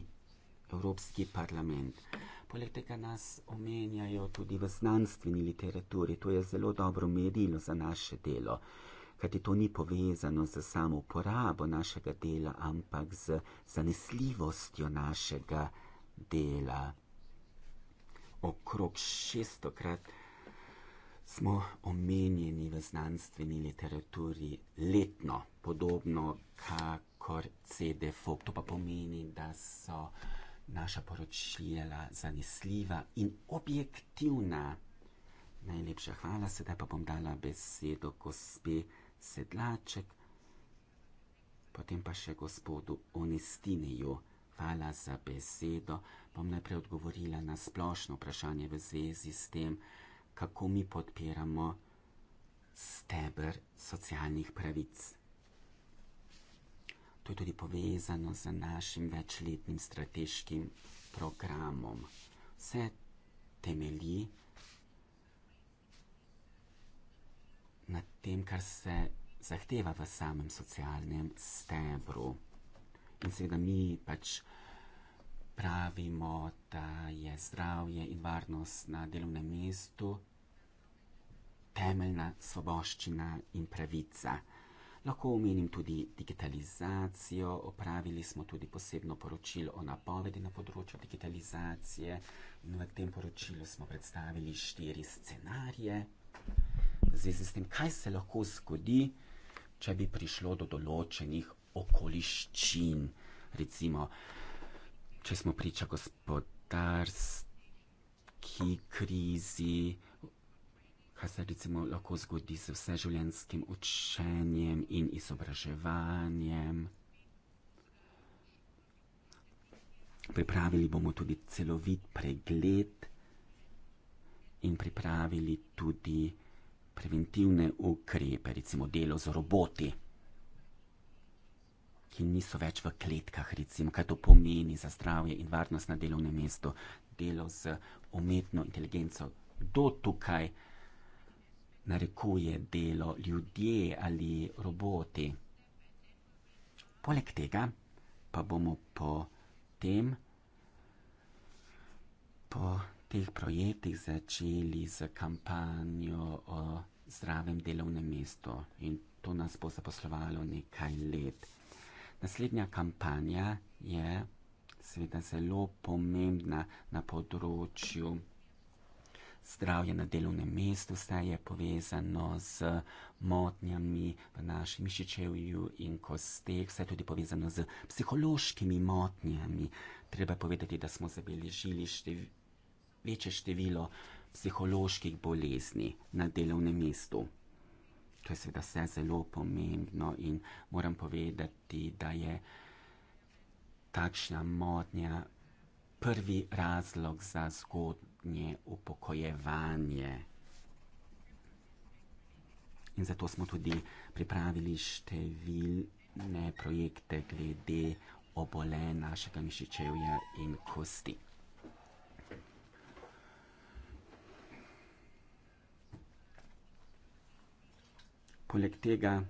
Evropski parlament. Poleg tega nas omenjajo tudi v znanstveni literaturi. To je zelo dobro merilo za naše delo, kajti to ni povezano z samo uporabo našega dela, ampak z zanesljivostjo našega dela. Okrog šestokrat smo omenjeni v znanstveni literaturi letno, podobno kakor CDF. To pa pomeni, da so naša poročila zanesljiva in objektivna. Najlepša hvala, sedaj pa bom dala besedo gospe Sedlaček, potem pa še gospodu Onestineju. Hvala za besedo. Bom najprej odgovorila na splošno vprašanje v zvezi s tem, kako mi podpiramo steber socialnih pravic. To je tudi povezano z našim večletnim strateškim programom. Vse temelji na tem, kar se zahteva v samem socialnem stebru. In seveda mi pač pravimo, da je zdravje in varnost na delovnem mestu temeljna svoboščina in pravica. Lahko omenim tudi digitalizacijo, opravili smo tudi posebno poročilo o napovedi na področju digitalizacije. V tem poročilu smo predstavili štiri scenarije. V zvezi s tem, kaj se lahko zgodi, če bi prišlo do določenih okoliščin, recimo, če smo priča gospodarski krizi, kar se recimo lahko zgodi z vseživljenjskim učenjem in izobraževanjem. Pripravili bomo tudi celovit pregled in pripravili tudi preventivne ukrepe, recimo delo z roboti, ki niso več v kletkah, recimo, kaj to pomeni za zdravje in varnost na delovnem mestu, delo z umetno inteligenco. Kdo tukaj je? narekuje delo ljudje ali roboti. Poleg tega pa bomo po tem, po teh projektih začeli z kampanjo o zdravem delovnem mestu in to nas bo zaposlovalo nekaj let. Naslednja kampanja je seveda zelo pomembna na področju zdravje na delovnem mestu, saj je povezano z motnjami v našem mišičevju in kosteh, saj je tudi povezano z psihološkimi motnjami. Treba povedati, da smo zabeležili štev... večje število psiholoških bolezni na delovnem mestu. To je seveda vse zelo pomembno in moram povedati, da je takšna motnja prvi razlog za zgodbo neupokojevanje. In zato smo tudi pripravili številne projekte glede obole našega mišičevja in kosti. Poleg tega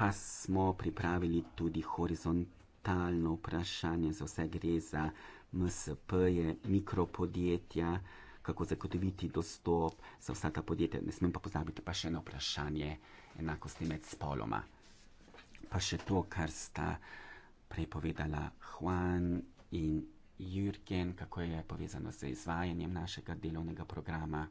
pa smo pripravili tudi horizont talno vprašanje, za vse gre za MSP-je, mikropodjetja, kako zagotoviti dostop za vsa ta podjetja. Ne smem pa pozabiti pa še na vprašanje enakosti med spoloma. Pa še to, kar sta prej povedala Juan in Jürgen, kako je povezano z izvajanjem našega delovnega programa.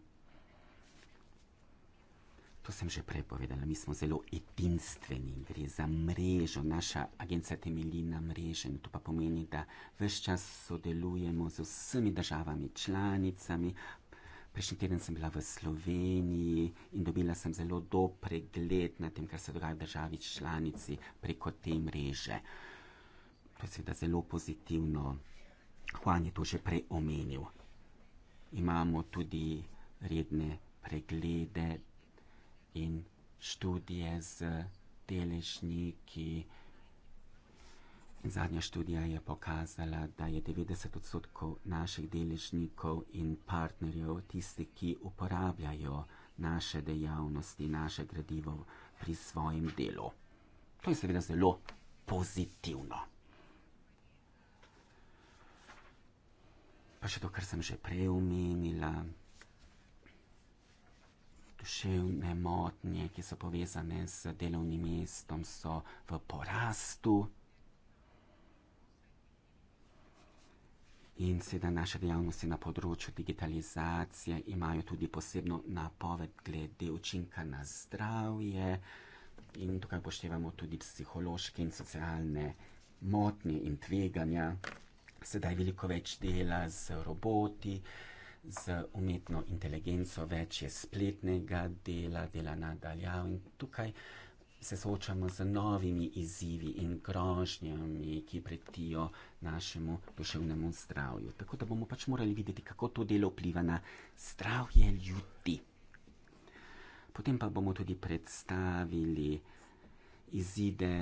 To sem že prej povedala, mi smo zelo edinstveni, gre za mrežo, naša agencija temelji na mreženju. To pa pomeni, da vse čas sodelujemo z vsemi državami, članicami. Prejšnji teden sem bila v Sloveniji in dobila sem zelo dober pregled na tem, kar se dogaja v državi članici preko te mreže. To je seveda zelo pozitivno. Juan je to že prej omenil. Imamo tudi redne preglede, in študije z deležniki. Zadnja študija je pokazala, da je 90 odstotkov naših deležnikov in partnerjev tisti, ki uporabljajo naše dejavnosti, naše gradivo pri svojem delu. To je seveda zelo pozitivno. Pa še to, kar sem že prej omenila, duševne motnje, ki so povezane z delovnim mestom, so v porastu. In seveda naše dejavnosti na področju digitalizacije imajo tudi posebno napoved glede učinka na zdravje. In tukaj poštevamo tudi psihološke in socialne motnje in tveganja. Sedaj je veliko več dela z roboti, uh, z umetno inteligenco, več je spletnega dela, dela nadaljav in tukaj se soočamo z novimi izzivi in grožnjami, ki pretijo našemu duševnemu zdravju. Tako da bomo pač morali videti, kako to delo vpliva na zdravje ljudi. Potem pa bomo tudi predstavili izide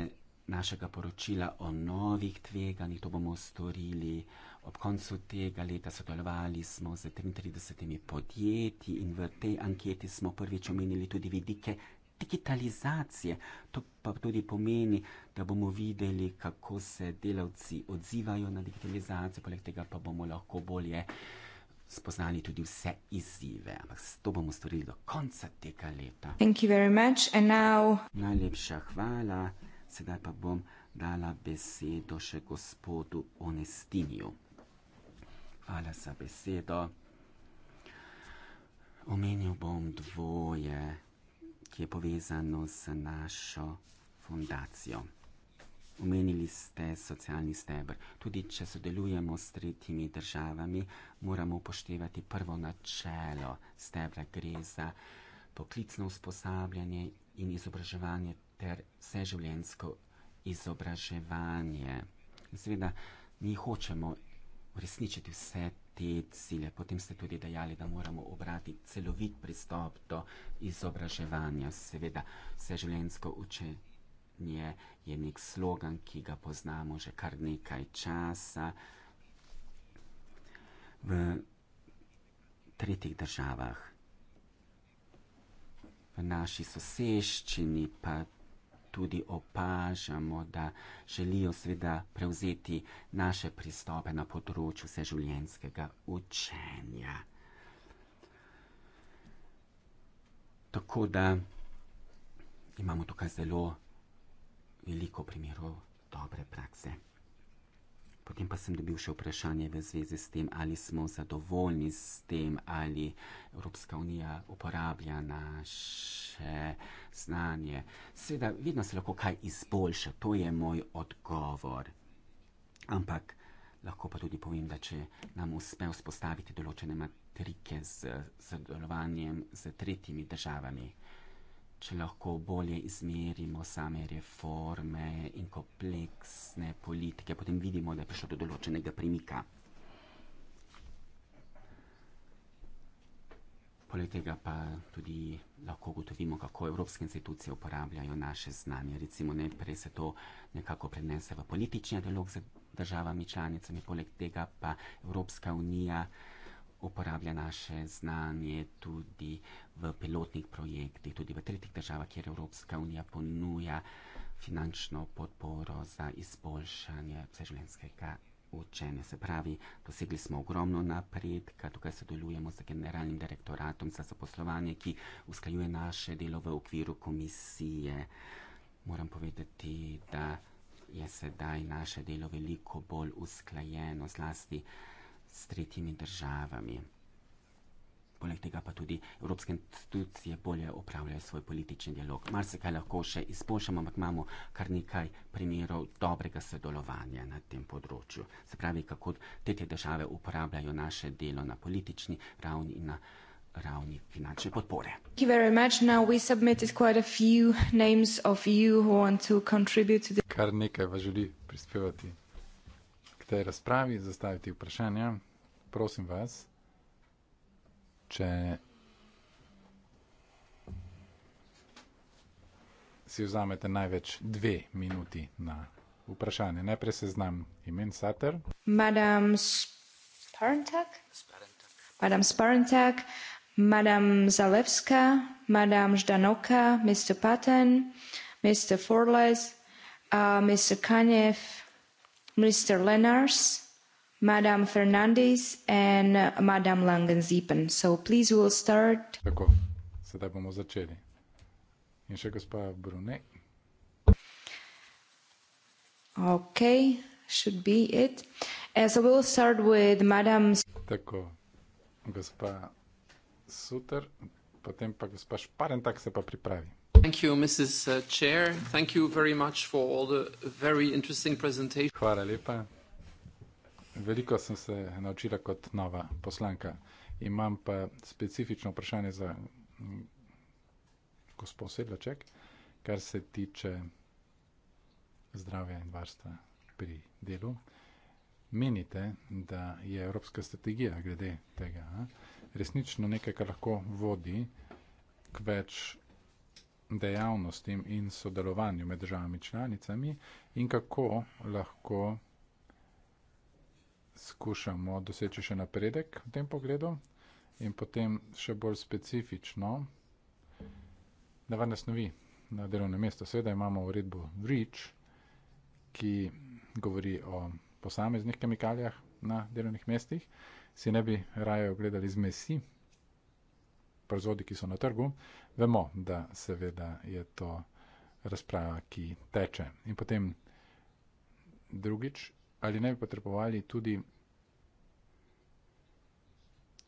našega poročila o novih tveganjih. To bomo storili uh, Ob koncu tega leta sodelovali smo z 33 podjetji in v tej anketi smo prvič omenili tudi vidike digitalizacije. To pa tudi pomeni, da bomo videli, kako se delavci odzivajo na digitalizacijo, poleg tega pa bomo lahko bolje spoznali tudi vse izzive. Ampak to bomo storili do konca tega leta. Now... Najlepša hvala. Sedaj pa bom dala besedo še gospodu Onestiniju. Hvala za besedo. Omenil bom dvoje, ki je povezano z našo fundacijo. Omenili ste socialni stebr. Tudi če sodelujemo s tretjimi državami, moramo upoštevati prvo načelo stebra. Gre za poklicno usposabljanje in izobraževanje ter vseživljensko izobraževanje. Seveda, mi hočemo uresničiti vse te cilje. Potem ste tudi dejali, da moramo obrati celovit pristop do izobraževanja. Seveda, vseživljenjsko učenje je nek slogan, ki ga poznamo že kar nekaj časa v tretjih državah. V naši soseščini pa tudi opažamo, da želijo seveda prevzeti naše pristope na področju vseživljenjskega učenja. Tako da imamo tukaj zelo veliko primerov dobre prakse. Potem pa sem dobil še vprašanje v zvezi s tem, ali smo zadovoljni s tem, ali Evropska unija uporablja naše znanje. Sveda, vedno se lahko kaj izboljša, to je moj odgovor. Ampak lahko pa tudi povem, da če nam uspe vzpostaviti določene matrike z sodelovanjem z tretjimi državami če lahko bolje izmerimo same reforme in kompleksne politike, potem vidimo, da je prišlo do določenega premika. Poleg tega pa tudi lahko ugotovimo, kako evropske institucije uporabljajo naše znanje. Recimo, najprej se to nekako prenese v politični dialog z državami članicami, poleg tega pa Evropska unija uporablja naše znanje tudi v pilotnih projektih, tudi v tretjih državah, kjer Evropska unija ponuja finančno podporo za izboljšanje vseživljenjskega učenja. Se pravi, dosegli smo ogromno napredka, tukaj sodelujemo z Generalnim direktoratom za zaposlovanje, ki usklajuje naše delo v okviru komisije. Moram povedati, da je sedaj naše delo veliko bolj usklajeno, zlasti s tretjimi državami. Poleg tega pa tudi evropske institucije bolje upravljajo svoj politični dialog. Mar se kaj lahko še izboljšamo, ampak imamo kar nekaj primerov dobrega sodelovanja na tem področju. Se pravi, kako te te države uporabljajo naše delo na politični ravni in na ravni finančne podpore. Kar nekaj vas želi prispevati tej razpravi, zastaviti vprašanja. Prosim vas, če si vzamete največ dve minuti na vprašanje. Najprej se znam imen Sater. Madam Sparentak. Madam Sparentak. Madam Zalewska, Madam Zdanoka, Mr. Patten, Mr. Forles, uh, Mr. Kanyev, mr lenaers madam fernandes and uh, madam langen zeppen so please we'll start tako sedaj bomo začeli in še gospa brune okay should be it as uh, so we'll start with madam tako gospa suter potem pa gospa šparentak se pa pripravi Thank you, Mrs. Uh, Chair. Thank you very much for all the very interesting presentation. Hvala lepa. Veliko sem se naučila kot nova poslanka. Imam pa specifično vprašanje za mm, gospod Sedlaček, kar se tiče zdravja in varstva pri delu. Menite, da je evropska strategija glede tega a? resnično nekaj, kar lahko vodi k več dejavnostim in sodelovanju med državami članicami in kako lahko skušamo doseči še napredek v tem pogledu in potem še bolj specifično, da vam nasnovi na delovno mesto. Seveda imamo uredbo REACH, ki govori o posameznih kemikalijah na delovnih mestih. Si ne bi raje ogledali zmesi proizvodi, ki so na trgu, vemo, da seveda je to razprava, ki teče. In potem drugič, ali ne bi potrebovali tudi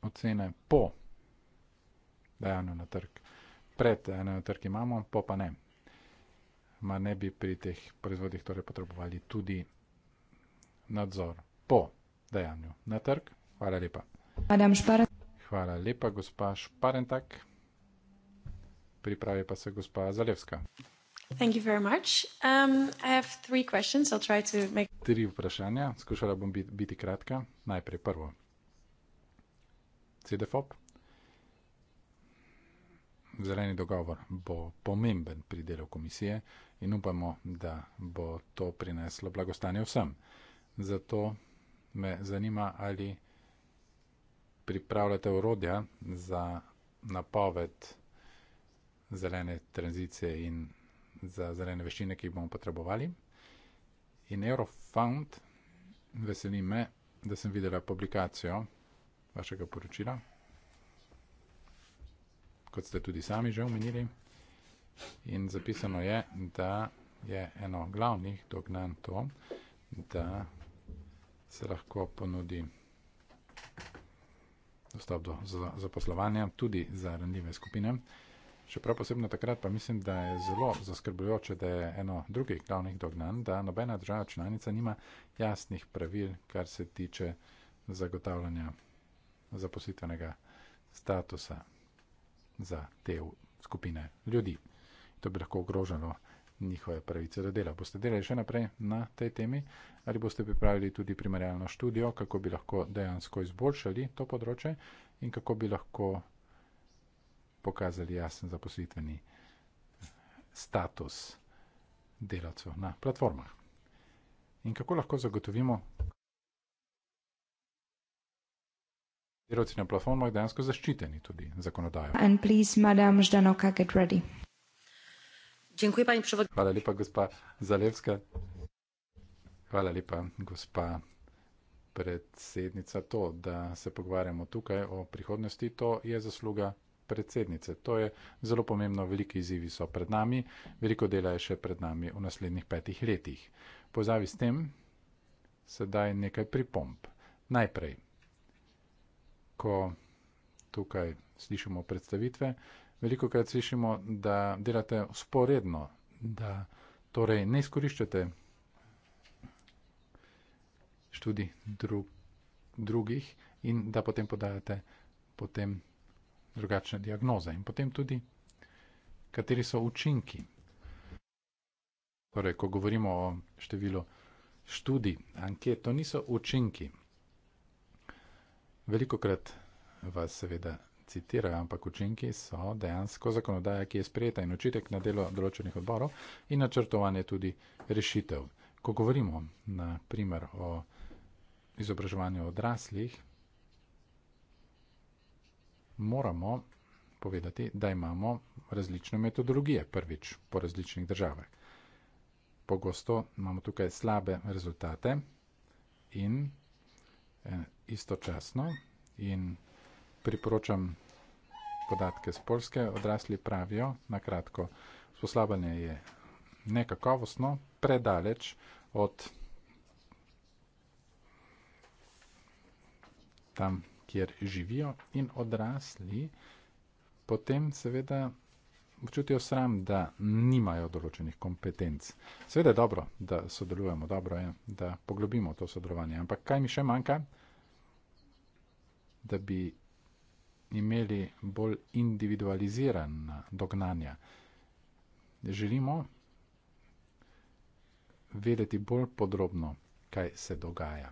ocene po dajanju na trg. Pred dajanjem na trg imamo, po pa ne. Ma ne bi pri teh proizvodih torej potrebovali tudi nadzor po dajanju na trg. Hvala lepa. Adam Šparat. Hvala lepa, gospa Šparentak. Pripravi pa se gospa Zalevska. Um, make... Tri vprašanja, skušala bom biti, biti kratka. Najprej prvo. CDFOP. Zeleni dogovor bo pomemben pri delu komisije in upamo, da bo to prineslo blagostanje vsem. Zato me zanima, ali pripravljate urodja za napoved zelene tranzicije in za zelene veščine, ki jih bomo potrebovali. In Eurofound, veseli me, da sem videla publikacijo vašega poročila, kot ste tudi sami že omenili. In zapisano je, da je eno glavnih dognanj to, da se lahko ponudi dostop do zaposlovanja, tudi za ranljive skupine. Še prav posebno takrat pa mislim, da je zelo zaskrbljujoče, da je eno drugih glavnih dognan, da nobena država članica nima jasnih pravil, kar se tiče zagotavljanja zaposlitvenega statusa za te skupine ljudi. To bi lahko ogrožalo njihove pravice do dela. Boste delali še naprej na tej temi ali boste pripravili tudi primarjalno študijo, kako bi lahko dejansko izboljšali to področje in kako bi lahko pokazali jasen zaposlitveni status delavcev na platformah. In kako lahko zagotovimo, da so delavci na platformah dejansko zaščiteni tudi zakonodajo. Dziękuję Pani Przewodnicząca. Hvala lepa, gospa Zalewska. Hvala lepa, gospa predsednica. To, da se pogovarjamo tukaj o prihodnosti, to je zasluga predsednice. To je zelo pomembno, veliki izzivi so pred nami, veliko dela je še pred nami v naslednjih petih letih. Pozavi s tem, sedaj nekaj pripomp. Najprej, ko tukaj slišimo predstavitve, veliko krat slišimo, da delate sporedno, da torej ne izkoriščate študij dru drugih in da potem podajate potem drugačne diagnoze. In potem tudi, kateri so učinki. Torej, ko govorimo o številu študij, anket, to niso učinki. Veliko krat vas seveda citirajo, ampak učinki so dejansko zakonodaja, ki je sprejeta in očitek na delo določenih odborov in načrtovanje tudi rešitev. Ko govorimo na primer o izobraževanju odraslih, moramo povedati, da imamo različne metodologije prvič po različnih državah. Pogosto imamo tukaj slabe rezultate in eh, istočasno in priporočam podatke z Polske. Odrasli pravijo, na kratko, usposabljanje je nekakovostno, predaleč od tam, kjer živijo in odrasli potem seveda občutijo sram, da nimajo določenih kompetenc. Seveda je dobro, da sodelujemo, dobro je, da poglobimo to sodelovanje, ampak kaj mi še manjka, da bi imeli bolj individualizirana dognanja. Želimo vedeti bolj podrobno, kaj se dogaja.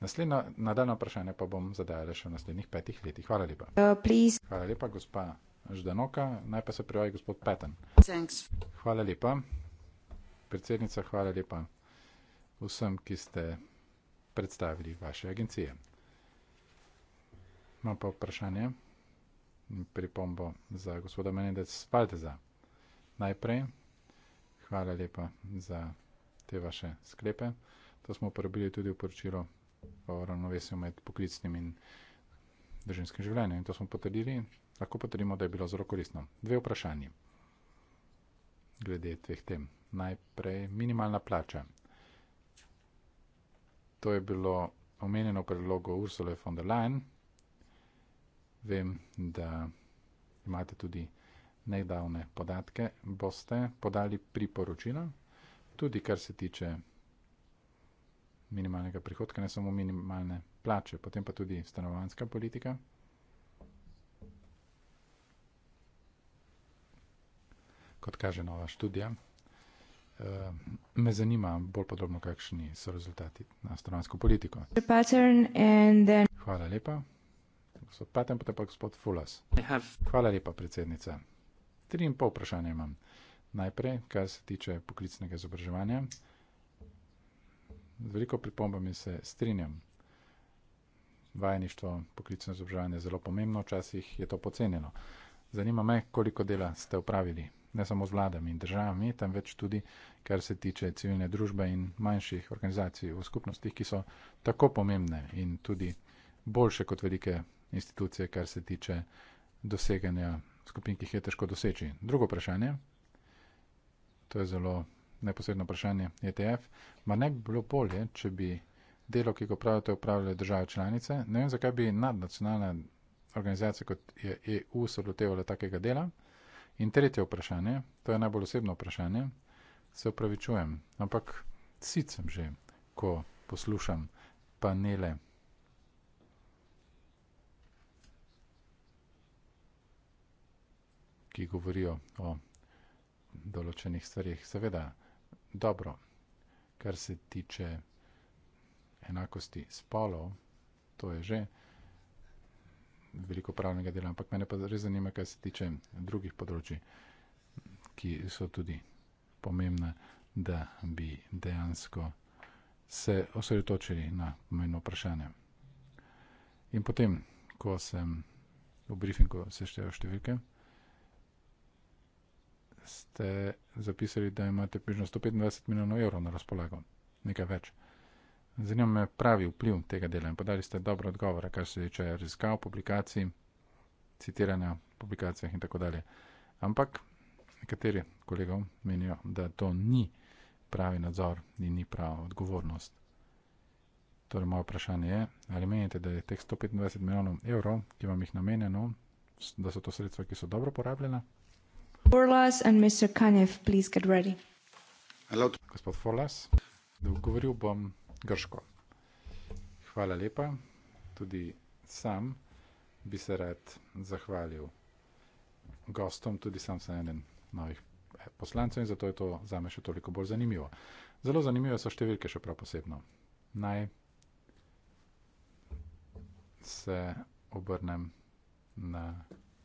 Naslednja, nadaljna vprašanja pa bom zadajala še v naslednjih petih letih. Hvala lepa. Uh, Hvala lepa, gospa Ždanoka. Najprej se prijavi gospod Peten. Thanks. Hvala lepa. Predsednica, hvala lepa vsem, ki ste predstavili vaše agencije. Imam pa vprašanje in pripombo za gospoda Menedec Spalteza. Najprej, hvala lepa za te vaše sklepe. To smo uporabili tudi v poročilo o ravnovesju med poklicnim in državskim življenjem. In to smo potrdili, lahko potrdimo, da je bilo zelo koristno. Dve vprašanje glede teh tem. Najprej, minimalna plača. To je bilo omenjeno v predlogu Ursula von der Leyen. Vem, da imate tudi nedavne podatke. Boste podali priporočila, tudi kar se tiče minimalnega prihodka, ne samo minimalne plače, potem pa tudi stanovanska politika. Kot kaže nova študija, eh, me zanima bolj podrobno, kakšni so rezultati na stranansko politiko. Hvala lepa gospod Paten, potem pa gospod Fulas. Hvala lepa, predsednica. Tri in pol vprašanja imam. Najprej, kar se tiče poklicnega izobraževanja. Z veliko pripombami se strinjam. Vajeništvo, poklicno izobraževanje je zelo pomembno, včasih je to pocenjeno. Zanima me, koliko dela ste upravili, ne samo z vladami in državami, temveč tudi, kar se tiče civilne družbe in manjših organizacij v skupnostih, ki so tako pomembne in tudi boljše kot velike institucije, kar se tiče doseganja skupin, ki jih je težko doseči. Drugo vprašanje, to je zelo neposredno vprašanje ETF, ma ne bi bilo bolje, če bi delo, ki ga pravite, upravljali države članice. Ne vem, zakaj bi nadnacionalna organizacija kot je EU se lotevala takega dela. In tretje vprašanje, to je najbolj osebno vprašanje, se upravičujem, ampak sicem že, ko poslušam panele ki govorijo o določenih stvarih. Seveda, dobro, kar se tiče enakosti spolov, to je že veliko pravnega dela, ampak mene pa res zanima, kaj se tiče drugih področji, ki so tudi pomembne, da bi dejansko se osredotočili na pomembno vprašanje. In potem, ko sem v briefingu seštejo številke, ste zapisali, da imate približno 125 milijonov evrov na razpolago, nekaj več. Zanima me pravi vpliv tega dela in podali ste dobro odgovore, kar se tiče raziskav, publikacij, citiranja v publikacijah in tako dalje. Ampak nekateri kolegov menijo, da to ni pravi nadzor in ni prava odgovornost. Torej, moje vprašanje je, ali menite, da je teh 125 milijonov evrov, ki vam jih namenjeno, da so to sredstva, ki so dobro porabljena? Forlas in Mr. Kanev, please get ready. Hello. Gospod Forlas, govoril bom grško. Hvala lepa. Tudi sam bi se rad zahvalil gostom, tudi sam sem eden novih eh, poslancev in zato je to za me še toliko bolj zanimivo. Zelo zanimive so številke, še prav posebno. Naj se obrnem na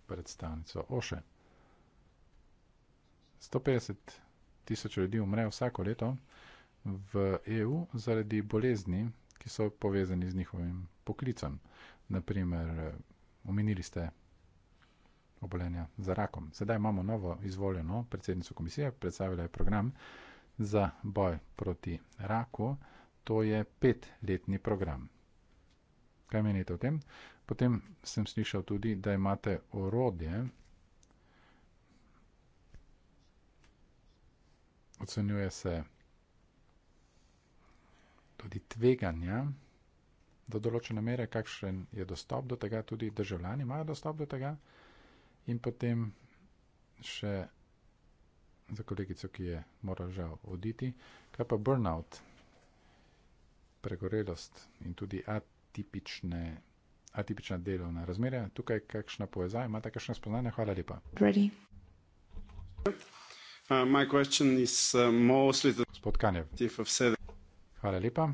predstavnico Oše. 150 tisoč ljudi umre vsako leto v EU zaradi bolezni, ki so povezani z njihovim poklicem. Naprimer, eh, omenili ste obolenja za rakom. Sedaj imamo novo izvoljeno predsednico komisije, predstavila je program za boj proti raku. To je petletni program. Kaj menite o tem? Potem sem slišal tudi, da imate orodje, ocenjuje se tudi tveganja do določene mere, kakšen je dostop do tega, tudi državljani imajo dostop do tega. In potem še za kolegico, ki je morala žal oditi, kaj pa burnout, pregorelost in tudi atipične. Atipična delovna razmerja, tukaj kakšna povezava, imate kakšno spoznanje? Hvala lepa. Ready. Uh, uh, Gospod Kanjev, hvala lepa.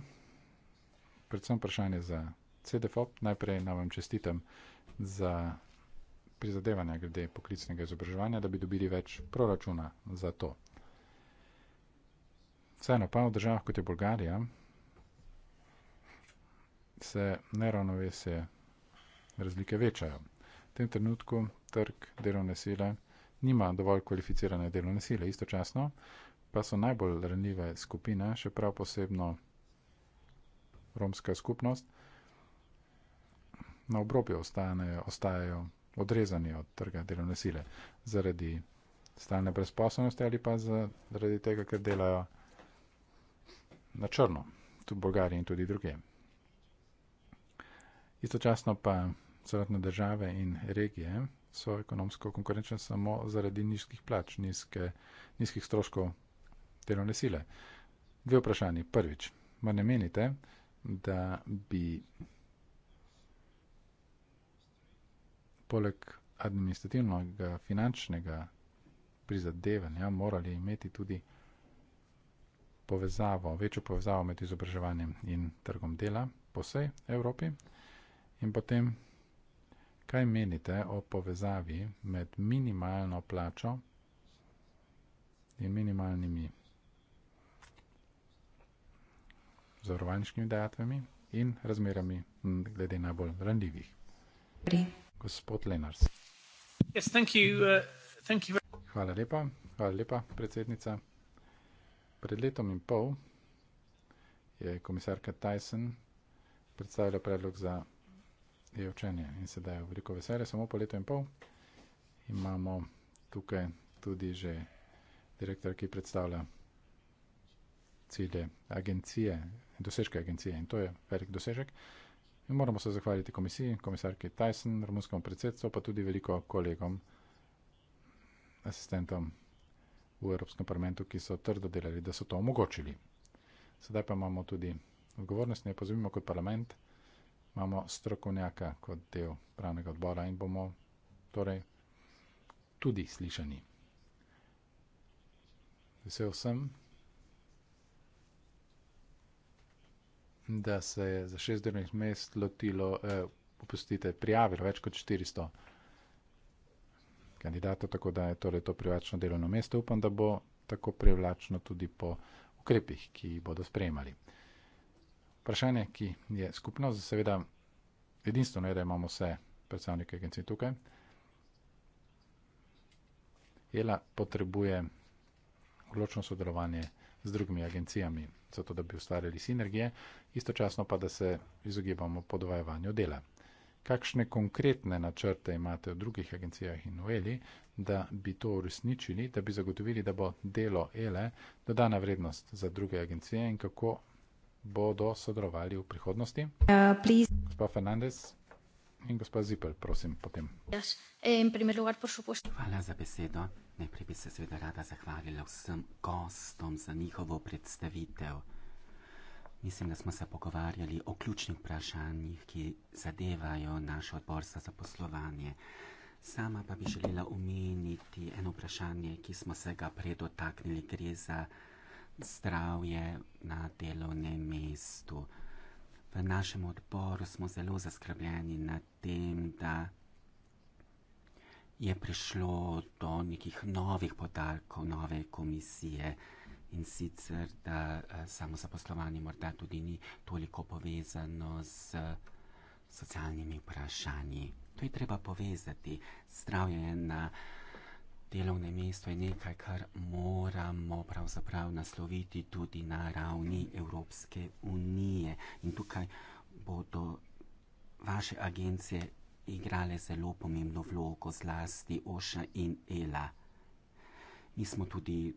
Predvsem vprašanje za CDFOP. Najprej naj vam čestitam za prizadevanja glede poklicnega izobraževanja, da bi dobili več proračuna za to. Vseeno pa v državah, kot je Bolgarija, se neravnovesje razlike večajo. V tem trenutku trg delovne sile nima dovolj kvalificirane delovne sile. Istočasno pa so najbolj ranljive skupine, še prav posebno romska skupnost, na obrobju ostanejo, ostajajo odrezani od trga delovne sile zaradi stalne brezposobnosti ali pa zaradi tega, ker delajo na črno, tudi v Bolgariji in tudi druge. Istočasno pa celotne države in regije so ekonomsko konkurenčne samo zaradi nizkih plač, nizke, nizkih stroškov delovne sile. Dve vprašanje. Prvič, mar ne menite, da bi poleg administrativnega, finančnega prizadevanja morali imeti tudi povezavo, večjo povezavo med izobraževanjem in trgom dela po vsej Evropi in potem Kaj menite o povezavi med minimalno plačo in minimalnimi zavarovalniškimi dejatvami in razmerami glede najbolj randljivih? Gospod Lenars. Yes, thank you, uh, thank you very... Hvala lepa, hvala lepa, predsednica. Pred letom in pol je komisarka Tyson predstavila predlog za je učenje in sedaj je veliko veselje, samo po letu in pol. Imamo tukaj tudi že direktor, ki predstavlja cilje agencije, dosežke agencije in to je velik dosežek. In moramo se zahvaliti komisiji, komisarki Tyson, romunskemu predsedstvu, pa tudi veliko kolegom, asistentom v Evropskem parlamentu, ki so trdo delali, da so to omogočili. Sedaj pa imamo tudi odgovornost, ne pozivimo kot parlament, imamo strokovnjaka kot del pravnega odbora in bomo torej tudi slišani. Vesel sem, da se je za šest delovnih mest lotilo, eh, opustite, prijavilo več kot 400 kandidatov, tako da je torej to privlačno delovno mesto. Upam, da bo tako privlačno tudi po ukrepih, ki jih bodo sprejemali vprašanje, ki je skupno, seveda edinstveno je, da imamo vse predstavnike agencij tukaj. Jela potrebuje odločno sodelovanje z drugimi agencijami, zato da bi ustvarjali sinergije, istočasno pa, da se izogibamo podvajanju dela. Kakšne konkretne načrte imate v drugih agencijah in v Eli, da bi to uresničili, da bi zagotovili, da bo delo Ele dodana vrednost za druge agencije in kako bodo sodelovali v prihodnosti? Uh, gospod Fernandez in gospod Zipel, prosim, potem. Yes. In lugar, Hvala za besedo. Najprej bi se seveda rada zahvalila vsem gostom za njihovo predstavitev. Mislim, da smo se pogovarjali o ključnih vprašanjih, ki zadevajo naš odbor za zaposlovanje. Sama pa bi želela omeniti eno vprašanje, ki smo se ga predotaknili, gre za zdravje na delovnem mestu. V našem odboru smo zelo zaskrbljeni nad tem, da je prišlo do nekih novih podarkov, nove komisije in sicer, da eh, samo zaposlovanje morda tudi ni toliko povezano z socialnimi vprašanji. To je treba povezati. Zdravje je na Delovno mesto je nekaj, kar moramo pravzaprav nasloviti tudi na ravni Evropske unije. In tukaj bodo vaše agencije igrale zelo pomembno vlogo, zlasti Oša in Ela. Mi smo tudi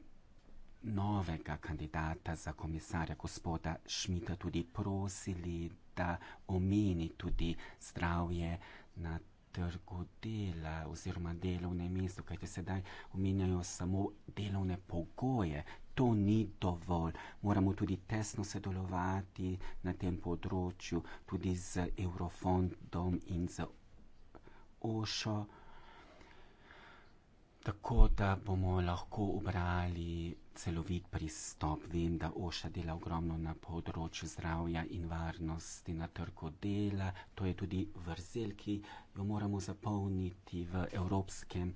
novega kandidata za komisarja, gospoda Šmita, tudi prosili, da omeni tudi zdravje na trgu dela oziroma delovne mesto, kajte sedaj omenjajo samo delovne pogoje. To ni dovolj. Moramo tudi tesno sodelovati na tem področju, tudi z Eurofondom in z Ošo tako da bomo lahko ubrali celovit pristop. Vem, da Oša dela ogromno na področju zdravja in varnosti na trgu dela. To je tudi vrzel, ki jo moramo zapolniti v Evropskem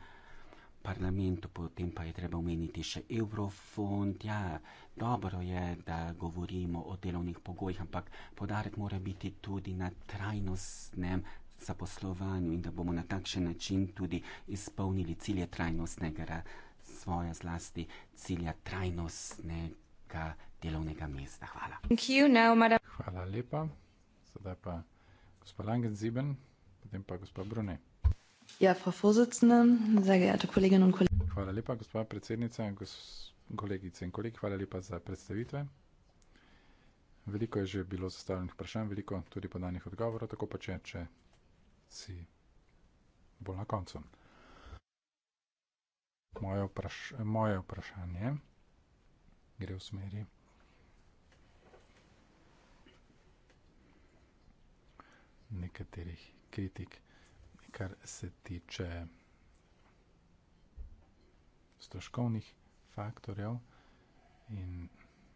parlamentu, potem pa je treba omeniti še Eurofond. Ja, dobro je, da govorimo o delovnih pogojih, ampak podarek mora biti tudi na trajnostnem zaposlovanju in da bomo na takšen način tudi izpolnili cilje trajnostnega razvoja, zlasti cilja trajnostnega delovnega mesta. Hvala. You, no, Hvala lepa. Sedaj pa gospod Langen Ziben, potem pa gospod Brune. Ja, hvala lepa, gospa predsednica, gos, kolegice in kolegi, hvala lepa za predstavitve. Veliko je že bilo zastavljenih vprašanj, veliko tudi podanih odgovorov, tako pa če, če si bolj na koncu. Moje, vpraš moje vprašanje gre v smeri. nekaterih kritik, kar se tiče stroškovnih faktorjev in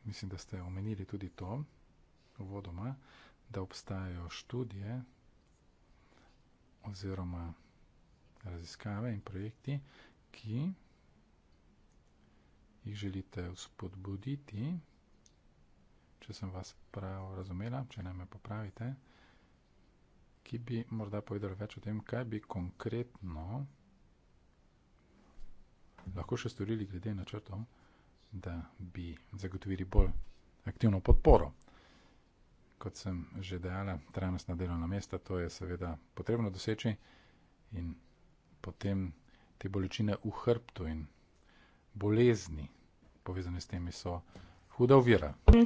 mislim, da ste omenili tudi to vodoma, da obstajajo študije, oziroma raziskave in projekti, ki jih želite vzpodbuditi, če sem vas prav razumela, če ne me popravite, ki bi morda povedali več o tem, kaj bi konkretno lahko še storili glede načrtov, da bi zagotovili bolj aktivno podporo kot sem že dejala, trajnostna delovna mesta, to je seveda potrebno doseči in potem te bolečine v hrbtu in bolezni povezane s temi so huda ovira. Uh,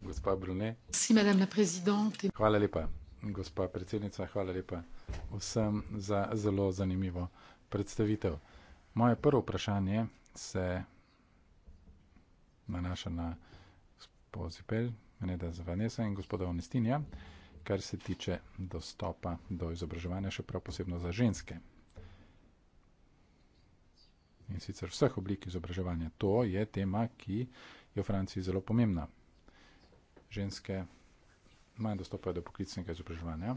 gospa Brune. Hvala lepa, gospa predsednica, hvala lepa vsem za zelo zanimivo predstavitev. Moje prvo vprašanje se nanaša na gospod Zipel, Meneda Zvanesa in gospoda Onestinja, kar se tiče dostopa do izobraževanja, še prav posebno za ženske. In sicer vseh oblik izobraževanja. To je tema, ki je v Franciji zelo pomembna. Ženske manj dostopajo do poklicnega izobraževanja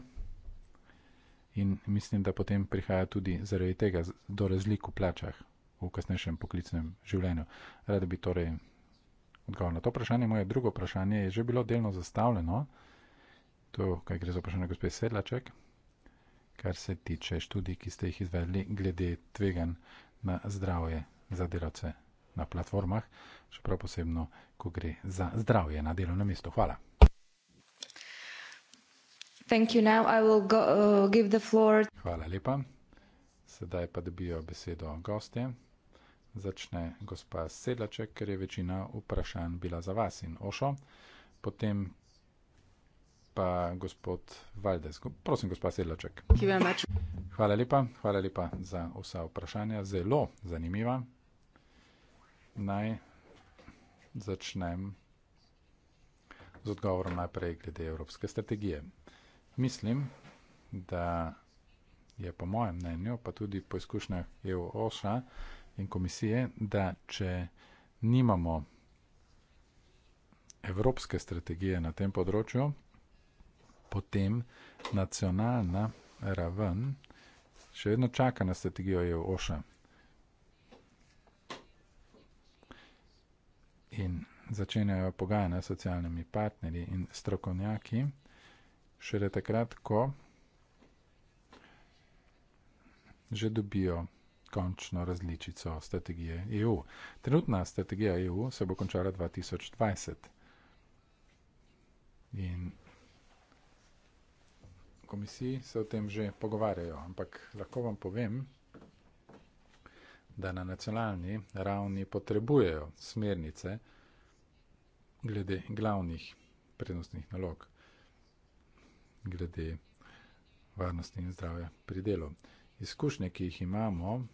in mislim, da potem prihaja tudi zaradi tega do razlik v plačah v kasnejšem poklicnem življenju. Rada bi torej odgovor na to vprašanje. Moje drugo vprašanje je že bilo delno zastavljeno. To, kaj gre za vprašanje gospe Sedlaček, kar se tiče študij, ki ste jih izvedli glede tvegan na zdravje za delavce na platformah, še prav posebno, ko gre za zdravje na delovnem mestu. Hvala. Uh, Hvala lepa. Sedaj pa dobijo besedo gostje začne gospa Sedlaček, ker je večina vprašanj bila za vas in Ošo. Potem pa gospod Valdes. Prosim, gospa Sedlaček. Hvala lepa, hvala lepa za vsa vprašanja. Zelo zanimiva. Naj začnem z odgovorom najprej glede evropske strategije. Mislim, da je po mojem mnenju, pa tudi po izkušnjah EU-OŠA, in komisije, da če nimamo evropske strategije na tem področju, potem nacionalna raven še vedno čaka na strategijo EU-OŠA. In začenjajo pogajanja s socialnimi partnerji in strokovnjaki, še le takrat, ko že dobijo končno različico strategije EU. Trenutna strategija EU se bo končala 2020. In komisiji se o tem že pogovarjajo, ampak lahko vam povem, da na nacionalni ravni potrebujejo smernice glede glavnih prednostnih nalog, glede varnosti in zdravja pri delu. Izkušnje, ki jih imamo,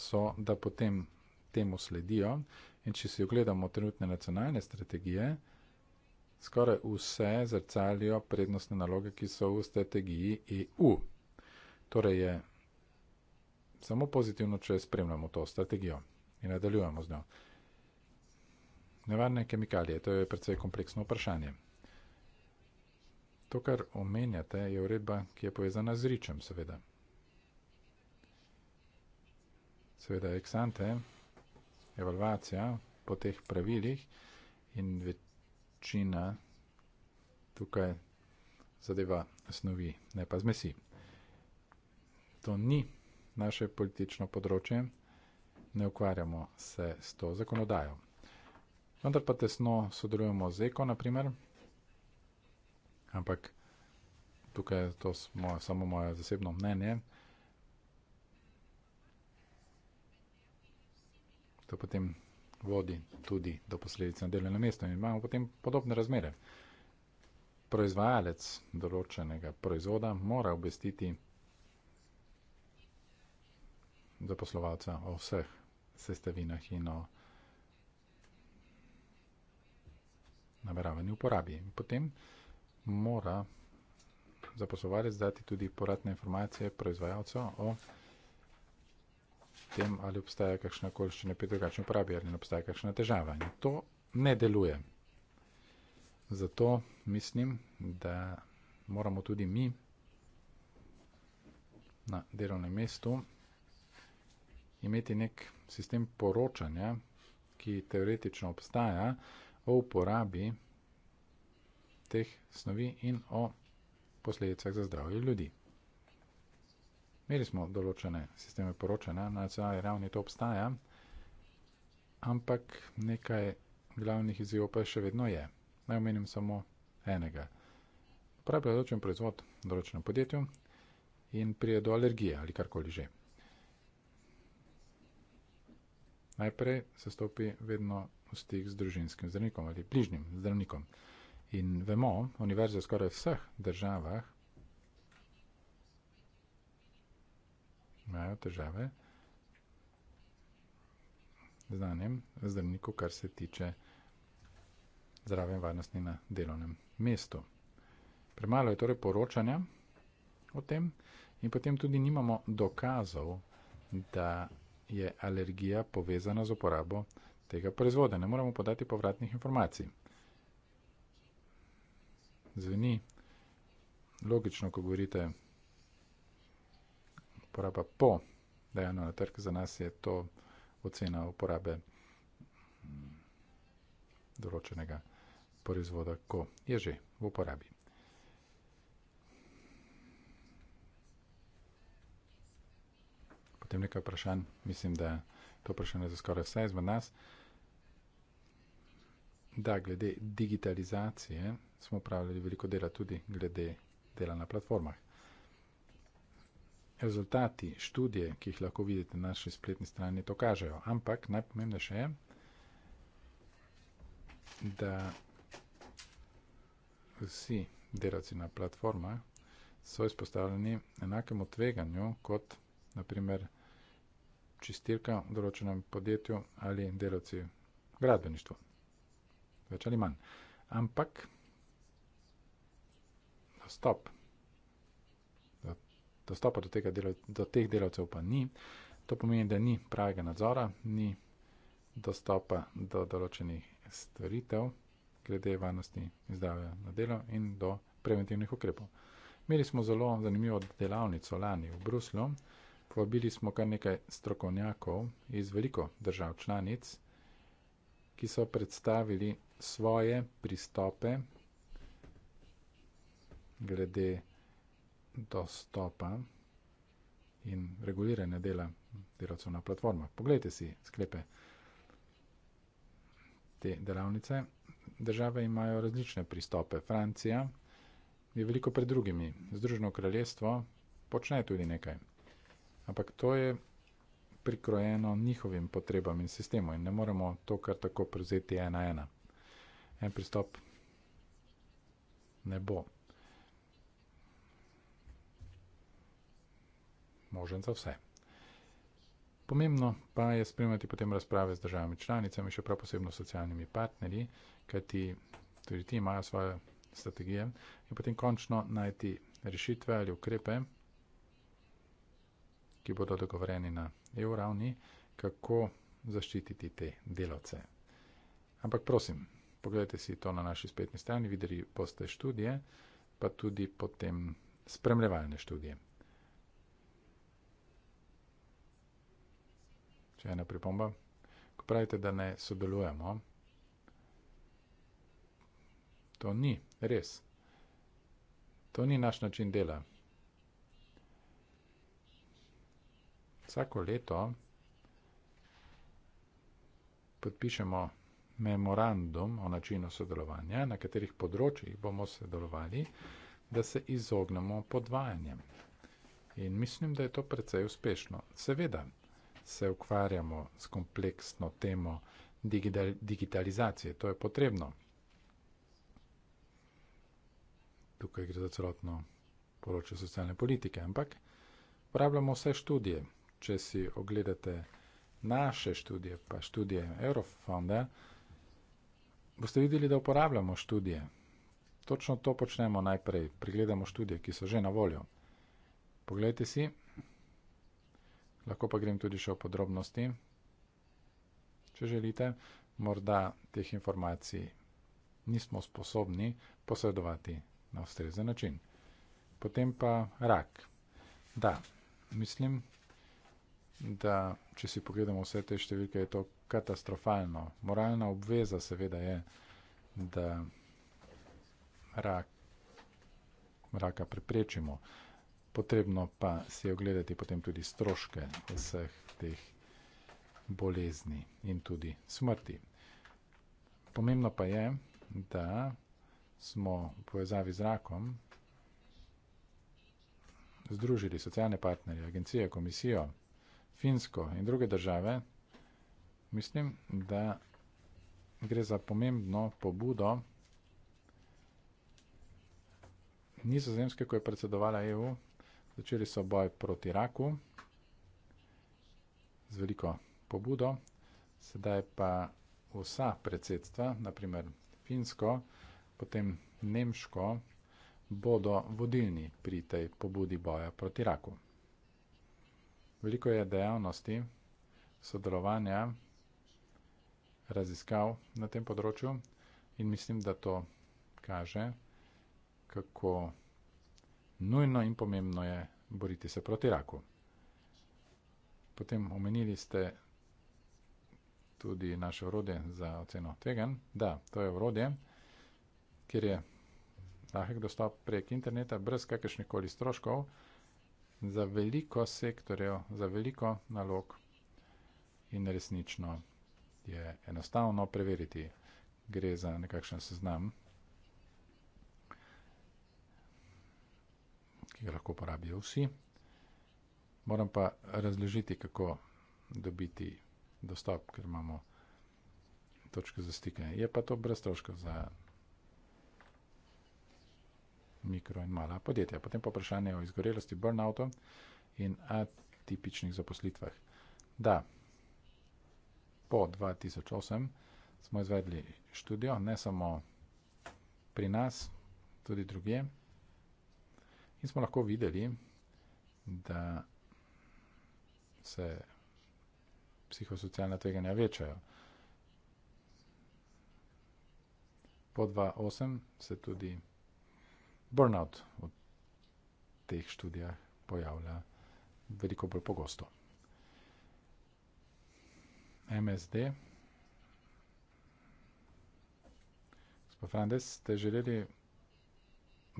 so, da potem temu sledijo. In če si ogledamo trenutne nacionalne strategije, skoraj vse zrcalijo prednostne naloge, ki so v strategiji EU. Torej je samo pozitivno, če spremljamo to strategijo in nadaljujemo z njo. Nevarne kemikalije, to je predvsej kompleksno vprašanje. To, kar omenjate, je uredba, ki je povezana z ričem, seveda. seveda eksante, evalvacija po teh pravilih in večina tukaj zadeva snovi, ne pa zmesi. To ni naše politično področje, ne ukvarjamo se s to zakonodajo. Vendar pa tesno sodelujemo z EKO, naprimer, ampak tukaj to smo, samo moje zasebno mnenje, to potem vodi tudi do posledic na delovnem mestu in imamo potem podobne razmere. Proizvajalec določenega proizvoda mora obvestiti zaposlovalca o vseh sestavinah in o nameravani uporabi. Potem mora zaposlovalec dati tudi poradne informacije proizvajalcu o vseh tem, ali obstaja kakšna okoliščina, pri drugačni uporabi, ali obstaja kakšna težava. In to ne deluje. Zato mislim, da moramo tudi mi na delovnem mestu imeti nek sistem poročanja, ki teoretično obstaja o uporabi teh snovi in o posledicah za zdravje ljudi. Imeli smo določene sisteme poročanja, na nacionalni ravni to obstaja, ampak nekaj glavnih izzivov pa še vedno je. Naj omenim samo enega. Pravijo, da je proizvod v določenem podjetju in prije do alergije ali karkoli že. Najprej se stopi vedno v stik z družinskim zdravnikom ali bližnjim zdravnikom. In vemo, univerze v skoraj vseh državah imajo težave z znanjem zdravnikov, kar se tiče zdravja in varnosti na delovnem mestu. Premalo je torej poročanja o tem in potem tudi nimamo dokazov, da je alergija povezana z uporabo tega proizvoda. Ne moramo podati povratnih informacij. Zveni logično, ko govorite uporaba po dajanju na trg, za nas je to ocena uporabe mm, določenega proizvoda, ko je že v uporabi. Potem nekaj vprašanj, mislim, da to vprašanje je za skoraj vse izmed nas. Da, glede digitalizacije smo upravljali veliko dela tudi glede dela na platformah rezultati študije, ki jih lahko vidite na naši spletni strani, to kažejo. Ampak najpomembnejše je, da vsi delavci na platformah so izpostavljeni enakemu tveganju kot naprimer čistilka v določenem podjetju ali delavci v gradbeništvu. Več ali manj. Ampak, stop dostopa do, delav, do teh delavcev pa ni. To pomeni, da ni pravega nadzora, ni dostopa do določenih storitev, glede varnosti izdaja na delo in do preventivnih ukrepov. Imeli smo zelo zanimivo delavnico lani v Bruslu. Povabili smo kar nekaj strokovnjakov iz veliko držav članic, ki so predstavili svoje pristope glede dostopa in reguliranja dela delavcev na platformah. Poglejte si sklepe te delavnice. Države imajo različne pristope. Francija je veliko pred drugimi. Združeno kraljestvo počne tudi nekaj. Ampak to je prikrojeno njihovim potrebam in sistemu in ne moremo to kar tako prevzeti ena ena. En pristop ne bo. možen za vse. Pomembno pa je spremljati potem razprave z državami članicami, še prav posebno s socialnimi partnerji, kajti tudi ti imajo svoje strategije in potem končno najti rešitve ali ukrepe, ki bodo dogovoreni na EU ravni, kako zaščititi te delavce. Ampak prosim, pogledajte si to na naši spletni strani, videli boste študije, pa tudi potem spremljevalne študije. Še ena pripomba. Ko pravite, da ne sodelujemo, to ni res. To ni naš način dela. Vsako leto podpišemo memorandum o načinu sodelovanja, na katerih področjih bomo sodelovali, da se izognemo podvajanjem. In mislim, da je to precej uspešno. Seveda, se ukvarjamo s kompleksno temo digitalizacije. To je potrebno. Tukaj gre za celotno poročje socialne politike, ampak uporabljamo vse študije. Če si ogledate naše študije, pa študije Eurofonda, boste videli, da uporabljamo študije. Točno to počnemo najprej. Pregledamo študije, ki so že na voljo. Poglejte si, lahko pa grem tudi še v podrobnosti, če želite. Morda teh informacij nismo sposobni posredovati na ustrezen način. Potem pa rak. Da, mislim, da če si pogledamo vse te številke, je to katastrofalno. Moralna obveza seveda je, da rak, raka preprečimo potrebno pa si ogledati potem tudi stroške vseh teh bolezni in tudi smrti. Pomembno pa je, da smo v povezavi z rakom združili socialne partnerje, agencije, komisijo, Finsko in druge države. Mislim, da gre za pomembno pobudo nizozemske, ko je predsedovala EU. Začeli so boj proti raku z veliko pobudo, sedaj pa vsa predsedstva, naprimer Finsko, potem Nemško, bodo vodilni pri tej pobudi boja proti raku. Veliko je dejavnosti, sodelovanja, raziskav na tem področju in mislim, da to kaže, kako nujno in pomembno je boriti se proti raku. Potem omenili ste tudi naše orodje za oceno tvegan. Da, to je orodje, kjer je lahek dostop prek interneta, brez kakršnih koli stroškov, za veliko sektorjev, za veliko nalog in resnično je enostavno preveriti. Gre za nekakšen seznam ki ga lahko uporabijo vsi. Moram pa razložiti, kako dobiti dostop, ker imamo točke za stikanje. Je pa to brez troška za mikro in mala podjetja. Potem pa vprašanje o izgorelosti, burnoutu in atipičnih zaposlitvah. Da, po 2008 smo izvedli študijo, ne samo pri nas, tudi drugje. In smo lahko videli, da se psihosocialna tveganja večajo. Po 2.8 se tudi burnout v teh študijah pojavlja veliko bolj pogosto. MSD. Gospod Frandes, ste želeli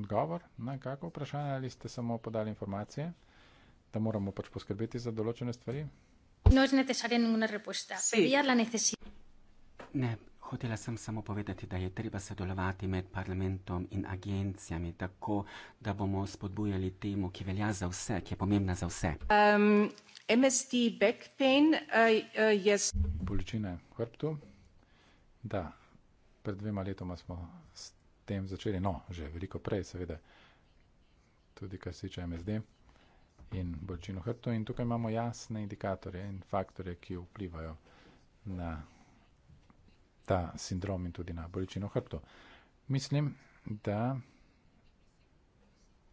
odgovor na kako vprašanje ali ste samo podali informacije, da moramo pač poskrbeti za določene stvari? No sí. Ne, hotela sem samo povedati, da je treba sodelovati med parlamentom in agencijami tako, da bomo spodbujali temu, ki velja za vse, ki je pomembna za vse. Um, MSD back pain, uh, uh, yes. Bolečine v hrbtu. Da, pred dvema letoma smo potem začeli, no, že veliko prej, seveda, tudi kar se tiče MSD in bolečino hrbta. In tukaj imamo jasne indikatorje in faktorje, ki vplivajo na ta sindrom in tudi na bolečino hrbta. Mislim, da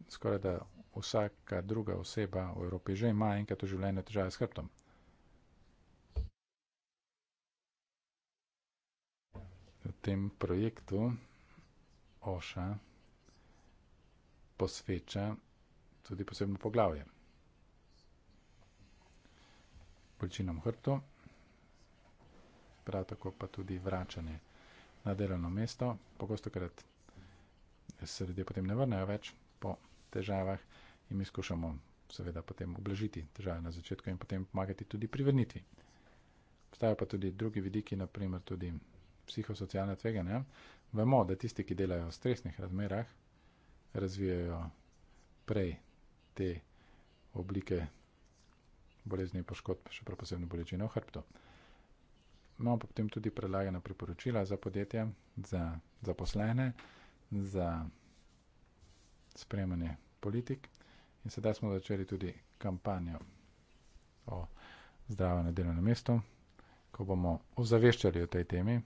skoraj da vsaka druga oseba v Evropi že ima enkrat v življenju težave s hrbtom. V tem projektu Oša posveča tudi posebno poglavje. Bolčinom hrtu, prav tako pa tudi vračanje na delovno mesto, pogosto krat se ljudje potem ne vrnejo več po težavah in mi skušamo seveda potem oblažiti težave na začetku in potem pomagati tudi pri vrnitvi. Obstajajo pa tudi drugi vidiki, naprimer tudi psihosocialna tveganja, Vemo, da tisti, ki delajo v stresnih razmerah, razvijajo prej te oblike bolezni in poškodb, še posebno bolečine v hrbtu. Imamo no, pa potem tudi predlagana priporočila za podjetja, za zaposlene, za sprejemanje politik in sedaj smo začeli tudi kampanjo o zdravem na delovnem mestu, ko bomo ozaveščali o tej temi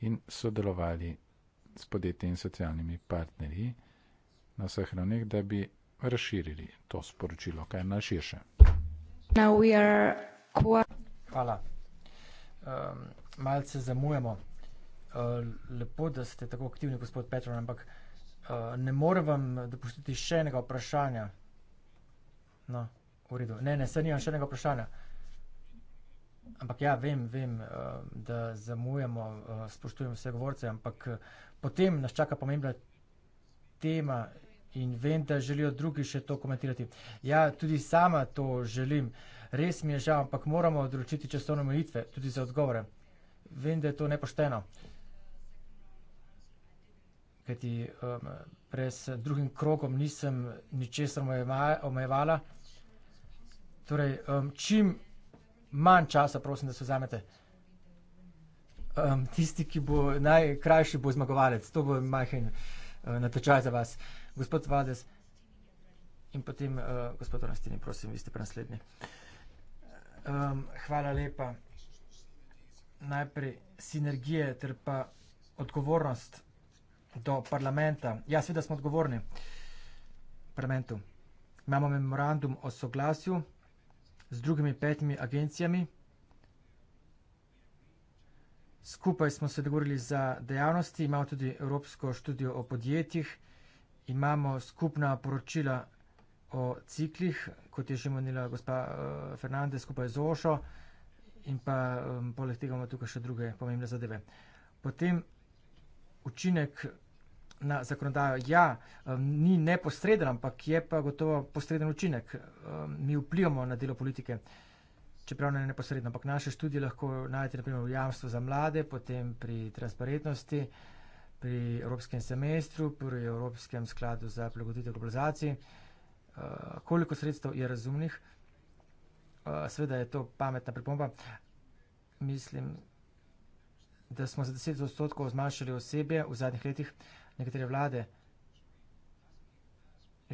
in sodelovali s podjetji in socialnimi partnerji na vseh ravneh, da bi razširili to sporočilo, kaj na širše. Hvala. Um, malce zamujamo. Uh, lepo, da ste tako aktivni, gospod Petro, ampak uh, ne morem vam dopustiti še enega vprašanja. No, v redu. Ne, ne, se nimam še enega vprašanja. Ampak ja, vem, vem eh, da zamujamo, eh, spoštujem vse govorce, ampak eh, potem nas čaka pomembna tema in vem, da želijo drugi še to komentirati. Ja, tudi sama to želim. Res mi je žal, ampak moramo odročiti časovne molitve tudi za odgovore. Vem, da je to nepošteno. Kajti um, pred drugim krogom nisem ničesar omejevala. Torej, um, čim manj časa, prosim, da se vzamete. Um, tisti, ki bo najkrajši, bo zmagovalec. To bo majhen uh, natečaj za vas. Gospod Vades in potem uh, gospod Rastini, prosim, vi ste prenaslednji. Um, hvala lepa. Najprej sinergije ter pa odgovornost do parlamenta. Ja, sveda smo odgovorni parlamentu. Imamo memorandum o soglasju z drugimi petimi agencijami. Skupaj smo se dogovorili za dejavnosti, imamo tudi Evropsko študijo o podjetjih, imamo skupna poročila o ciklih, kot je že menila gospa eh, Fernandez skupaj z Ošo in pa eh, poleg tega imamo tukaj še druge pomembne zadeve. Potem učinek na zakonodajo. Ja, um, ni neposreden, ampak je pa gotovo posreden učinek. Um, mi vplivamo na delo politike, čeprav ne neposredno. Ampak naše študije lahko najdete, naprimer, v jamstvu za mlade, potem pri transparentnosti, pri Evropskem semestru, pri Evropskem skladu za prilagoditev globalizaciji. Uh, koliko sredstev je razumnih? Uh, Sveda je to pametna pripomba. Mislim, da smo za 10 odstotkov zmanjšali osebje v zadnjih letih. Uh, nekatere vlade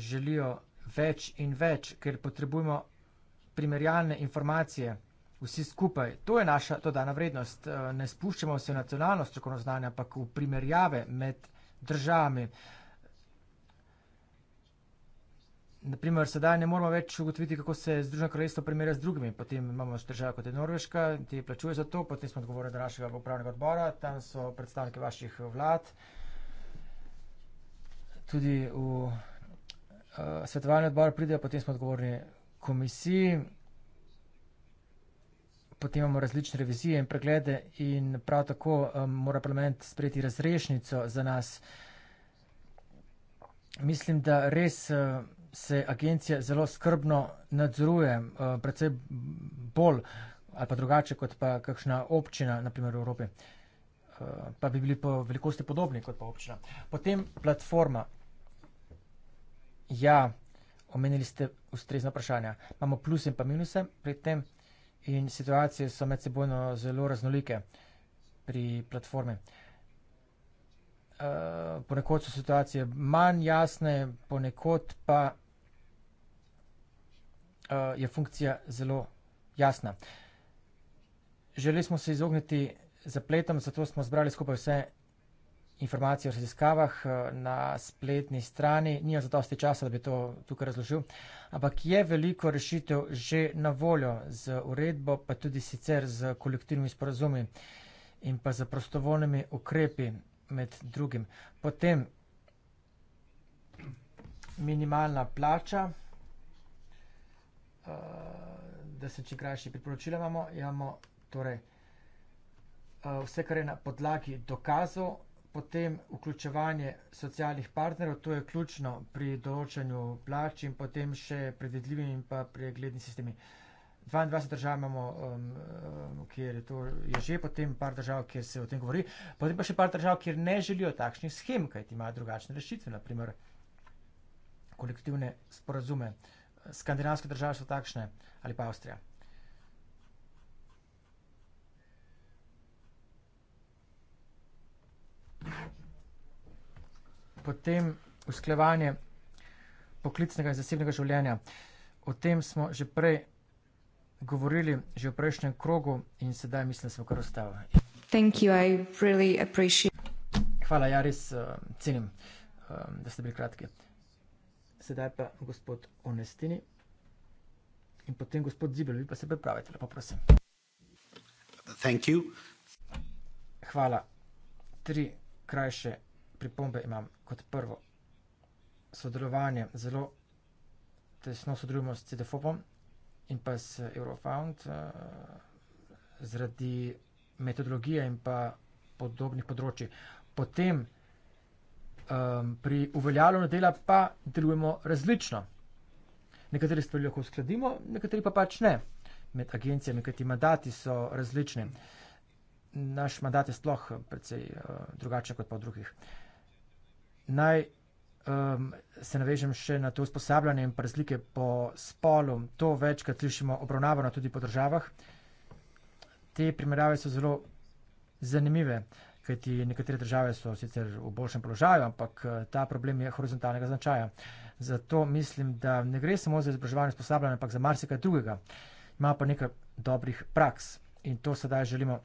želijo več in več, ker potrebujemo primerjalne informacije vsi skupaj. To je naša dodana vrednost. Eh, ne spuščamo se v nacionalno strokovno znanje, ampak v primerjave med državami. Naprimer, sedaj ne moramo več ugotoviti, kako se Združeno kraljestvo primerja z drugimi. Potem imamo še državo kot je Norveška, ti plačuje za to, potem smo odgovorili do našega upravnega odbora, tam so predstavniki vaših vlad tudi v uh, svetovalni odbor pridejo, potem smo odgovorni komisiji, potem imamo različne revizije in preglede in prav tako um, mora parlament sprejeti razrešnico za nas. Mislim, da res uh, se agencija zelo skrbno nadzoruje, uh, predvsem bolj ali pa drugače kot pa kakšna občina, naprimer v Evropi. Pa bi bili po velikosti podobni kot pa občina. Potem platforma. Ja, omenili ste ustrezna vprašanja. Imamo pluse in pa minuse pri tem in situacije so medsebojno zelo raznolike pri platformi. Uh, ponekod so situacije manj jasne, ponekod pa uh, je funkcija zelo jasna. Želeli smo se izogniti zapletom, zato smo zbrali skupaj vse informacij o raziskavah eh, na spletni strani. Nima za dosti časa, da bi to tukaj razložil, ampak je veliko rešitev že na voljo z uredbo, pa tudi sicer z kolektivnimi sporazumi in pa z prostovoljnimi ukrepi med drugim. Potem minimalna plača, eh, da se čim krajši priporočila imamo, imamo torej eh, vse, kar je na podlagi dokazov, potem vključevanje socialnih partnerov, to je ključno pri določanju plač in potem še predvidljivimi in pa preglednimi sistemi. 22 držav imamo, um, um kjer je to je že, potem par držav, kjer se o tem govori, potem pa še par držav, kjer ne želijo takšnih schem, kajti imajo drugačne rešitve, naprimer kolektivne sporazume. Skandinavske države so takšne ali pa Avstrija. potem usklevanje poklicnega in zasebnega življenja. O tem smo že prej govorili, že v prejšnjem krogu in sedaj mislim, da smo kar ostali. Really Hvala, ja res uh, cenim, uh, da ste bili kratki. Sedaj pa gospod Onestini in potem gospod Zibel, vi pa se pripravite, lepo prosim. Thank you. Hvala. Tri krajše pripombe imam. Kot prvo, sodelovanje zelo tesno sodelujemo s CDFOPom in pa s Eurofound eh, zaradi metodologije in pa podobnih področji. Potem um, pri uveljavljanju dela pa delujemo različno. Nekateri stvari lahko uskladimo, nekateri pa pač ne. Med agencijami, kajti mandati so različni. Naš mandat je sploh precej uh, drugačen kot pa drugih. Uh, Naj um, se navežem še na to usposabljanje in razlike po spolu. To večkrat slišimo obravnavano tudi po državah. Te primerjave so zelo zanimive, kajti nekatere države so sicer v boljšem položaju, ampak eh, ta problem je horizontalnega značaja. Zato mislim, da ne gre samo za izobraževanje usposabljanja, ampak za marsikaj drugega. Ima pa nekaj dobrih praks in to sedaj želimo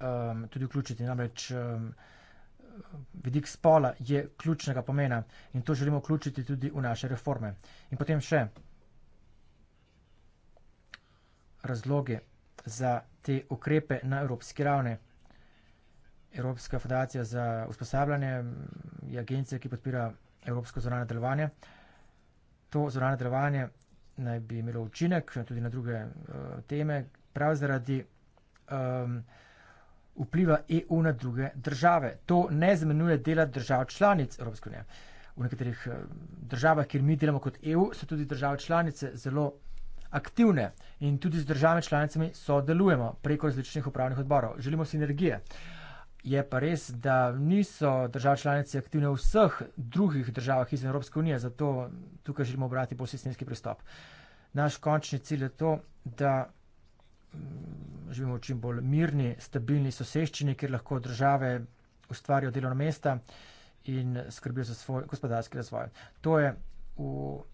um, tudi vključiti. Namreč, um, vidik spola je ključnega pomena in to želimo vključiti tudi v naše reforme. In potem še razloge za te ukrepe na evropski ravni. Evropska federacija za usposabljanje je agencija, ki podpira evropsko zvonanje delovanje. To zvonanje delovanje naj bi imelo učinek tudi na druge uh, teme, prav zaradi um, vpliva EU na druge države. To ne zmenjuje dela držav članic Evropske unije. V nekaterih eh, državah, kjer mi delamo kot EU, so tudi države članice zelo aktivne in tudi z državami članicami sodelujemo preko različnih upravnih odborov. Želimo sinergije. Je pa res, da niso države članice aktivne v vseh drugih državah izven Evropske unije, zato tukaj želimo obrati bolj sistemski pristop. Naš končni cilj je to, da Mm, živimo v čim bolj mirni, stabilni soseščini, kjer lahko države ustvarijo delovna mesta in skrbijo za svoj gospodarski razvoj. To je v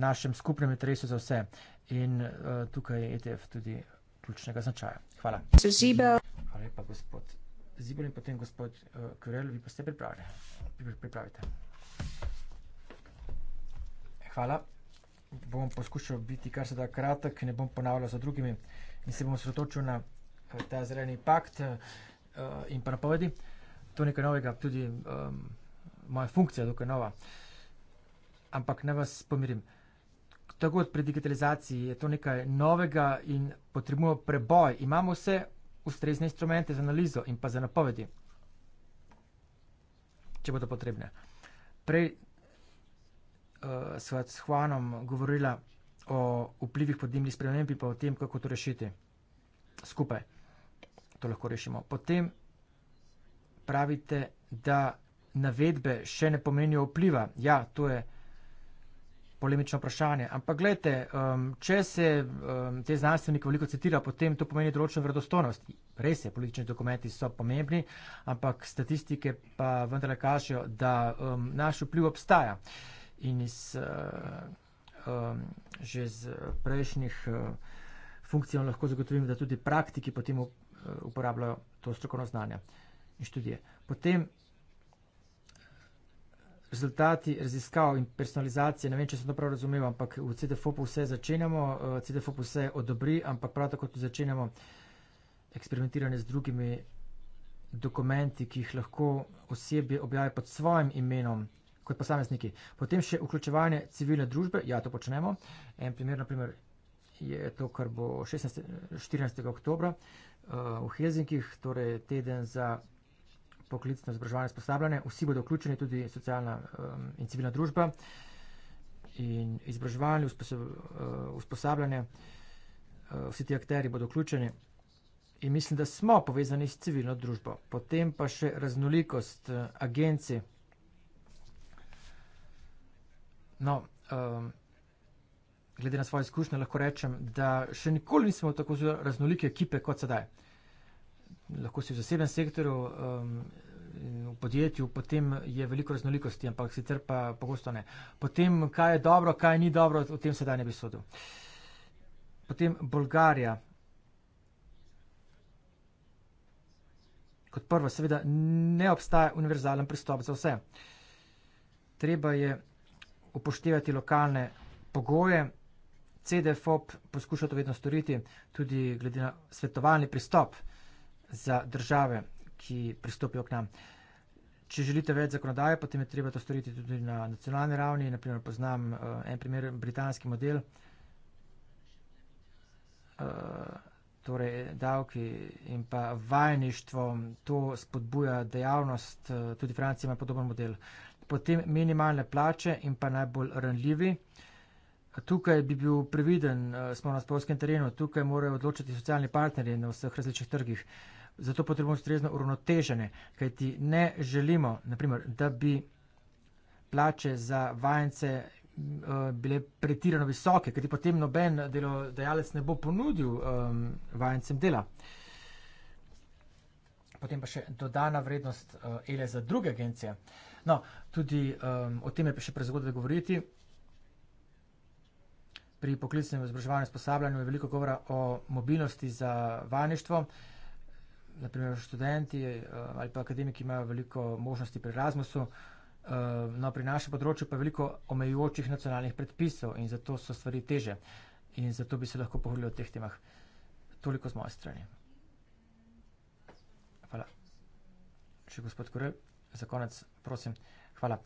našem skupnem interesu za vse in uh, tukaj je ETF tudi ključnega značaja. Hvala. Hvala lepa, gospod Zibel in potem gospod uh, Kurel, vi pa ste pripravljeni. Pri, pripravite. Hvala bom poskušal biti kar se da kratek, ne bom ponavljal za drugimi in se bom osredotočil na eh, ta zeleni pakt uh, in pa napovedi. To je nekaj novega, tudi um, moja funkcija je dokaj nova. Ampak ne vas pomirim. Tako kot pri digitalizaciji je to nekaj novega in potrebujemo preboj. Imamo vse ustrezne instrumente za analizo in pa za napovedi, če bodo potrebne. Prej uh, sva s Hvanom govorila o vplivih podnebnih sprememb in pa o tem, kako to rešiti. Skupaj to lahko rešimo. Potem pravite, da navedbe še ne pomenijo vpliva. Ja, to je polemično vprašanje. Ampak gledajte, um, če se um, te znanstvenike veliko citira, potem to pomeni določeno vredostojnost. Res je, politični dokumenti so pomembni, ampak statistike pa vendarle kažejo, da um, naš vpliv obstaja. Uh, in iz um, že iz prejšnjih uh, funkcij vam lahko zagotovim, da tudi praktiki potem eh, uporabljajo to strokovno znanje in študije. Potem rezultati raziskav in personalizacije, ne vem, če sem to prav razumel, ampak v CDFOP vse začenjamo, uh, CDFOP vse odobri, ampak prav tako tudi začenjamo eksperimentiranje z drugimi dokumenti, ki jih lahko osebi objavi pod svojim imenom kot posamezniki. Potem še vključevanje civilne družbe, ja, to počnemo. En primer, naprimer, je to, kar bo 16, 14. oktober uh, v Helsinkih, torej teden za poklicno izobraževanje sposabljanje. Vsi bodo vključeni, tudi socialna um, in civilna družba in izobraževanje, eh, usposabljanje. Uh, vsi ti akteri bodo vključeni. In mislim, da smo povezani s civilno družbo. Potem pa še raznolikost agencij, No, um, glede na svoje izkušnje lahko rečem, da še nikoli nismo tako raznolike ekipe kot sedaj. Lahko si v zasebnem sektorju, um, v podjetju, potem je veliko raznolikosti, ampak sicer pa pogosto ne. Potem, kaj je dobro, kaj ni dobro, o tem sedaj ne bi sodel. Potem Bolgarija. Kot prvo, seveda, ne obstaja univerzalen pristop za vse. Treba je upoštevati lokalne pogoje. CDFOP poskuša to vedno storiti, tudi glede na svetovalni pristop za države, ki pristopijo k nam. Če želite več zakonodaje, potem je treba to storiti tudi na nacionalni ravni. Naprimer, poznam uh, en primer, britanski model. Uh, torej, davki in pa vajništvo, to spodbuja dejavnost, uh, tudi Francija ima podoben model. Uh, potem minimalne plače in pa najbolj ranljivi. Tukaj bi bil previden, eh, smo na spolskem terenu, tukaj morajo odločiti socialni partnerji na vseh različnih trgih. Zato potrebujemo ustrezno uravnotežene, kajti ne želimo, naprimer, da bi plače za vajence eh, bile pretirano visoke, kajti potem noben delodajalec ne bo ponudil um, vajencem dela. Potem pa še dodana vrednost uh, ele za druge agencije. Uh, No, tudi um, o tem je še prezgodaj govoriti. Pri poklicnem izobraževanju in usposabljanju je veliko govora o mobilnosti za vanjištvo. Naprimer, študenti uh, ali pa akademiki imajo veliko možnosti pri Erasmusu, uh, no, pri našem področju pa veliko omejujočih nacionalnih predpisov in zato so stvari teže in zato bi se lahko pogovorili o teh temah. Toliko z moje strani. Hvala. Še gospod Korej za konec, prosim. Hvala.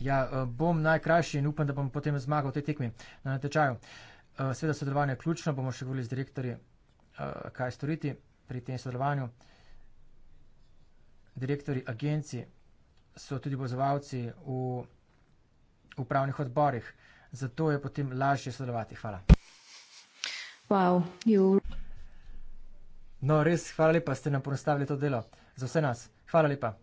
Ja, eh, bom najkrajši in upam, da bom potem zmagal v tej tekmi na natečaju. Eh, Sveda sodelovanje je ključno, bomo še govorili z direktorji, eh, kaj storiti pri tem sodelovanju. Direktori agencij so tudi bozovalci v upravnih odborih, zato je potem lažje sodelovati. Hvala. Wow, no, res, hvala lepa, ste nam ponostavili to delo. Za vse nas. Hvala lepa.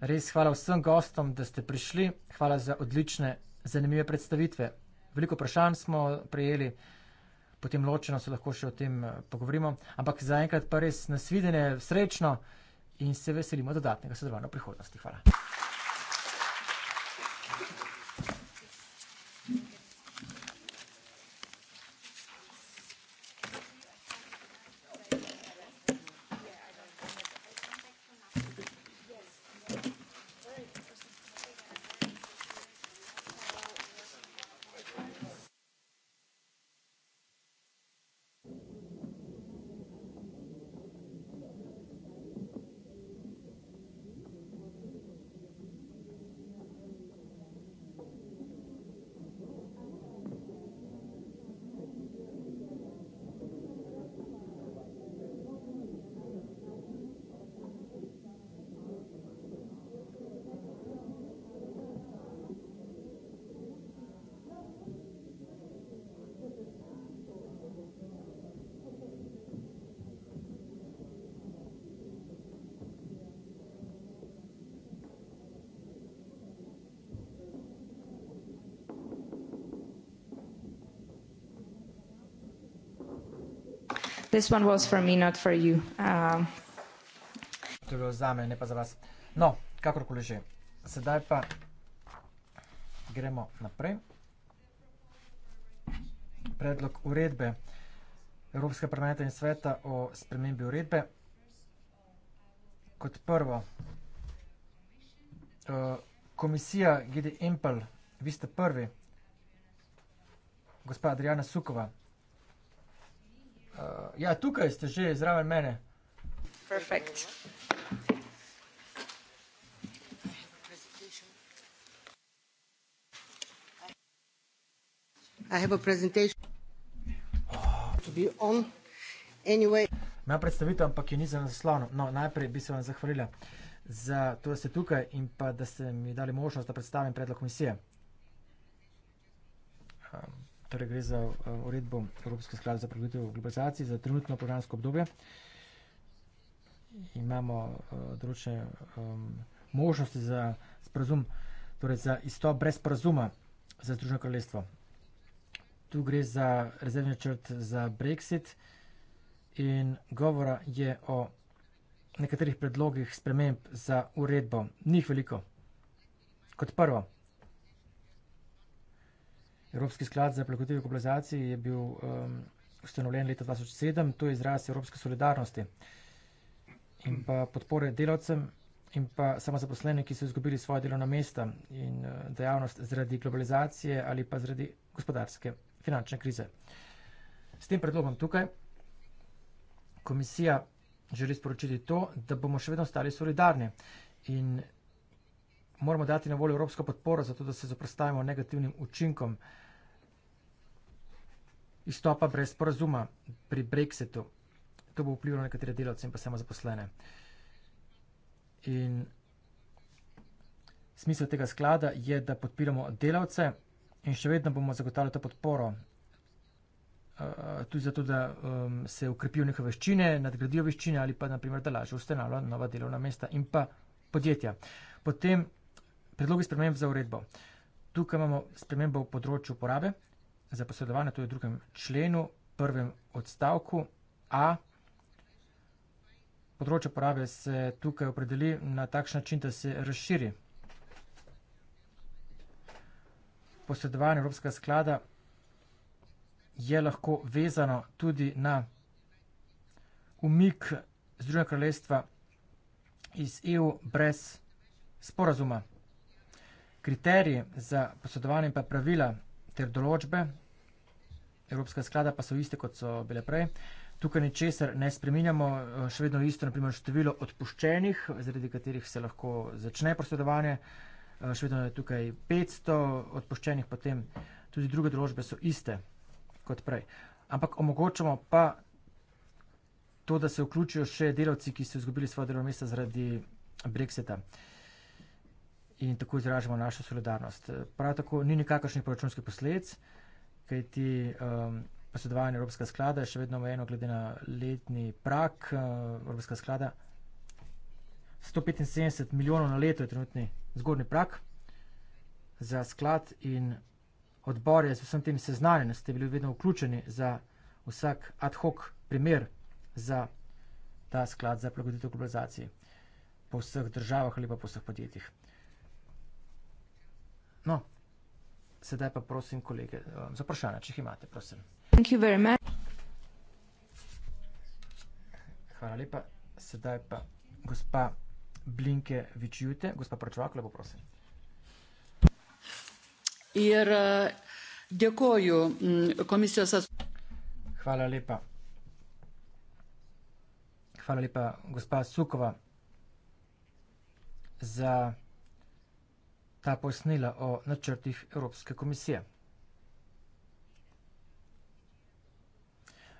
Res hvala vsem gostom, da ste prišli. Hvala za odlične, zanimive predstavitve. Veliko vprašanj smo prejeli, potem ločeno se lahko še o tem eh, pogovorimo. Ampak zaenkrat pa res nasvidenje, srečno in se veselimo dodatnega sodelovanja v prihodnosti. Hvala. This one was for me, not for you. Um. To je bilo za me, ne pa za vas. No, kakorkoli že. Sedaj pa gremo naprej. Predlog uredbe Evropske parlamenta in sveta o spremembi uredbe. Kot prvo, uh, komisija GD Impel, vi ste prvi, gospa Adriana Sukova, Uh, ja, tukaj ste že zraven mene. Perfekt. Imam anyway. predstavitev, ampak je nisem zaslano. No, najprej bi se vam zahvalila za to, da ste tukaj in pa da ste mi dali možnost, da predstavim predlog komisije. Um torej gre za eh, uredbo Evropske sklade za pregledov globalizacije za trenutno programsko obdobje. Imamo uh, določene um, možnosti za sprazum, torej za isto brez sprazuma za Združeno kraljestvo. Tu gre za rezervni črt za Brexit in govora je o nekaterih predlogih sprememb za uredbo. Njih veliko. Kot prvo, Evropski sklad za prilagoditev globalizaciji je bil um, ustanovljen leta 2007, to je izraz evropske solidarnosti in pa podpore delavcem in pa samozaposlenim, ki so izgubili svoje delovna mesta in uh, dejavnost zaradi globalizacije ali pa zaradi gospodarske finančne krize. S tem predlogom tukaj komisija želi sporočiti to, da bomo še vedno stali solidarni in moramo dati na voljo evropsko podporo, zato da se zaprostavimo negativnim učinkom izstopa brez porazuma pri Brexitu. To bo vplivalo na nekatere delavce in pa samo zaposlene. In smisel tega sklada je, da podpiramo delavce in še vedno bomo zagotavljali to podporo. Eh, tudi zato, da um, se ukrepijo njihove veščine, nadgradijo veščine ali pa, naprimer, da lažje ustanavljajo nova delovna mesta in pa podjetja. Potem predlogi sprememb za uredbo. Tukaj imamo spremembo v področju uporabe za posredovanje, to je v drugem členu, prvem odstavku A. Področje uporabe se tukaj opredeli na takšen način, da se razširi posredovanje Evropskega sklada je lahko vezano tudi na umik Združenega kraljestva iz EU brez sporazuma. Kriteriji za posodovanje pa pravila ter določbe Evropskega sklada pa so iste, kot so bile prej. Tukaj ničesar ne spreminjamo, eh, še vedno isto, naprimer število odpuščenih, zaradi katerih se lahko začne posodovanje, eh, še vedno je tukaj 500 odpuščenih, potem tudi druge določbe so iste kot prej. Ampak omogočamo pa to, da se vključijo še delavci, ki so izgubili svoje delovno mesto zaradi brekseta. Uh, in tako izražamo našo solidarnost. Prav tako ni nikakršnih proračunskih posledic, kaj ti um, posedovanje Evropska sklada je še vedno omejeno glede na letni prak. Uh, Evropska sklada 175 milijonov na leto je trenutni zgornji prak za sklad in odbor je z vsem tem seznanjen, ste bili vedno vključeni za vsak ad hoc primer za ta sklad za prilagoditev globalizaciji po vseh državah ali pa po vseh podjetjih. No, sedaj pa prosim kolege um, za vprašanje, če jih imate, prosim. Hvala lepa. Sedaj pa gospa Blinke Vičjute, gospa Pračovak, lepo prosim. Jer, eh, djakoju, mm, komisijo sa... Hvala lepa. Hvala lepa, gospa Sukova, za vprašanje ta pojasnila o načrtih Evropske komisije.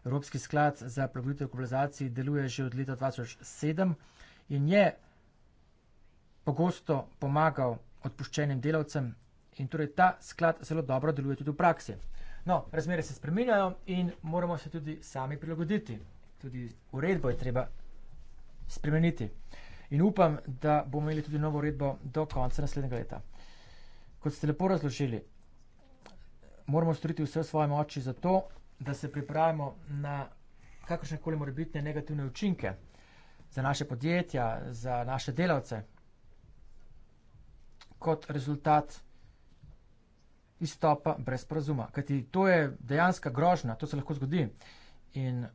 Evropski sklad za pravitev globalizaciji deluje že od leta 2007 in je pogosto pomagal odpuščenim delavcem in torej ta sklad zelo dobro deluje tudi v praksi. No, razmere se spreminjajo in moramo se tudi sami prilagoditi. Tudi uredbo je treba spremeniti in upam, da bomo imeli tudi novo uredbo do konca naslednjega leta. Kot ste lepo razložili, moramo storiti vse v svojem oči za to, da se pripravimo na kakršnekoli morebitne negativne učinke za naše podjetja, za naše delavce, kot rezultat izstopa brez porazuma. Kajti to je dejanska grožnja, to se lahko zgodi. In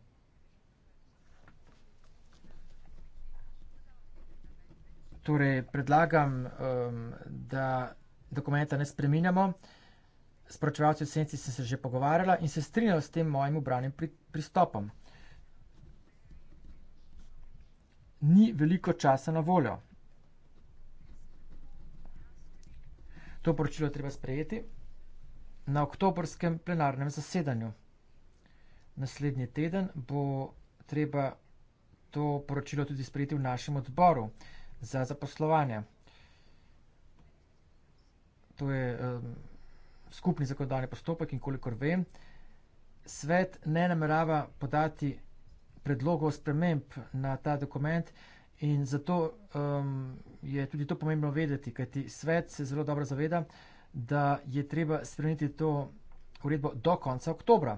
Torej, predlagam, um, da dokumenta ne spreminjamo. S pročevalci v senci sem se že pogovarjala in se strinjala s tem mojim ubranim pri, pristopom. Ni veliko časa na voljo. To poročilo treba sprejeti na oktobrskem plenarnem zasedanju. Naslednji teden bo treba to poročilo tudi sprejeti v našem odboru za zaposlovanje. To je um, skupni zakonodajni postopek in kolikor vem, svet ne namerava podati predlogov sprememb na ta dokument in zato um, je tudi to pomembno vedeti, kajti svet se zelo dobro zaveda, da je treba spremeniti to uredbo do konca oktobra.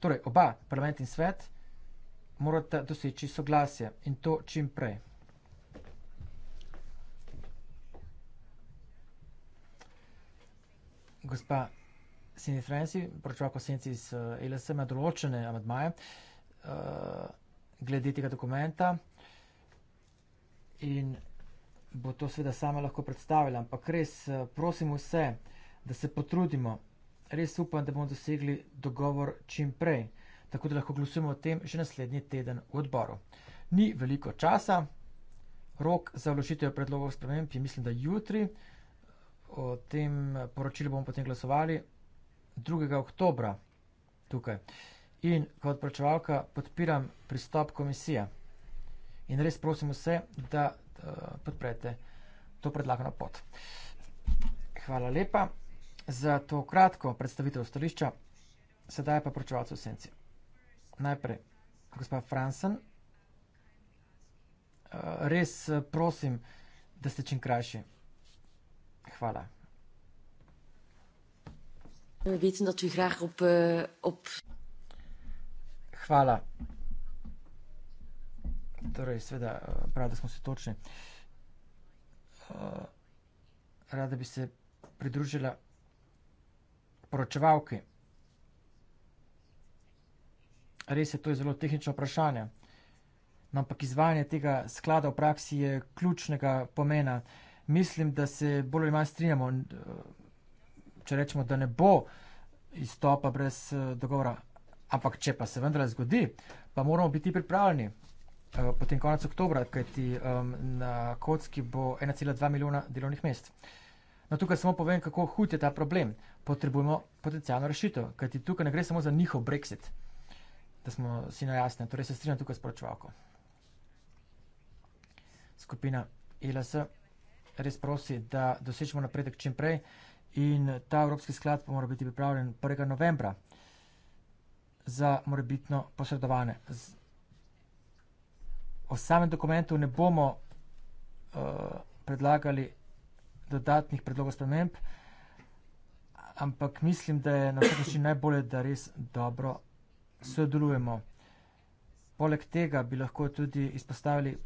Torej, oba, parlament in svet, morata doseči soglasje in to čim prej. gospa Sini Franci, poročava konsenci iz eh, LSE, ima določene amadmaje eh, glede tega dokumenta in bo to sveda sama lahko predstavila, ampak res eh, prosim vse, da se potrudimo, res upam, da bomo dosegli dogovor čim prej, tako da lahko glasujemo o tem že naslednji teden v odboru. Ni veliko časa, rok za vložitev predlogov spremenb je mislim, da jutri, o tem poročilu bomo potem glasovali 2. oktober tukaj. In kot odpračevalka podpiram pristop komisije. In res prosim vse, da uh, podprete to predlagano pot. Hvala lepa za to kratko predstavitev stališča. Sedaj pa poročevalce v senci. Najprej, gospod Fransen, uh, res eh, prosim, da ste čim krajši. Voilà. We weten dat u graag op. Uh, op... Hvala. Torej, seveda, eh, prav, da smo se točni. Uh, rada bi se pridružila poročevalki. Res je, to je zelo tehnično vprašanje, no, ampak izvajanje tega sklada v praksi je ključnega pomena. Uh, mislim, da se bolj ali manj strinjamo, če rečemo, da ne bo izstopa brez eh, dogovora. Ampak, če pa se vendarle zgodi, pa moramo biti pripravljeni. Eh, potem konec oktobra, kajti um, na kocki bo 1,2 milijona delovnih mest. No, tukaj samo povem, kako hud je ta problem. Potrebujemo potencijalno rešitev, kajti tukaj ne gre samo za njihov brexit, da smo si na jasne. Torej se strinjam tukaj s poročevalko. Skupina ILS. E res prosi, da dosečemo napredek čim prej in ta Evropski sklad pa mora biti pripravljen 1. novembra za morebitno posredovanje. O samem dokumentu ne bomo uh, predlagali dodatnih predlogov sprememb, ampak mislim, da je na vsak način najbolje, da res dobro sodelujemo. Poleg tega bi lahko tudi izpostavili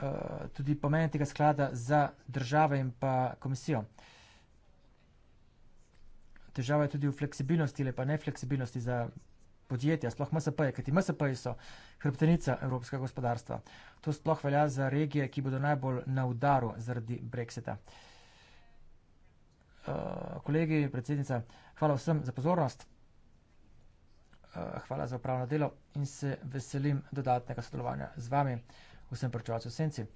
Eh, tudi pomen tega sklada za države in pa komisijo. Težava je tudi v fleksibilnosti ali pa nefleksibilnosti za podjetja, sploh MSP-je, kajti MSP-ji so hrbtenica evropskega gospodarstva. To sploh velja za regije, ki bodo najbolj na udaru zaradi brexita. Uh, kolegi, predsednica, hvala vsem za pozornost, uh, hvala za upravno delo in se veselim dodatnega sodelovanja z vami vsem prečovalcem v senci.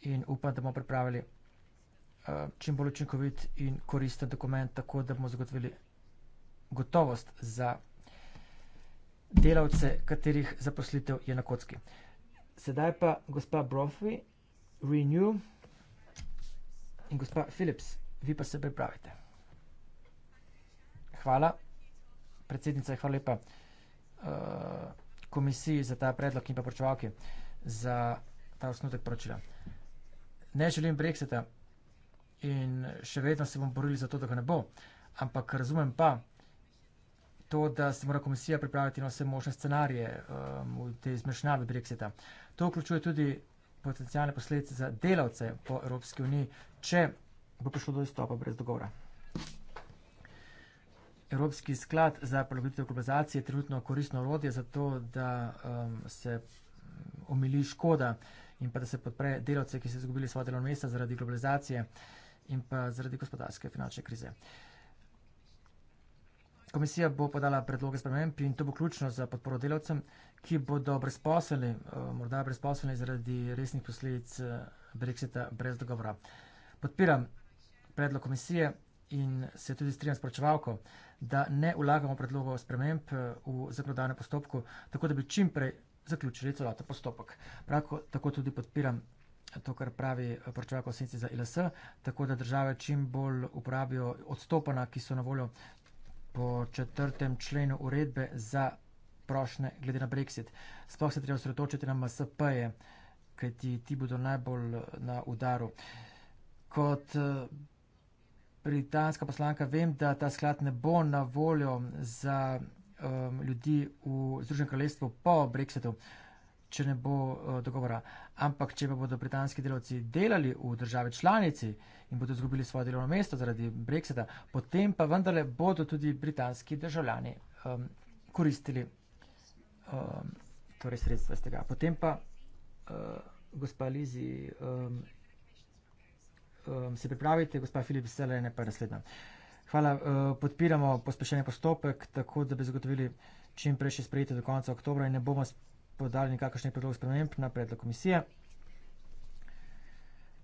In upam, da bomo pripravili uh, čim bolj učinkovit in koristen dokument, tako da bomo zagotovili gotovost za delavce, katerih zaposlitev je na kocki. Sedaj pa gospa Brothwey, Renew in gospa Philips, vi pa se pripravite. Hvala, predsednica, hvala lepa uh, komisiji za ta predlog in pa počevalki. Uh, za ta osnutek poročila. Ne želim brexita in še vedno se bom borili za to, da ga ne bo, ampak razumem pa to, da se mora komisija pripraviti na vse možne scenarije um, v tej zmešnjavi brexita. To vključuje tudi potencijalne posledice za delavce po Evropski uniji, če bo prišlo do izstopa brez dogovora. Evropski sklad za prilagoditev globalizacije je trenutno koristno orodje za to, da um, se omili škoda in pa da se podpre delavce, ki so izgubili svoje delovno mesto zaradi globalizacije in pa zaradi gospodarske finančne krize. Komisija bo podala predloge sprememb in to bo ključno za podporo delavcem, ki bodo brezposelni, eh, morda brezposelni zaradi resnih posledic eh, Brexita brez dogovora. Podpiram predlog komisije in se tudi strinjam s pročevalko, da ne ulagamo predlogov sprememb eh, v zakonodajnem postopku, tako da bi čimprej zaključili celoten postopek. Pravko, tako tudi podpiram to, kar pravi eh, poročevalka v senci za ILS, tako da države čim bolj uporabijo odstopana, ki so na voljo po četrtem členu uredbe za prošne glede na Brexit. Sploh se treba osredotočiti na MSP-je, kaj ti, ti bodo najbolj eh, na udaru. Kot eh, britanska poslanka vem, da ta sklad ne bo na voljo za um, ljudi v Združenem kraljestvu po Brexitu, če ne bo uh, dogovora. Ampak, če pa bodo britanski delavci delali v državi članici in bodo izgubili svoje delovno mesto zaradi Brexita, potem pa vendarle bodo tudi britanski državljani um, koristili um, torej sredstva iz tega. Potem pa, uh, gospa Lizi, um, um, se pripravite, gospa Filip Selene, pa naslednja. Hvala. Eh, podpiramo pospešen postopek, tako da bi zagotovili čim prejše sprejete do konca oktobra in ne bomo podali nikakršnih predlogov sprememb na predlog komisije.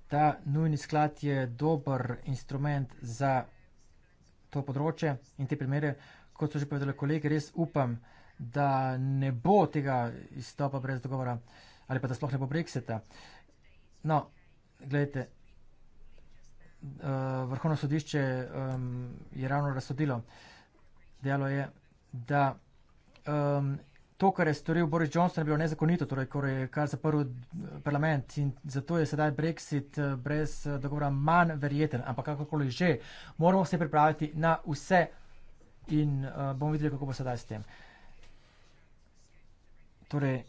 Ta nujni sklad je dober instrument za to področje in te primere, kot so že povedali kolege, res upam, da ne bo tega izstopa brez dogovora ali pa da sploh ne bo brexita. No, gledajte, uh, vrhovno sodišče um, je ravno razsodilo, dejalo je, da um, to, kar je storil Boris Johnson, je bilo nezakonito, torej, ko je kar zaprl eh, parlament in zato je sedaj Brexit eh, brez dogovora manj verjeten, ampak kakorkoli že, moramo se pripraviti na vse in uh, bomo videli, kako bo sedaj s tem. Torej,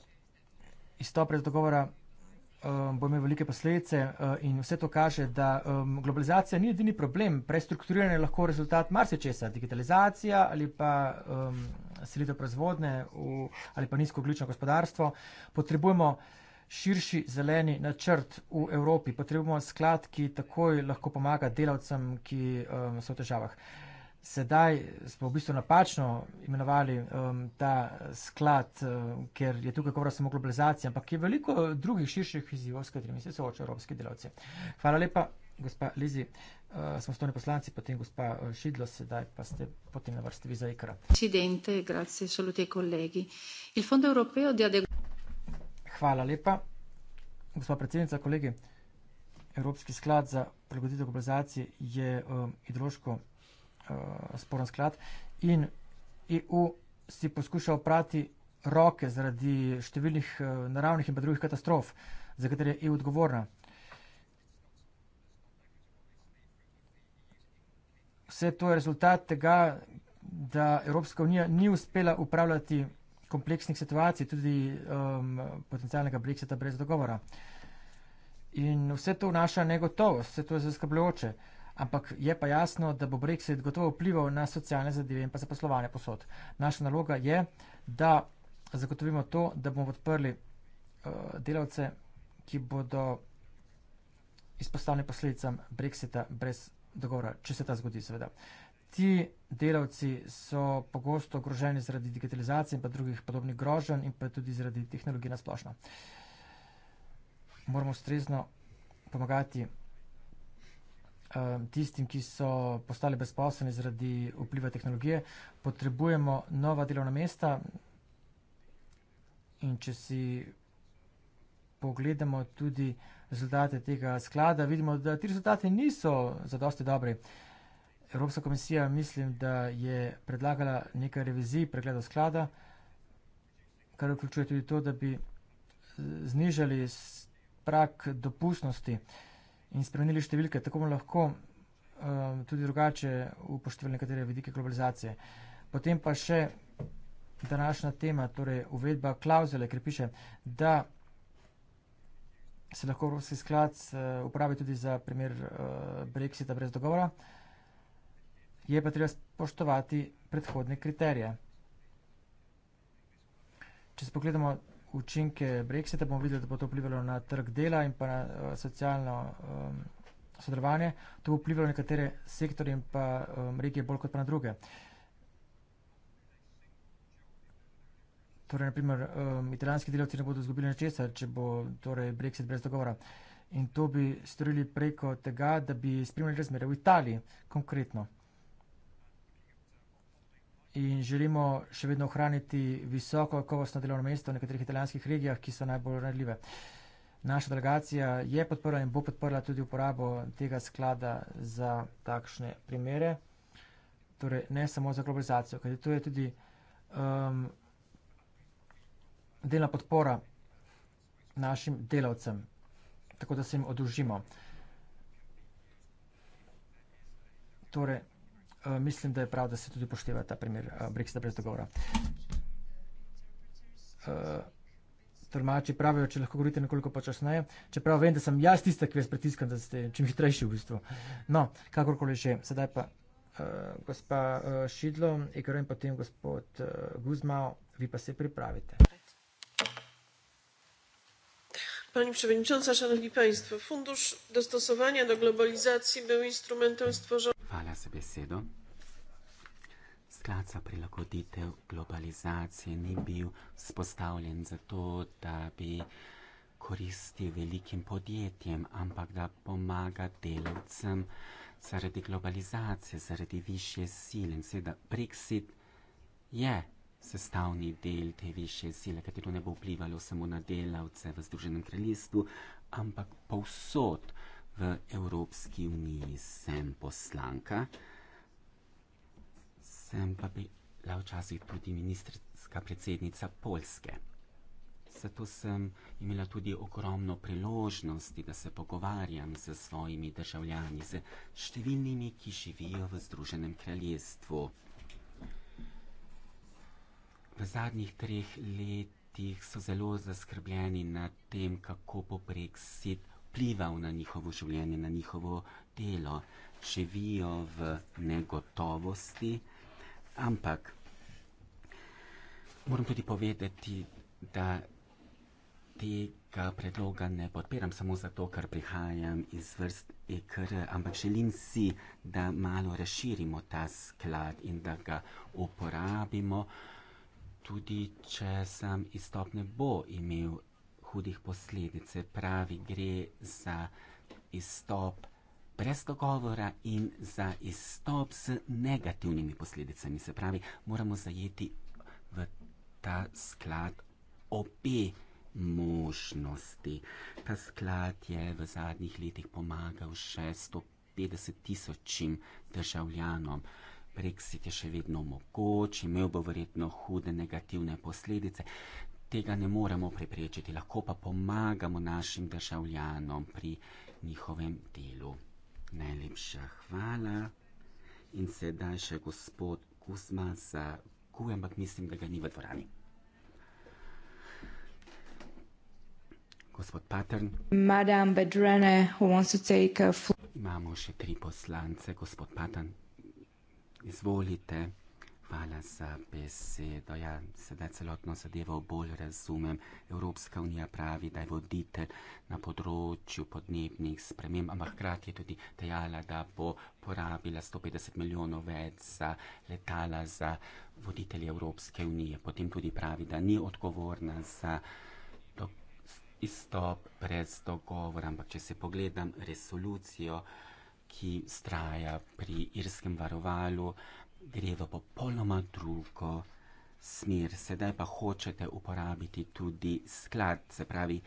izstop brez dogovora um, bo imel velike posledice uh, in vse to kaže, da um, globalizacija ni edini problem. Prestrukturiranje je lahko rezultat marsičesa. Digitalizacija ali pa um, selitev proizvodne v, ali pa nizkooglično gospodarstvo. Potrebujemo širši zeleni načrt v Evropi. Potrebujemo sklad, ki takoj lahko pomaga delavcem, ki um, so v težavah. Uh, Sedaj smo v bistvu napačno imenovali um, ta eh, sklad, um, ker je tukaj govora samo o globalizaciji, ampak je veliko drugih širših izzivov, s katerimi se soočajo evropski delavci. Hvala lepa, gospa Lizi, uh, smo stone poslanci, potem gospa Šidlo, sedaj pa ste potem na vrsti vi za ikra. Hvala lepa, gospa predsednica, kolegi. Evropski sklad za prilagoditev globalizaciji je um, ideološko uh, sporen sklad. In EU si poskuša oprati roke zaradi številnih uh, naravnih in pa drugih katastrof, za katere je EU odgovorna. Vse to je rezultat tega, da Evropska unija ni uspela upravljati kompleksnih situacij, tudi um, potencijalnega brexita brez dogovora. In vse to vnaša negotovost, vse to je zaskrbljujoče. Uh, Ampak je pa jasno, da bo Brexit gotovo vplival na socialne zadeve in pa zaposlovanje posod. Naša naloga je, da zagotovimo to, da bomo podprli uh, delavce, ki bodo izpostavljeni posledicam Brexita brez dogovora, če se ta zgodi, seveda. Ti delavci so pogosto ogroženi zaradi digitalizacije in pa drugih podobnih grožen in pa tudi zaradi tehnologije na splošno. Moramo ustrezno pomagati tistim, ki so postali brezposleni zaradi vpliva tehnologije. Potrebujemo nova delovna mesta in če si pogledamo tudi rezultate tega sklada, vidimo, da ti rezultati niso zadosti dobri. Evropska komisija mislim, da je predlagala nekaj revizij pregleda sklada, kar vključuje tudi to, da bi eh, znižali prak dopustnosti. Uh, in spremenili številke, tako bomo lahko um, tudi drugače upoštevali nekatere vidike globalizacije. Potem pa še današnja tema, torej uvedba klauzule, ker piše, da se lahko Evropski sklad uh, uporabi tudi za primer uh, Brexita brez dogovora, je pa treba spoštovati predhodne kriterije. Če se pogledamo učinke Brexita, bomo videli, da bo to vplivalo na trg dela in pa na uh, socialno um, sodelovanje. To bo vplivalo na nekatere sektorje in pa um, regije bolj kot pa na druge. Torej, naprimer, um, ehm, italijanski delavci ne bodo izgubili ničesar, če bo torej, Brexit brez dogovora. In to bi storili preko tega, da bi spremljali razmere v Italiji konkretno in želimo še vedno ohraniti visoko kakovostno delovno mesto v nekaterih italijanskih regijah, ki so najbolj ranljive. Naša delegacija je podprla in bo podprla tudi uporabo tega sklada za takšne primere, torej ne samo za globalizacijo, kajti to je tudi um, delna podpora našim delavcem, tako da se jim odružimo. Torej, Eh, mislim, da je prav, da se tudi pošteva ta primer uh, Brexita brez dogovora. Uh, eh, Tormači pravijo, če lahko govorite nekoliko počasneje, čeprav vem, da sem jaz tista, ki vas pritiskam, da ste čim hitrejši v bistvu. No, kakorkoli že, sedaj pa uh, gospa uh, Šidlo, Ekerem, potem gospod uh, Guzmao, vi pa se pripravite. Pani przewodnicząca, szanowni państwo, fundusz dostosowania do globalizacji był instrumentem stworzonym. Hvala za besedo. Sklad za prilagoditev globalizacije ni bil spostavljen zato, da bi koristil velikim podjetjem, ampak da pomaga delavcem zaradi globalizacije, zaradi više sile. In seveda Brexit je sestavni del te više sile, katero ne bo vplivalo samo na delavce v Združenem kraljestvu, ampak povsod v Evropski uniji sem poslanka, sem pa bila včasih tudi ministrska predsednica Polske. Zato sem imela tudi ogromno priložnosti, da se pogovarjam z svojimi državljani, z številnimi, ki živijo v Združenem kraljestvu. V zadnjih treh letih so zelo zaskrbljeni nad tem, kako bo Brexit vplival na njihovo življenje, na njihovo telo. Živijo v negotovosti, ampak moram tudi povedati, da tega predloga ne podpiram samo zato, ker prihajam iz vrst EKR, ampak želim si, da malo razširimo ta sklad in da ga uporabimo, tudi če sam izstop ne bo imel hudih posledic. Pravi, gre za izstop brez dogovora in za izstop z negativnimi posledicami. Se pravi, moramo zajeti v ta sklad obe možnosti. Ta sklad je v zadnjih letih pomagal še 150 tisočim državljanom. Brexit je še vedno mogoč, imel bo verjetno hude negativne posledice tega ne moremo preprečiti, lahko pa pomagamo našim državljanom pri njihovem delu. Najlepša hvala. In sedaj še gospod Kusman za kuj, ampak mislim, da ga ni v dvorani. Gospod Patern. Madame Bedrene, who wants to take a... Imamo še tri poslance. Gospod Patern, izvolite. Izvolite. Hvala za besedo. Ja, sedaj celotno zadevo bolj razumem. Evropska unija pravi, da je voditelj na področju podnebnih sprememb, ampak hkrati je tudi dejala, da bo porabila 150 milijonov več za letala za voditelje Evropske unije. Potem tudi pravi, da ni odgovorna za izstop brez dogovora, ampak če se pogledam resolucijo, ki straja pri irskem varovalu, gre v popolnoma drugo smer. Sedaj pa hočete uporabiti tudi sklad, se pravi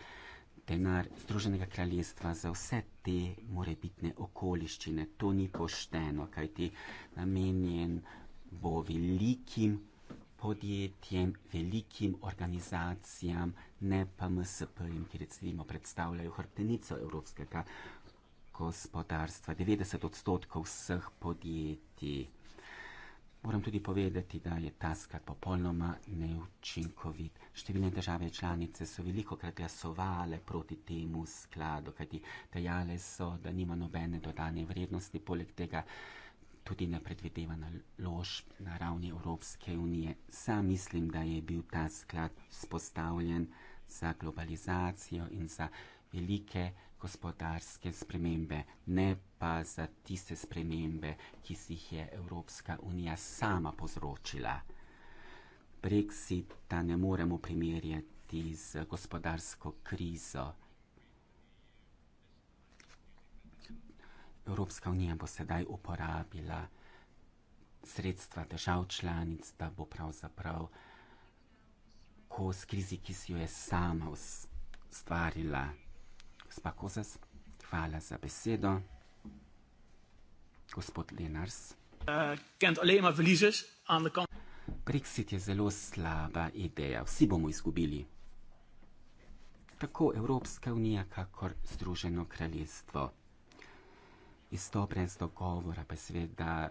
denar Združenega kraljestva za vse te morebitne okoliščine. To ni pošteno, kajti namenjen bo velikim podjetjem, velikim organizacijam, ne pa MSP-jem, ki recimo predstavljajo hrbtenico evropskega gospodarstva. 90 odstotkov vseh podjetij. Moram tudi povedati, da je ta sklad popolnoma neučinkovit. Številne države članice so veliko krat glasovale proti temu skladu, kajti dejale so, da nima nobene dodane vrednosti, poleg tega tudi ne predvideva naložb na ravni Evropske unije. Sam mislim, da je bil ta sklad spostavljen za globalizacijo in za velike gospodarske spremembe, ne pa za tiste spremembe, ki si jih je Evropska unija sama povzročila. Brexita ne moremo primerjati z gospodarsko krizo. Evropska unija bo sedaj uporabila sredstva držav članic, da bo pravzaprav kos krizi, ki si jo je sama ustvarila. Vz Spakozas, hvala za besedo. Gospod Lenars. Eh, Brexit je zelo slaba ideja, vsi bomo izgubili. Tako Evropska unija, kakor Združeno kraljestvo. Isto brez dogovora, pa seveda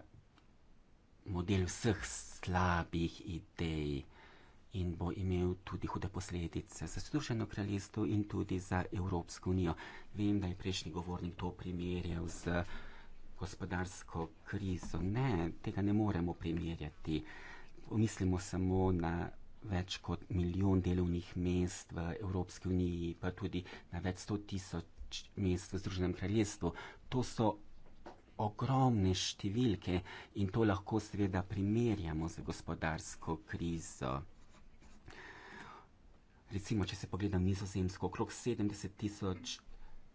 model vseh slabih idej in bo imel tudi hude posledice za Združeno kraljestvo in tudi za Evropsko unijo. Vem, da je prejšnji govornik to primerjal z gospodarsko krizo. Ne, tega ne moremo primerjati. Mislimo samo na več kot milijon delovnih mest v Evropski uniji, pa tudi na več sto tisoč mest v Združenem kraljestvu. To so ogromne številke in to lahko seveda primerjamo z gospodarsko krizo recimo, če se pogledam nizozemsko, okrog 70 tisoč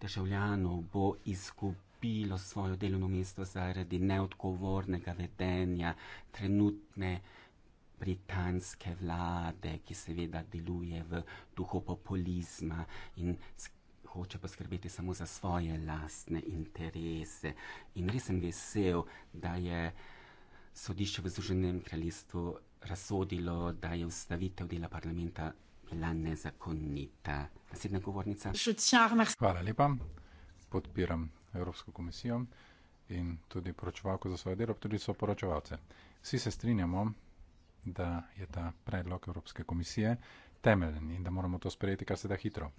državljanov bo izgubilo svojo delovno mesto zaradi neodgovornega vedenja trenutne britanske vlade, ki seveda deluje v duhu populizma in hoče poskrbeti samo za svoje lastne interese. In res sem vesel, da je sodišče v Združenem kraljestvu razsodilo, da je ustavitev dela parlamenta la nezakonita. Naslednja govornica. Hvala lepa. Podpiram Evropsko komisijo in tudi poročevalko za svoje delo, tudi so poročevalce. Vsi se strinjamo, da je ta predlog Evropske komisije temeljen in da moramo to sprejeti kar se da hitro.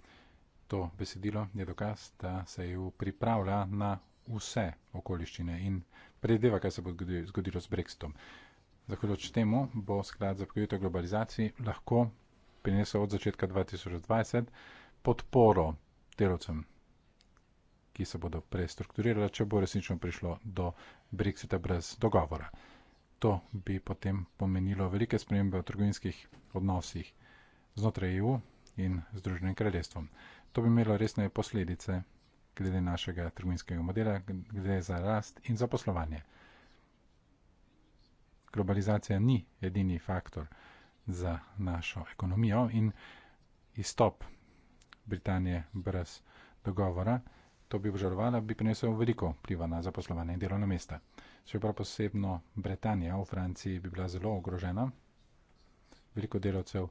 To besedilo je dokaz, da se je pripravlja na vse okoliščine in predeva, kaj se bo zgodilo z Brexitom. Zahvaljujoč temu bo sklad za pokojitev globalizaciji lahko prinesel od začetka 2020 podporo delovcem, ki se bodo prestrukturirali, če bo resnično prišlo do Brexita brez dogovora. To bi potem pomenilo velike spremembe v trgovinskih odnosih znotraj EU in Združenim kraljestvom. To bi imelo resne posledice glede našega trgovinskega modela, glede za rast in za poslovanje. Globalizacija ni edini faktor, za našo ekonomijo in izstop Britanije brez dogovora, to bi obžalovala, bi prinesel veliko pliva na zaposlovanje in delovna mesta. Še prav posebno Britanija v Franciji bi bila zelo ogrožena, veliko delovcev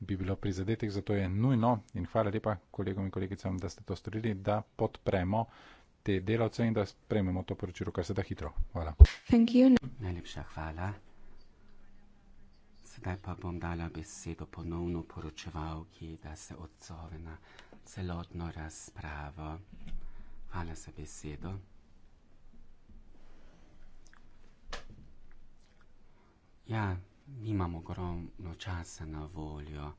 bi bilo prizadetih, zato je nujno in hvala lepa kolegom in kolegicam, da ste to storili, da podpremo te delavce in da sprememo to poročilo, kar se da hitro. Hvala. Najlepša hvala. Sedaj pa bom dala besedo ponovno poročevalki, da se odzove na celotno razpravo. Hvala za besedo. Ja, nimam ogromno časa na voljo,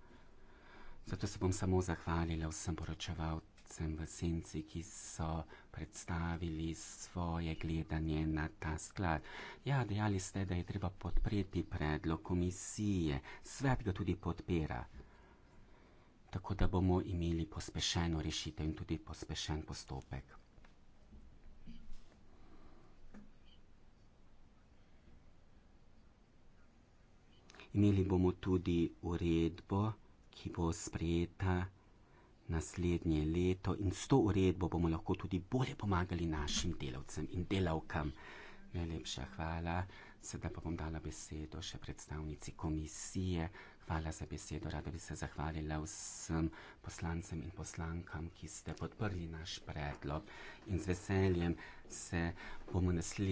zato se bom samo zahvalila vsem poročevalcem. Otcem v Senci, ki so predstavili svoje gledanje na ta sklad. Ja, dejali ste, da je treba podpreti predlog komisije. Svet ga tudi podpira. Tako da bomo imeli pospešeno rešitev in tudi pospešen postopek. Imeli bomo tudi uredbo, ki bo sprejeta naslednje leto in s to uredbo bomo lahko tudi bolje pomagali našim delavcem in delavkam. Najlepša hvala. Sedaj pa bom dala besedo še predstavnici komisije. Hvala za besedo. Rada bi se zahvalila vsem poslancem in poslankam, ki ste podprli naš predlog. In z veseljem se bomo naslednji.